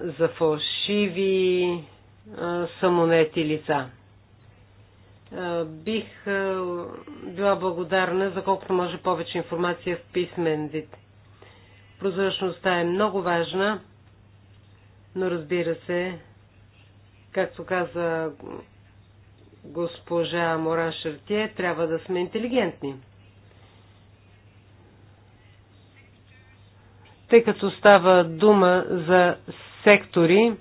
за фалшиви самонети лица. Бих била благодарна за колкото може повече информация в писмен вид. Прозрачността е много важна, но разбира се, както каза госпожа Моран Шартие, трябва да сме интелигентни. Тъй като става дума за сектори,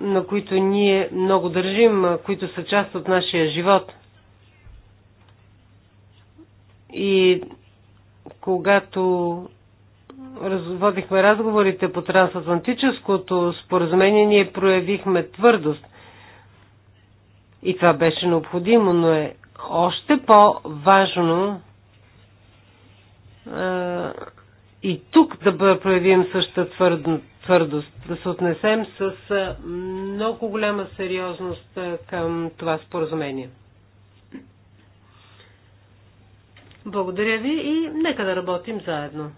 на които ние много държим, които са част от нашия живот. И когато водихме разговорите по трансатлантическото споразумение, ние проявихме твърдост. И това беше необходимо, но е още по-важно и тук да проявим същата твърдост твърдост, да се отнесем с много голяма сериозност към това споразумение. Благодаря ви и нека да работим заедно.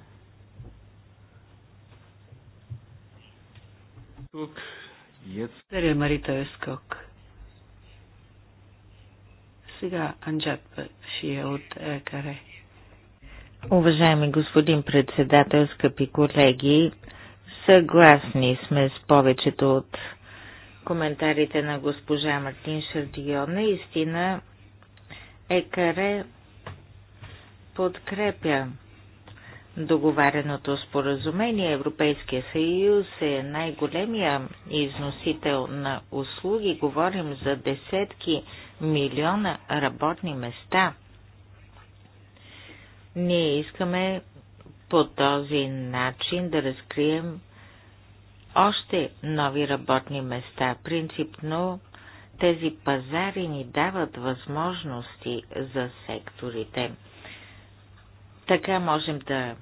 Тук, е Марита Ескок. Сега Анджат Шия е от Каре. Уважаеми господин председател, скъпи колеги, Съгласни сме с повечето от коментарите на госпожа Мартин Шардион. Наистина Екаре подкрепя договареното споразумение. Европейския съюз е най-големия износител на услуги. Говорим за десетки милиона работни места. Ние искаме по този начин да разкрием още нови работни места. Принципно тези пазари ни дават възможности за секторите. Така можем да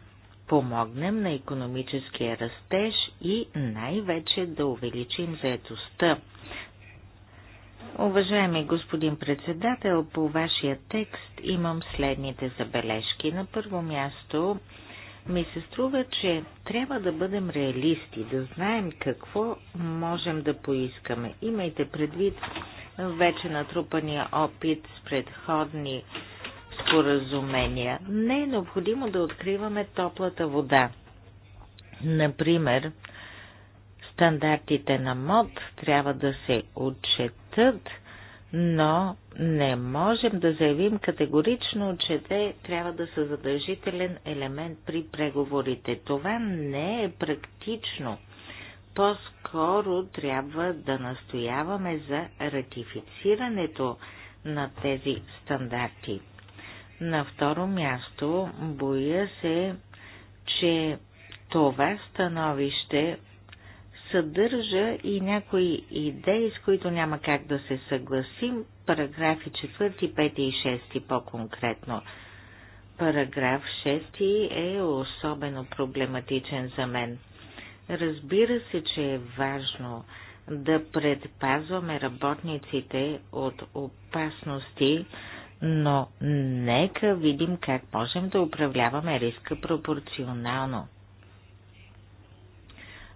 помогнем на економическия растеж и най-вече да увеличим заетостта. Уважаеми господин председател, по вашия текст имам следните забележки. На първо място ми се струва, че трябва да бъдем реалисти, да знаем какво можем да поискаме. Имайте предвид вече натрупания опит с предходни споразумения. Не е необходимо да откриваме топлата вода. Например, стандартите на МОД трябва да се отчетат – но не можем да заявим категорично, че те трябва да са задължителен елемент при преговорите. Това не е практично. По-скоро трябва да настояваме за ратифицирането на тези стандарти. На второ място, боя се, че това становище съдържа и някои идеи, с които няма как да се съгласим, параграфи 4, 5 и 6 по-конкретно. Параграф 6 е особено проблематичен за мен. Разбира се, че е важно да предпазваме работниците от опасности, но нека видим как можем да управляваме риска пропорционално.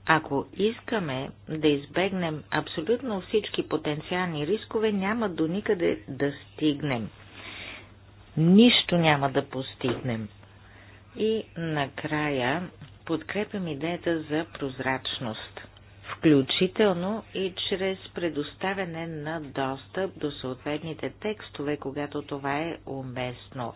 Ако искаме да избегнем абсолютно всички потенциални рискове, няма до никъде да стигнем. Нищо няма да постигнем. И накрая подкрепям идеята за прозрачност, включително и чрез предоставяне на достъп до съответните текстове, когато това е уместно.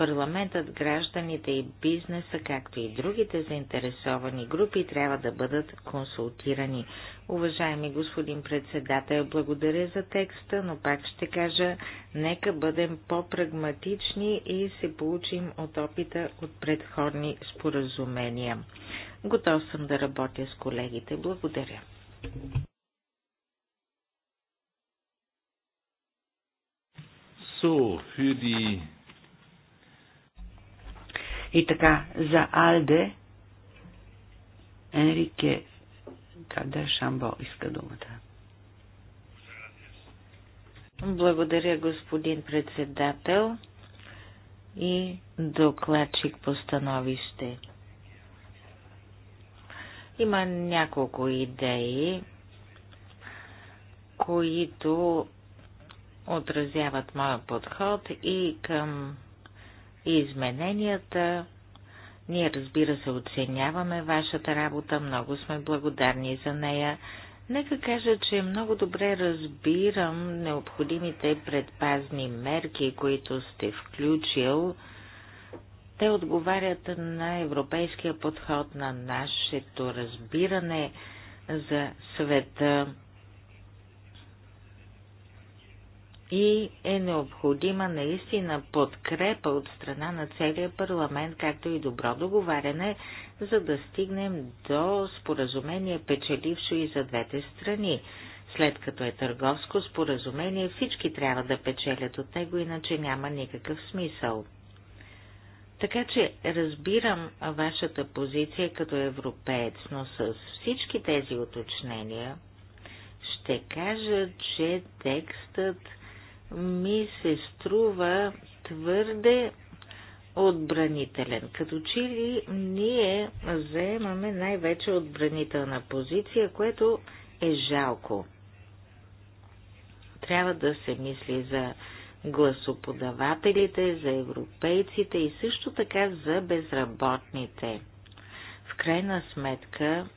Парламентът, гражданите и бизнеса, както и другите заинтересовани групи, трябва да бъдат консултирани. Уважаеми господин председател, благодаря за текста, но пак ще кажа, нека бъдем по-прагматични и се получим от опита от предходни споразумения. Готов съм да работя с колегите. Благодаря. So, für die и така, за Алде, Енрике Кадер Шамбо иска думата. Благодаря, господин председател и докладчик по становище. Има няколко идеи, които отразяват моя подход и към и измененията. Ние, разбира се, оценяваме вашата работа, много сме благодарни за нея. Нека кажа, че много добре разбирам необходимите предпазни мерки, които сте включил. Те отговарят на европейския подход, на нашето разбиране за света. и е необходима наистина подкрепа от страна на целия парламент, както и добро договаряне, за да стигнем до споразумение печелившо и за двете страни. След като е търговско споразумение, всички трябва да печелят от него, иначе няма никакъв смисъл. Така че разбирам вашата позиция като европеец, но с всички тези уточнения ще кажа, че текстът ми се струва твърде отбранителен. Като че ли ние заемаме най-вече отбранителна позиция, което е жалко. Трябва да се мисли за гласоподавателите, за европейците и също така за безработните. В крайна сметка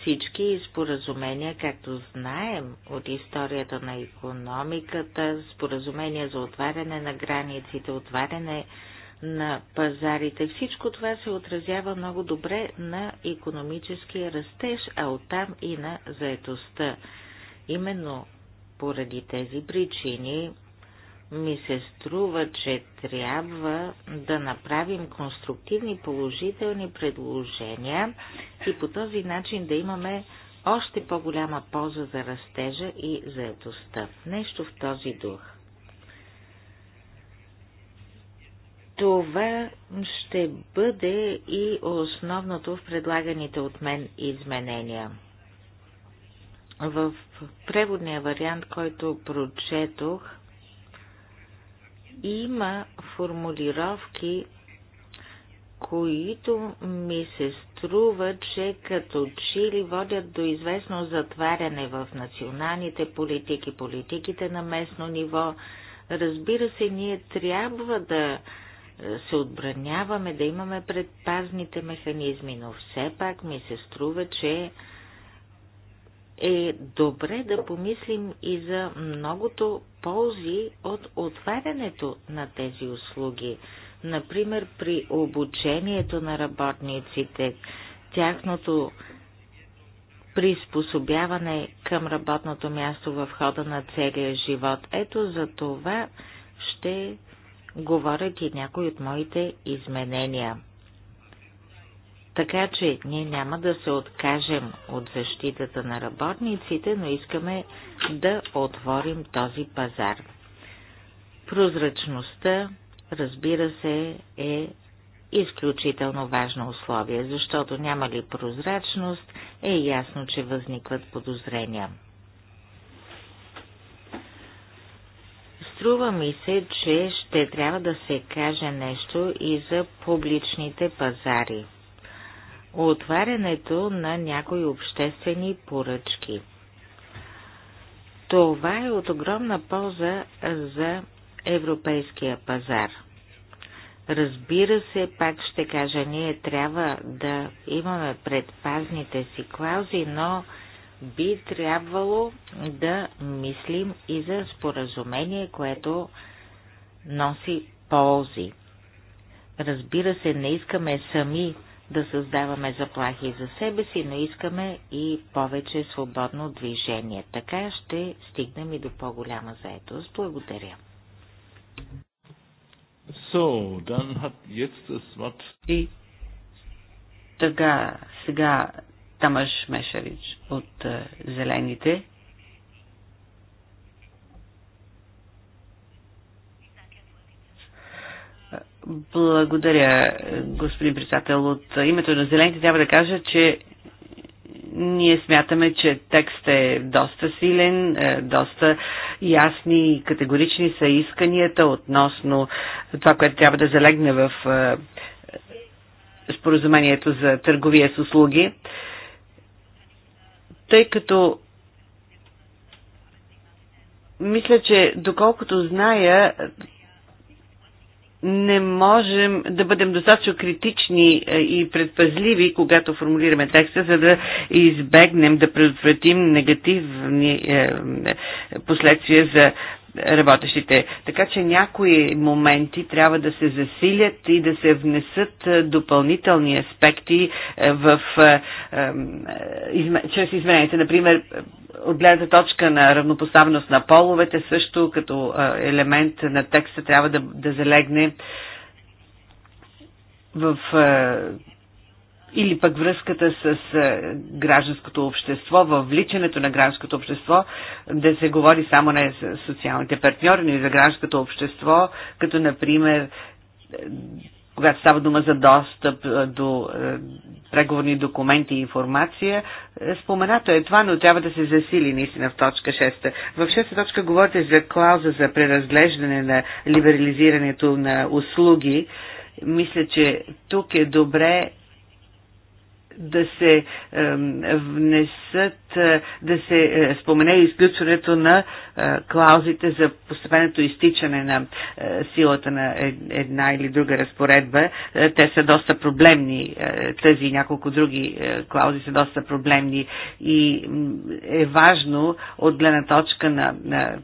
всички споразумения, както знаем от историята на економиката, споразумения за отваряне на границите, отваряне на пазарите, всичко това се отразява много добре на економическия растеж, а оттам и на заетостта. Именно поради тези причини ми се струва, че трябва да направим конструктивни положителни предложения и по този начин да имаме още по-голяма полза за растежа и заедостта. Нещо в този дух. Това ще бъде и основното в предлаганите от мен изменения. В преводния вариант, който прочетох, има формулировки, които ми се струва, че като че ли водят до известно затваряне в националните политики, политиките на местно ниво. Разбира се, ние трябва да е, се отбраняваме, да имаме предпазните механизми, но все пак ми се струва, че е добре да помислим и за многото ползи от отварянето на тези услуги. Например, при обучението на работниците, тяхното приспособяване към работното място в хода на целия живот. Ето за това ще говорят и някои от моите изменения. Така че ние няма да се откажем от защитата на работниците, но искаме да отворим този пазар. Прозрачността, разбира се, е изключително важно условие, защото няма ли прозрачност, е ясно, че възникват подозрения. Струва ми се, че ще трябва да се каже нещо и за публичните пазари – отварянето на някои обществени поръчки. Това е от огромна полза за европейския пазар. Разбира се, пак ще кажа, ние трябва да имаме предпазните си клаузи, но би трябвало да мислим и за споразумение, което носи ползи. Разбира се, не искаме сами да създаваме заплахи за себе си, но искаме и повече свободно движение. Така ще стигнем и до по-голяма заетост. Благодаря. So, dann hat jetzt das Wort... И така, сега Тамаш Мешарич от е, Зелените. Благодаря, господин председател. От името на Зелените трябва да кажа, че ние смятаме, че текстът е доста силен, е, доста ясни и категорични са исканията относно това, което трябва да залегне в е, споразумението за търговия с услуги. Тъй като мисля, че доколкото зная, не можем да бъдем достатъчно критични е, и предпазливи, когато формулираме текста, за да избегнем, да предотвратим негативни е, е, последствия за работещите. Така че някои моменти трябва да се засилят и да се внесат е, допълнителни аспекти е, в, е, чрез измененията. Например, от гледна точка на равнопоставеност на половете, също като елемент на текста трябва да, да залегне в или пък връзката с гражданското общество, въвличането на гражданското общество, да се говори само на социалните партньори, но и за гражданското общество, като например е, когато става дума за достъп до е, преговорни документи и информация, е, споменато е това, но трябва да се засили наистина в точка 6. В 6 точка говорите за клауза за преразглеждане на либерализирането на услуги. Мисля, че тук е добре да се внесат, е, да се е, спомене изключването на е, клаузите за постепенното изтичане на силата на една или друга разпоредба. Те са доста проблемни, тези и няколко други клаузи са доста проблемни и е важно от гледна точка на, на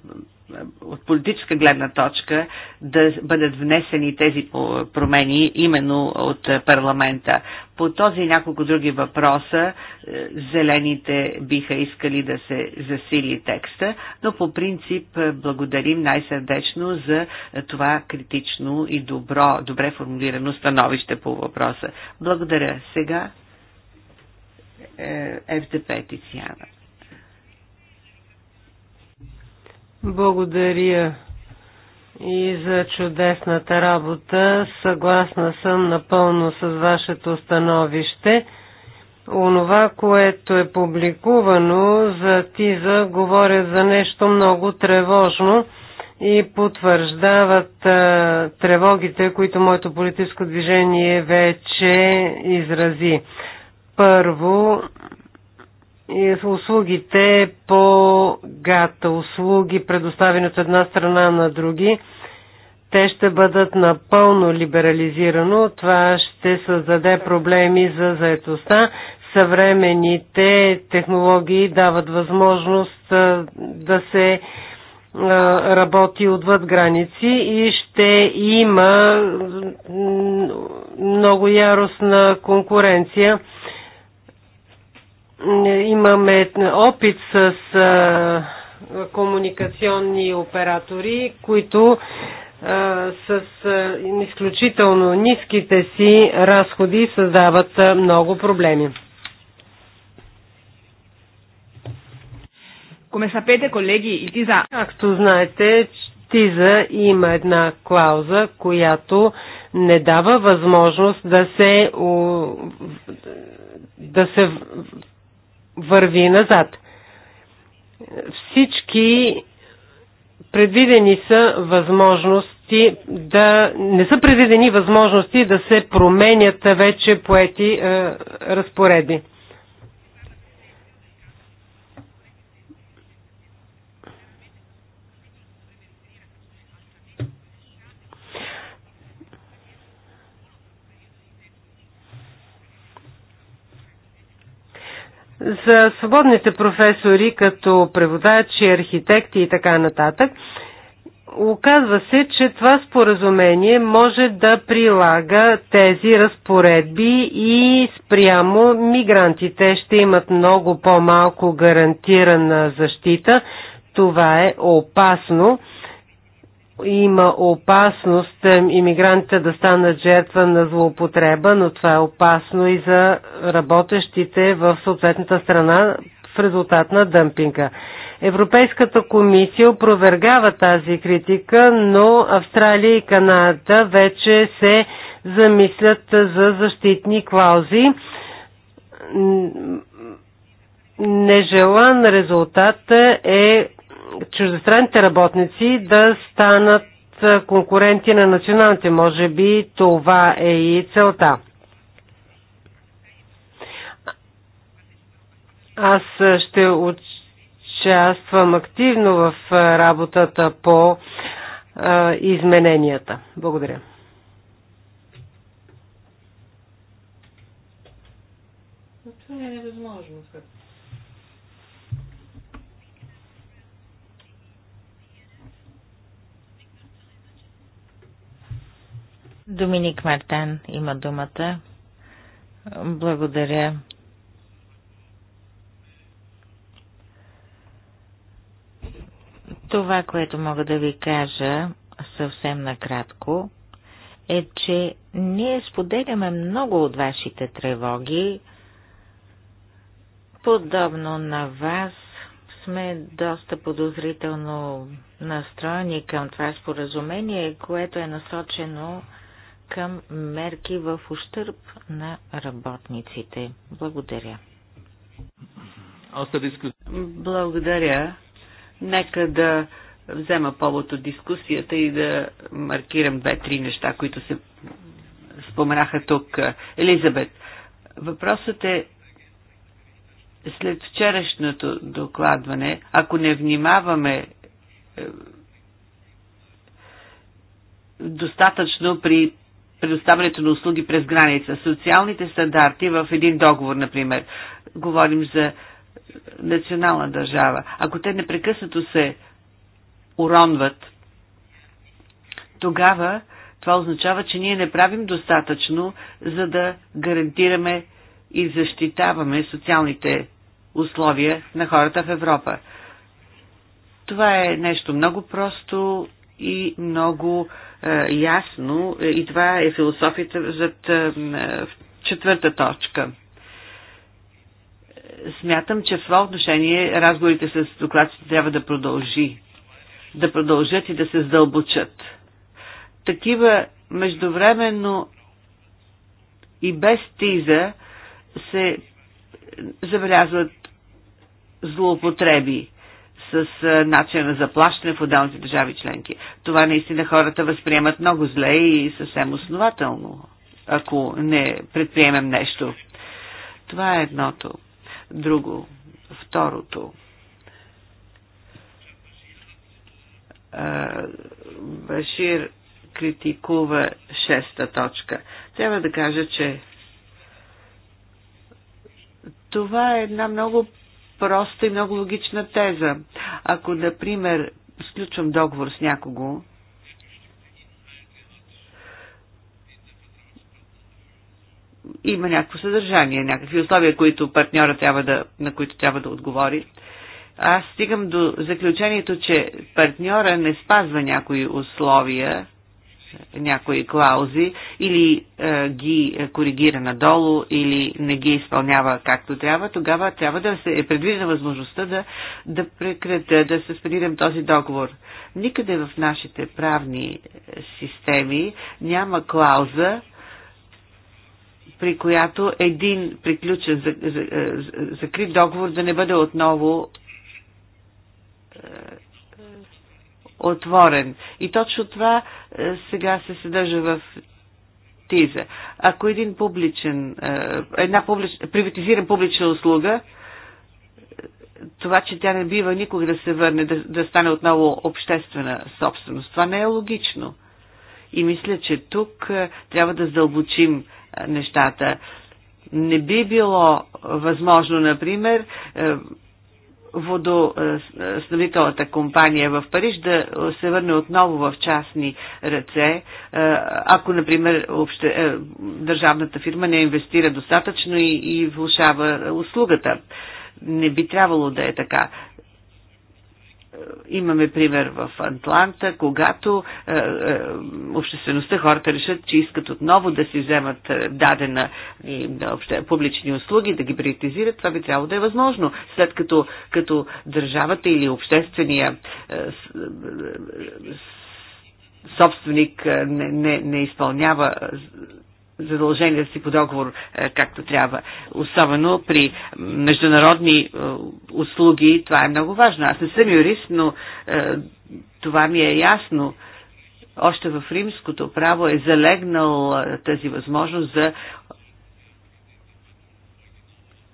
от политическа гледна точка да бъдат внесени тези промени именно от парламента. По този и няколко други въпроса е, зелените биха искали да се засили текста, но по принцип е, благодарим най-сърдечно за това критично и добро, добре формулирано становище по въпроса. Благодаря. Сега е, ФДП Тициана. Благодаря и за чудесната работа. Съгласна съм напълно с вашето становище. Онова, което е публикувано за ТИЗА, говоря за нещо много тревожно и потвърждават а, тревогите, които моето политическо движение вече изрази. Първо, е, услугите по ГАТА, услуги предоставени от една страна на други, те ще бъдат напълно либерализирано. Това ще създаде проблеми за заетостта. Съвременните технологии дават възможност да се работи отвъд граници и ще има много яростна конкуренция имаме опит с комуникационни оператори, които с изключително ниските си разходи създават много проблеми. колеги, Както знаете, ТИЗА има една клауза, която не дава възможност да се, да се върви назад. Всички предвидени са възможности да не са предвидени възможности да се променят вече поети е, разпореди. за свободните професори като преводачи, архитекти и така нататък. Оказва се, че това споразумение може да прилага тези разпоредби и спрямо мигрантите ще имат много по-малко гарантирана защита. Това е опасно има опасност е, иммигрантите да станат жертва на злоупотреба, но това е опасно и за работещите в съответната страна в резултат на дъмпинга. Европейската комисия опровергава тази критика, но Австралия и Канада вече се замислят за защитни клаузи. Нежелан резултат е чуждестранните работници да станат конкуренти на националните. Може би това е и целта. Аз ще участвам активно в работата по измененията. Благодаря. Доминик Мартан има думата. Благодаря. Това, което мога да ви кажа съвсем накратко, е, че ние споделяме много от вашите тревоги. Подобно на вас, сме доста подозрително настроени към това споразумение, което е насочено към мерки в ущърп на работниците. Благодаря. Благодаря. Нека да взема повод от дискусията и да маркирам две-три неща, които се споменаха тук. Елизабет, въпросът е след вчерашното докладване, ако не внимаваме е, достатъчно при предоставянето на услуги през граница. Социалните стандарти в един договор, например. Говорим за национална държава. Ако те непрекъснато се уронват, тогава това означава, че ние не правим достатъчно, за да гарантираме и защитаваме социалните условия на хората в Европа. Това е нещо много просто и много е, ясно е, и това е философията зад е, четвърта точка смятам, че в това отношение разговорите с докладците трябва да продължи. Да продължат и да се задълбочат. Такива междувременно и без тиза се забелязват злоупотреби с начин на заплащане в отделните държави членки. Това наистина хората възприемат много зле и съвсем основателно, ако не предприемем нещо. Това е едното. Друго. Второто. Башир критикува шеста точка. Трябва да кажа, че това е една много проста и много логична теза. Ако, например, сключвам договор с някого, има някакво съдържание, някакви условия, които партньора трябва да, на които трябва да отговори. Аз стигам до заключението, че партньора не спазва някои условия, някои клаузи или е, ги коригира надолу или не ги изпълнява както трябва, тогава трябва да се е предвидена възможността да, да прекратя, да суспендирам този договор. Никъде в нашите правни системи няма клауза, при която един приключен закрит договор да не бъде отново е, отворен. И точно това е, сега се съдържа в тиза. Ако един публичен, е, една публич, приватизиран публична услуга, е, това, че тя не бива никога да се върне, да, да стане отново обществена собственост, това не е логично. И мисля, че тук трябва да задълбочим нещата. Не би било възможно, например, водоснабдителната компания в Париж да се върне отново в частни ръце, е, ако, например, обще, е, държавната фирма не инвестира достатъчно и, и влушава услугата. Не би трябвало да е така имаме пример в Атланта, когато е, е, обществеността, хората решат, че искат отново да си вземат е, дадена и, е, обще, публични услуги, да ги приоритизират, това би трябвало да е възможно, след като, като държавата или обществения е, е собственик не, не, не изпълнява задълженията си по договор е, както трябва. Особено при международни е, услуги това е много важно. Аз не съм юрист, но е, това ми е ясно. Още в римското право е залегнал тази възможност за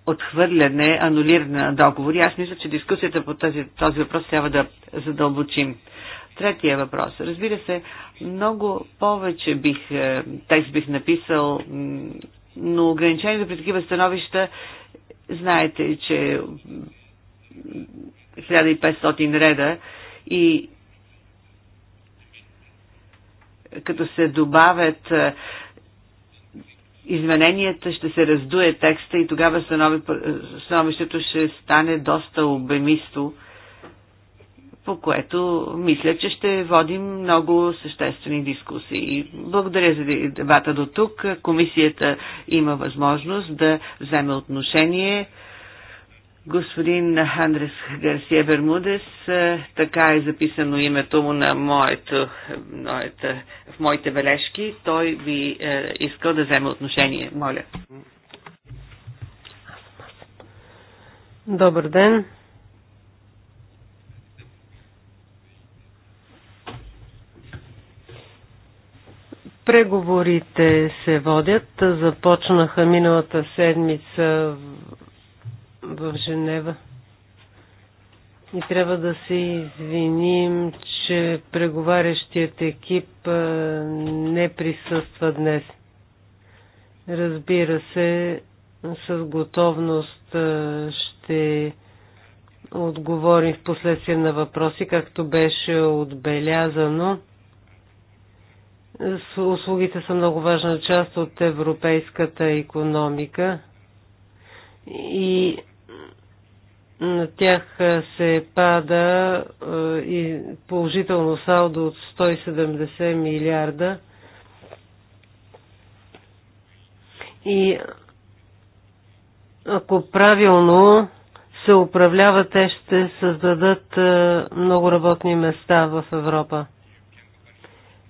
отхвърляне, анулиране на договори. Аз мисля, че дискусията по този, този въпрос трябва да задълбочим. Третия въпрос. Разбира се, много повече бих, е, текст бих написал, но ограничението при такива становища, знаете, че 1500 реда и като се добавят е, измененията, ще се раздуе текста и тогава е, становището ще стане доста обемисто по което мисля, че ще водим много съществени дискусии. Благодаря за дебата до тук. Комисията има възможност да вземе отношение. Господин Андрес Гарсия Бермудес, е, така е записано името му на моето, моето, в моите бележки. Той би е, искал да вземе отношение. Моля. Добър ден. Преговорите се водят. Започнаха миналата седмица в Женева. И трябва да се извиним, че преговарящият екип не присъства днес. Разбира се, с готовност ще отговорим в последствие на въпроси, както беше отбелязано услугите са много важна част от европейската економика и на тях се пада е, и положително салдо от 170 милиарда. И ако правилно се управляват, те ще създадат е, много работни места в Европа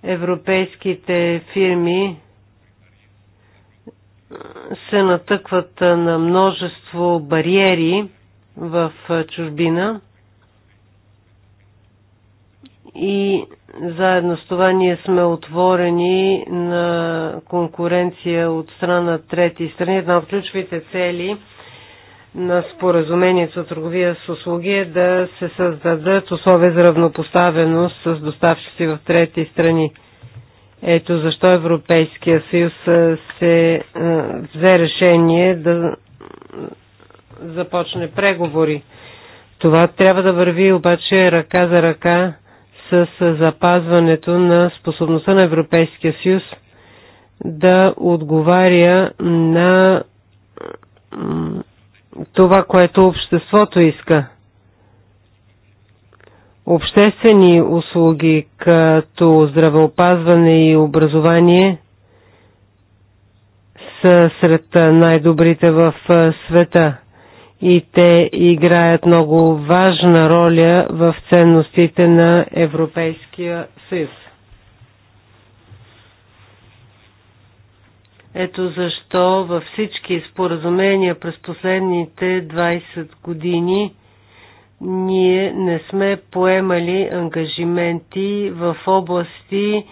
европейските фирми се натъкват на множество бариери в чужбина и заедно с това ние сме отворени на конкуренция от страна трети страни. Една от ключовите цели – на споразумението за търговия с услуги е да се създадат условия за равнопоставеност с доставчици в трети страни. Ето защо Европейския съюз се взе решение да започне преговори. Това трябва да върви обаче ръка за ръка с запазването на способността на Европейския съюз да отговаря на това, което обществото иска. Обществени услуги като здравеопазване и образование са сред най-добрите в света и те играят много важна роля в ценностите на Европейския съюз. Ето защо във всички споразумения през последните 20 години ние не сме поемали ангажименти в области,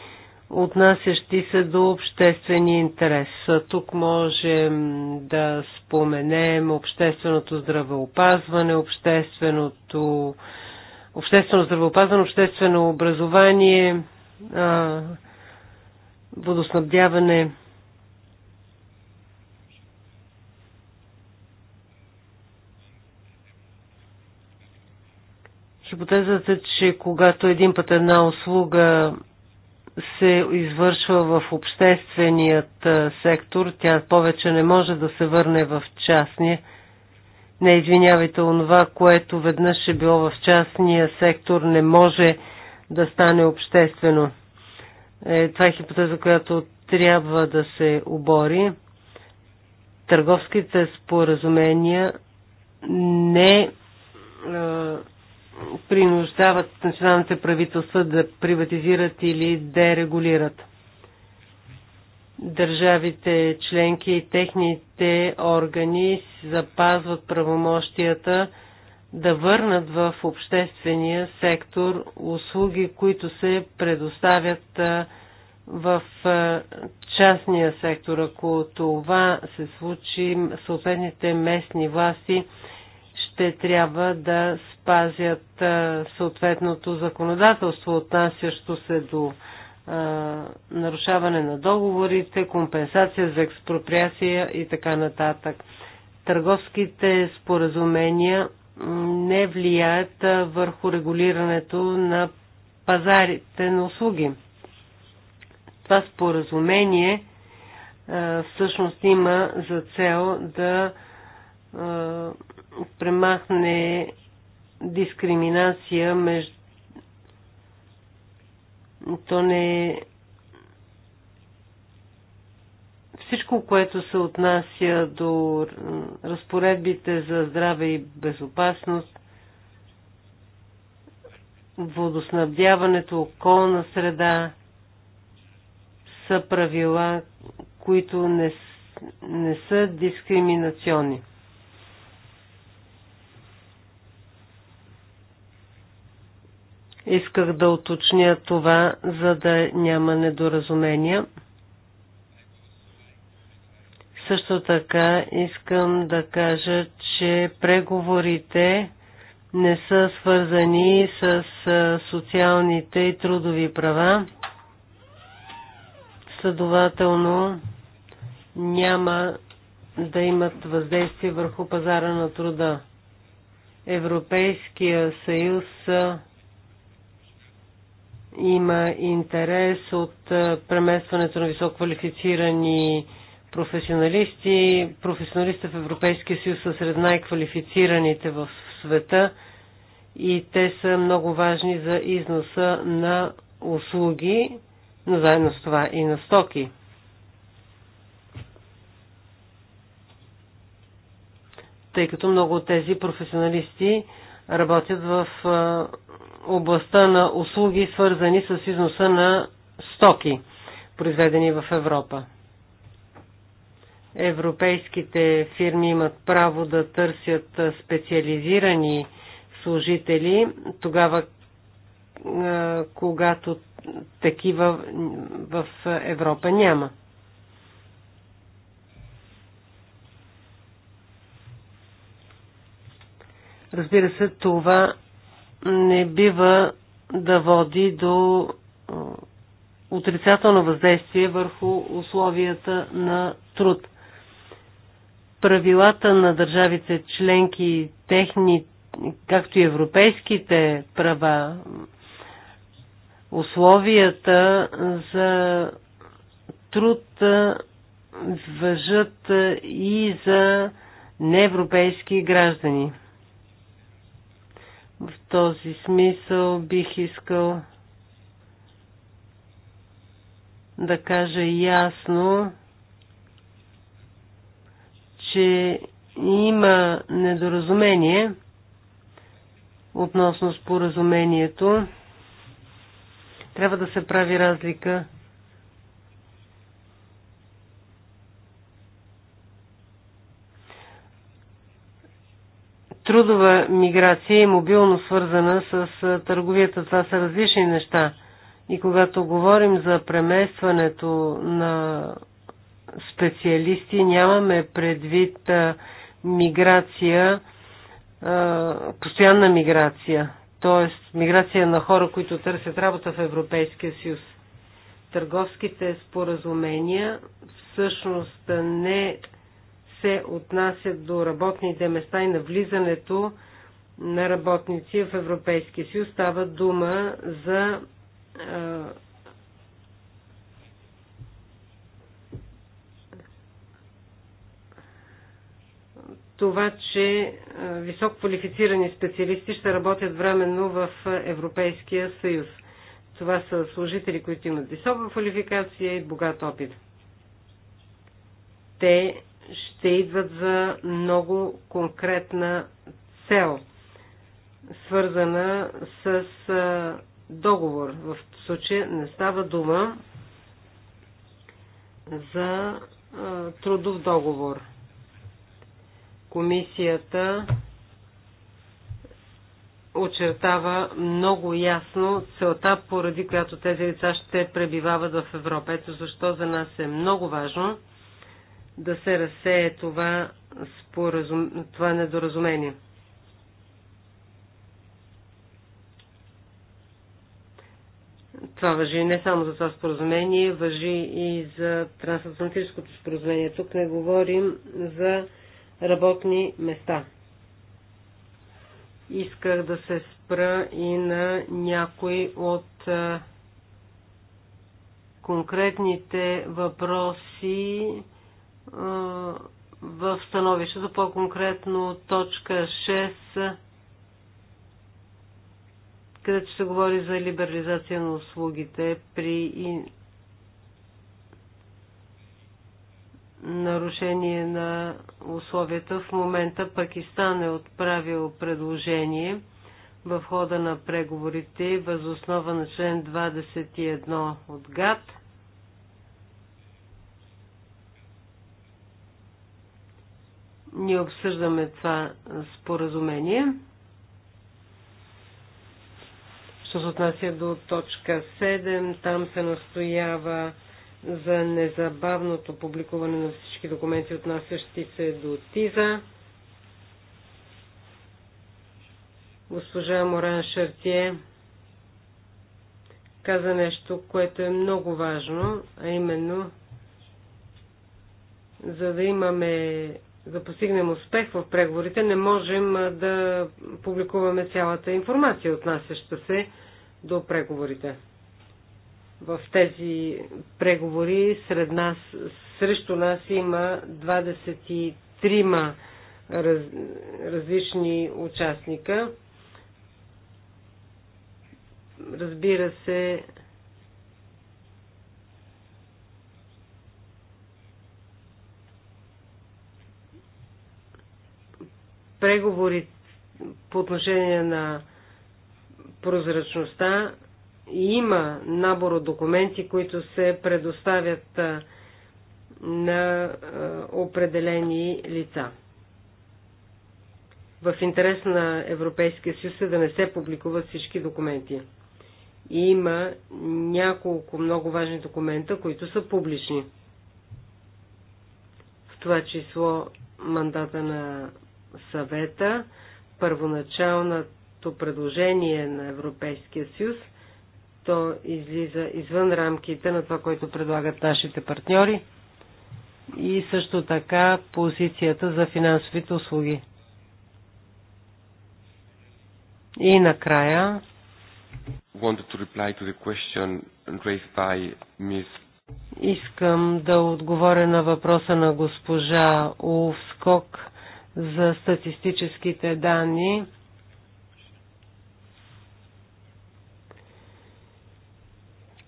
отнасящи се до обществения интерес. Тук можем да споменем общественото здравеопазване, общественото, обществено здравеопазване, обществено образование, водоснабдяване, Хипотезата, че когато един път една услуга се извършва в общественият сектор, тя повече не може да се върне в частния. Не извинявайте, онова, което веднъж е било в частния сектор, не може да стане обществено. Е, това е хипотеза, която трябва да се обори. Търговските споразумения не принуждават националните правителства да приватизират или дерегулират. Държавите членки и техните органи запазват правомощията да върнат в обществения сектор услуги, които се предоставят в частния сектор. Ако това се случи, съответните местни власти те трябва да спазят съответното законодателство, отнасящо се до нарушаване на договорите, компенсация за експроприация и така нататък. Търговските споразумения не влияят върху регулирането на пазарите на услуги. Това споразумение всъщност има за цел да премахне дискриминация между то не е всичко, което се отнася до разпоредбите за здраве и безопасност, водоснабдяването, околна среда, са правила, които не, не са дискриминационни. Исках да уточня това, за да няма недоразумения. Също така искам да кажа, че преговорите не са свързани с социалните и трудови права. Следователно няма да имат въздействие върху пазара на труда. Европейския съюз има интерес от преместването на висококвалифицирани професионалисти. Професионалистите в Европейския съюз са сред най-квалифицираните в света и те са много важни за износа на услуги, но заедно с това и на стоки. Тъй като много от тези професионалисти работят в областта на услуги, свързани с износа на стоки, произведени в Европа. Европейските фирми имат право да търсят специализирани служители, тогава когато такива в Европа няма. Разбира се, това не бива да води до отрицателно въздействие върху условията на труд. Правилата на държавите членки, техни, както и европейските права, условията за труд въжат и за неевропейски граждани. В този смисъл бих искал да кажа ясно, че има недоразумение относно споразумението. Трябва да се прави разлика трудова миграция и мобилно свързана с търговията. Това са различни неща. И когато говорим за преместването на специалисти, нямаме предвид миграция, постоянна миграция, т.е. миграция на хора, които търсят работа в Европейския съюз. Търговските споразумения всъщност не се отнасят до работните места и на влизането на работници в Европейския съюз. Става дума за а, това, че високо квалифицирани специалисти ще работят временно в Европейския съюз. Това са служители, които имат висока квалификация и богат опит. Те ще идват за много конкретна цел, свързана с договор. В случая не става дума за трудов договор. Комисията очертава много ясно целта, поради която тези лица ще пребивават в Европа. Ето защо за нас е много важно – да се разсее това, споразум... това недоразумение. Това въжи не само за това споразумение, въжи и за трансатлантическото споразумение. Тук не говорим за работни места. Исках да се спра и на някои от конкретните въпроси, в становището, по-конкретно точка 6, където се говори за либерализация на услугите при нарушение на условията. В момента Пакистан е отправил предложение в хода на преговорите възоснова на член 21 от ГАТ – Ние обсъждаме това споразумение. Що се отнася до точка 7, там се настоява за незабавното публикуване на всички документи, отнасящи се до ТИЗА. Госпожа Моран Шартие каза нещо, което е много важно, а именно за да имаме да постигнем успех в преговорите, не можем да публикуваме цялата информация, отнасяща се до преговорите. В тези преговори сред нас, срещу нас има 23 раз, различни участника. Разбира се, преговори по отношение на прозрачността има набор от документи, които се предоставят на определени лица. В интерес на Европейския съюз е да не се публикуват всички документи. Има няколко много важни документа, които са публични. В това число мандата на съвета, първоначалното предложение на Европейския съюз, то излиза извън рамките на това, което предлагат нашите партньори и също така позицията за финансовите услуги. И накрая Искам да отговоря на въпроса на госпожа Улфскок за статистическите данни.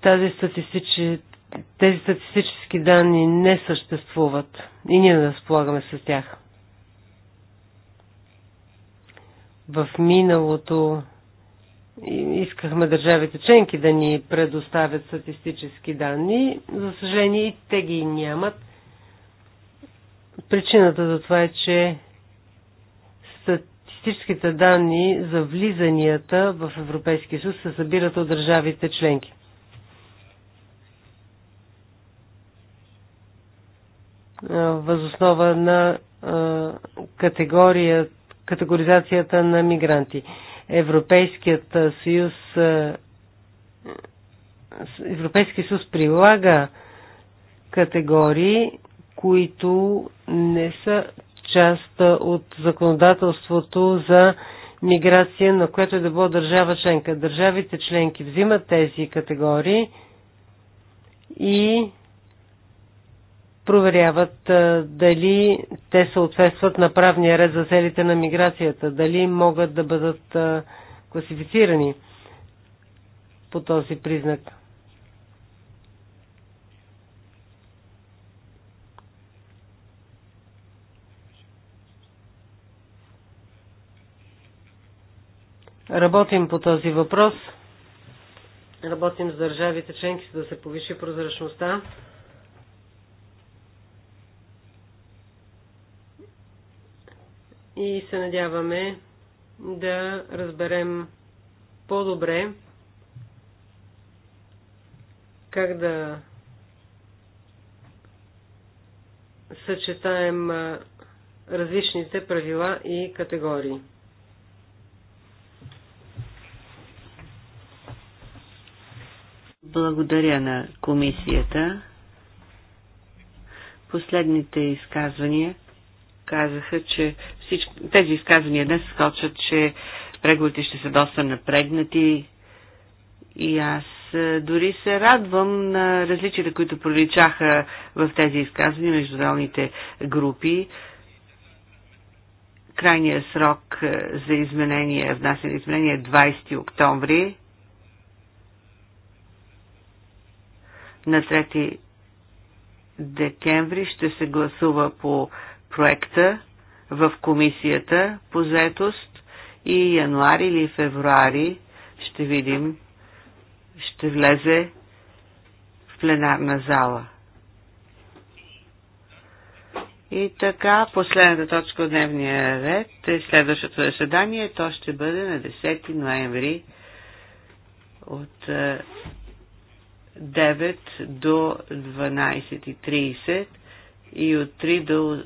Тази статистически, тези статистически данни не съществуват и ние не разполагаме с тях. В миналото искахме държавите членки да ни предоставят статистически данни. За съжаление те ги нямат. Причината за това е, че статистическите данни за влизанията в Европейския съюз се събират от държавите членки. Възоснова на категория, категоризацията на мигранти. Европейският съюз Европейския съюз прилага категории, които не са част от законодателството за миграция, на което е да било държава членка. Държавите членки взимат тези категории и проверяват дали те съответстват на правния ред за целите на миграцията, дали могат да бъдат класифицирани по този признак. Работим по този въпрос. Работим с държавите членки, за да се повиши прозрачността. И се надяваме да разберем по-добре как да съчетаем различните правила и категории. Благодаря на комисията. Последните изказвания казаха, че всички, тези изказвания днес скочат, че преговорите ще са доста напрегнати и аз е, дори се радвам на различията, които проличаха в тези изказвания между отделните групи. Крайният срок е, за изменение, внасяне изменение е 20 октомври На 3 декември ще се гласува по проекта в комисията по заетост и януари или февруари ще видим, ще влезе в пленарна зала. И така, последната точка от дневния ред е следващото заседание. То ще бъде на 10 ноември от е, 9 до 12.30 и от 3 до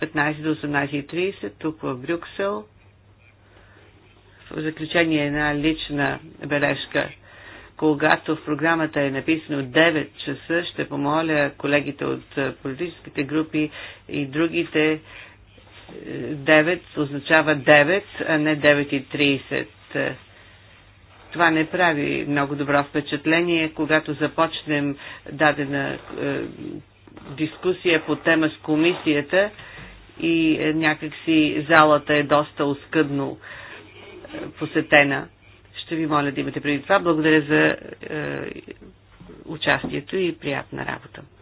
15 до 18.30 тук в Брюксел. В заключение една лична бележка. Когато в програмата е написано 9 часа, ще помоля колегите от политическите групи и другите 9 е, означава 9, а не 9.30 това не прави много добро впечатление, когато започнем дадена е, дискусия по тема с комисията и е, някакси залата е доста оскъдно е, посетена. Ще ви моля да имате преди това. Благодаря за е, участието и приятна работа.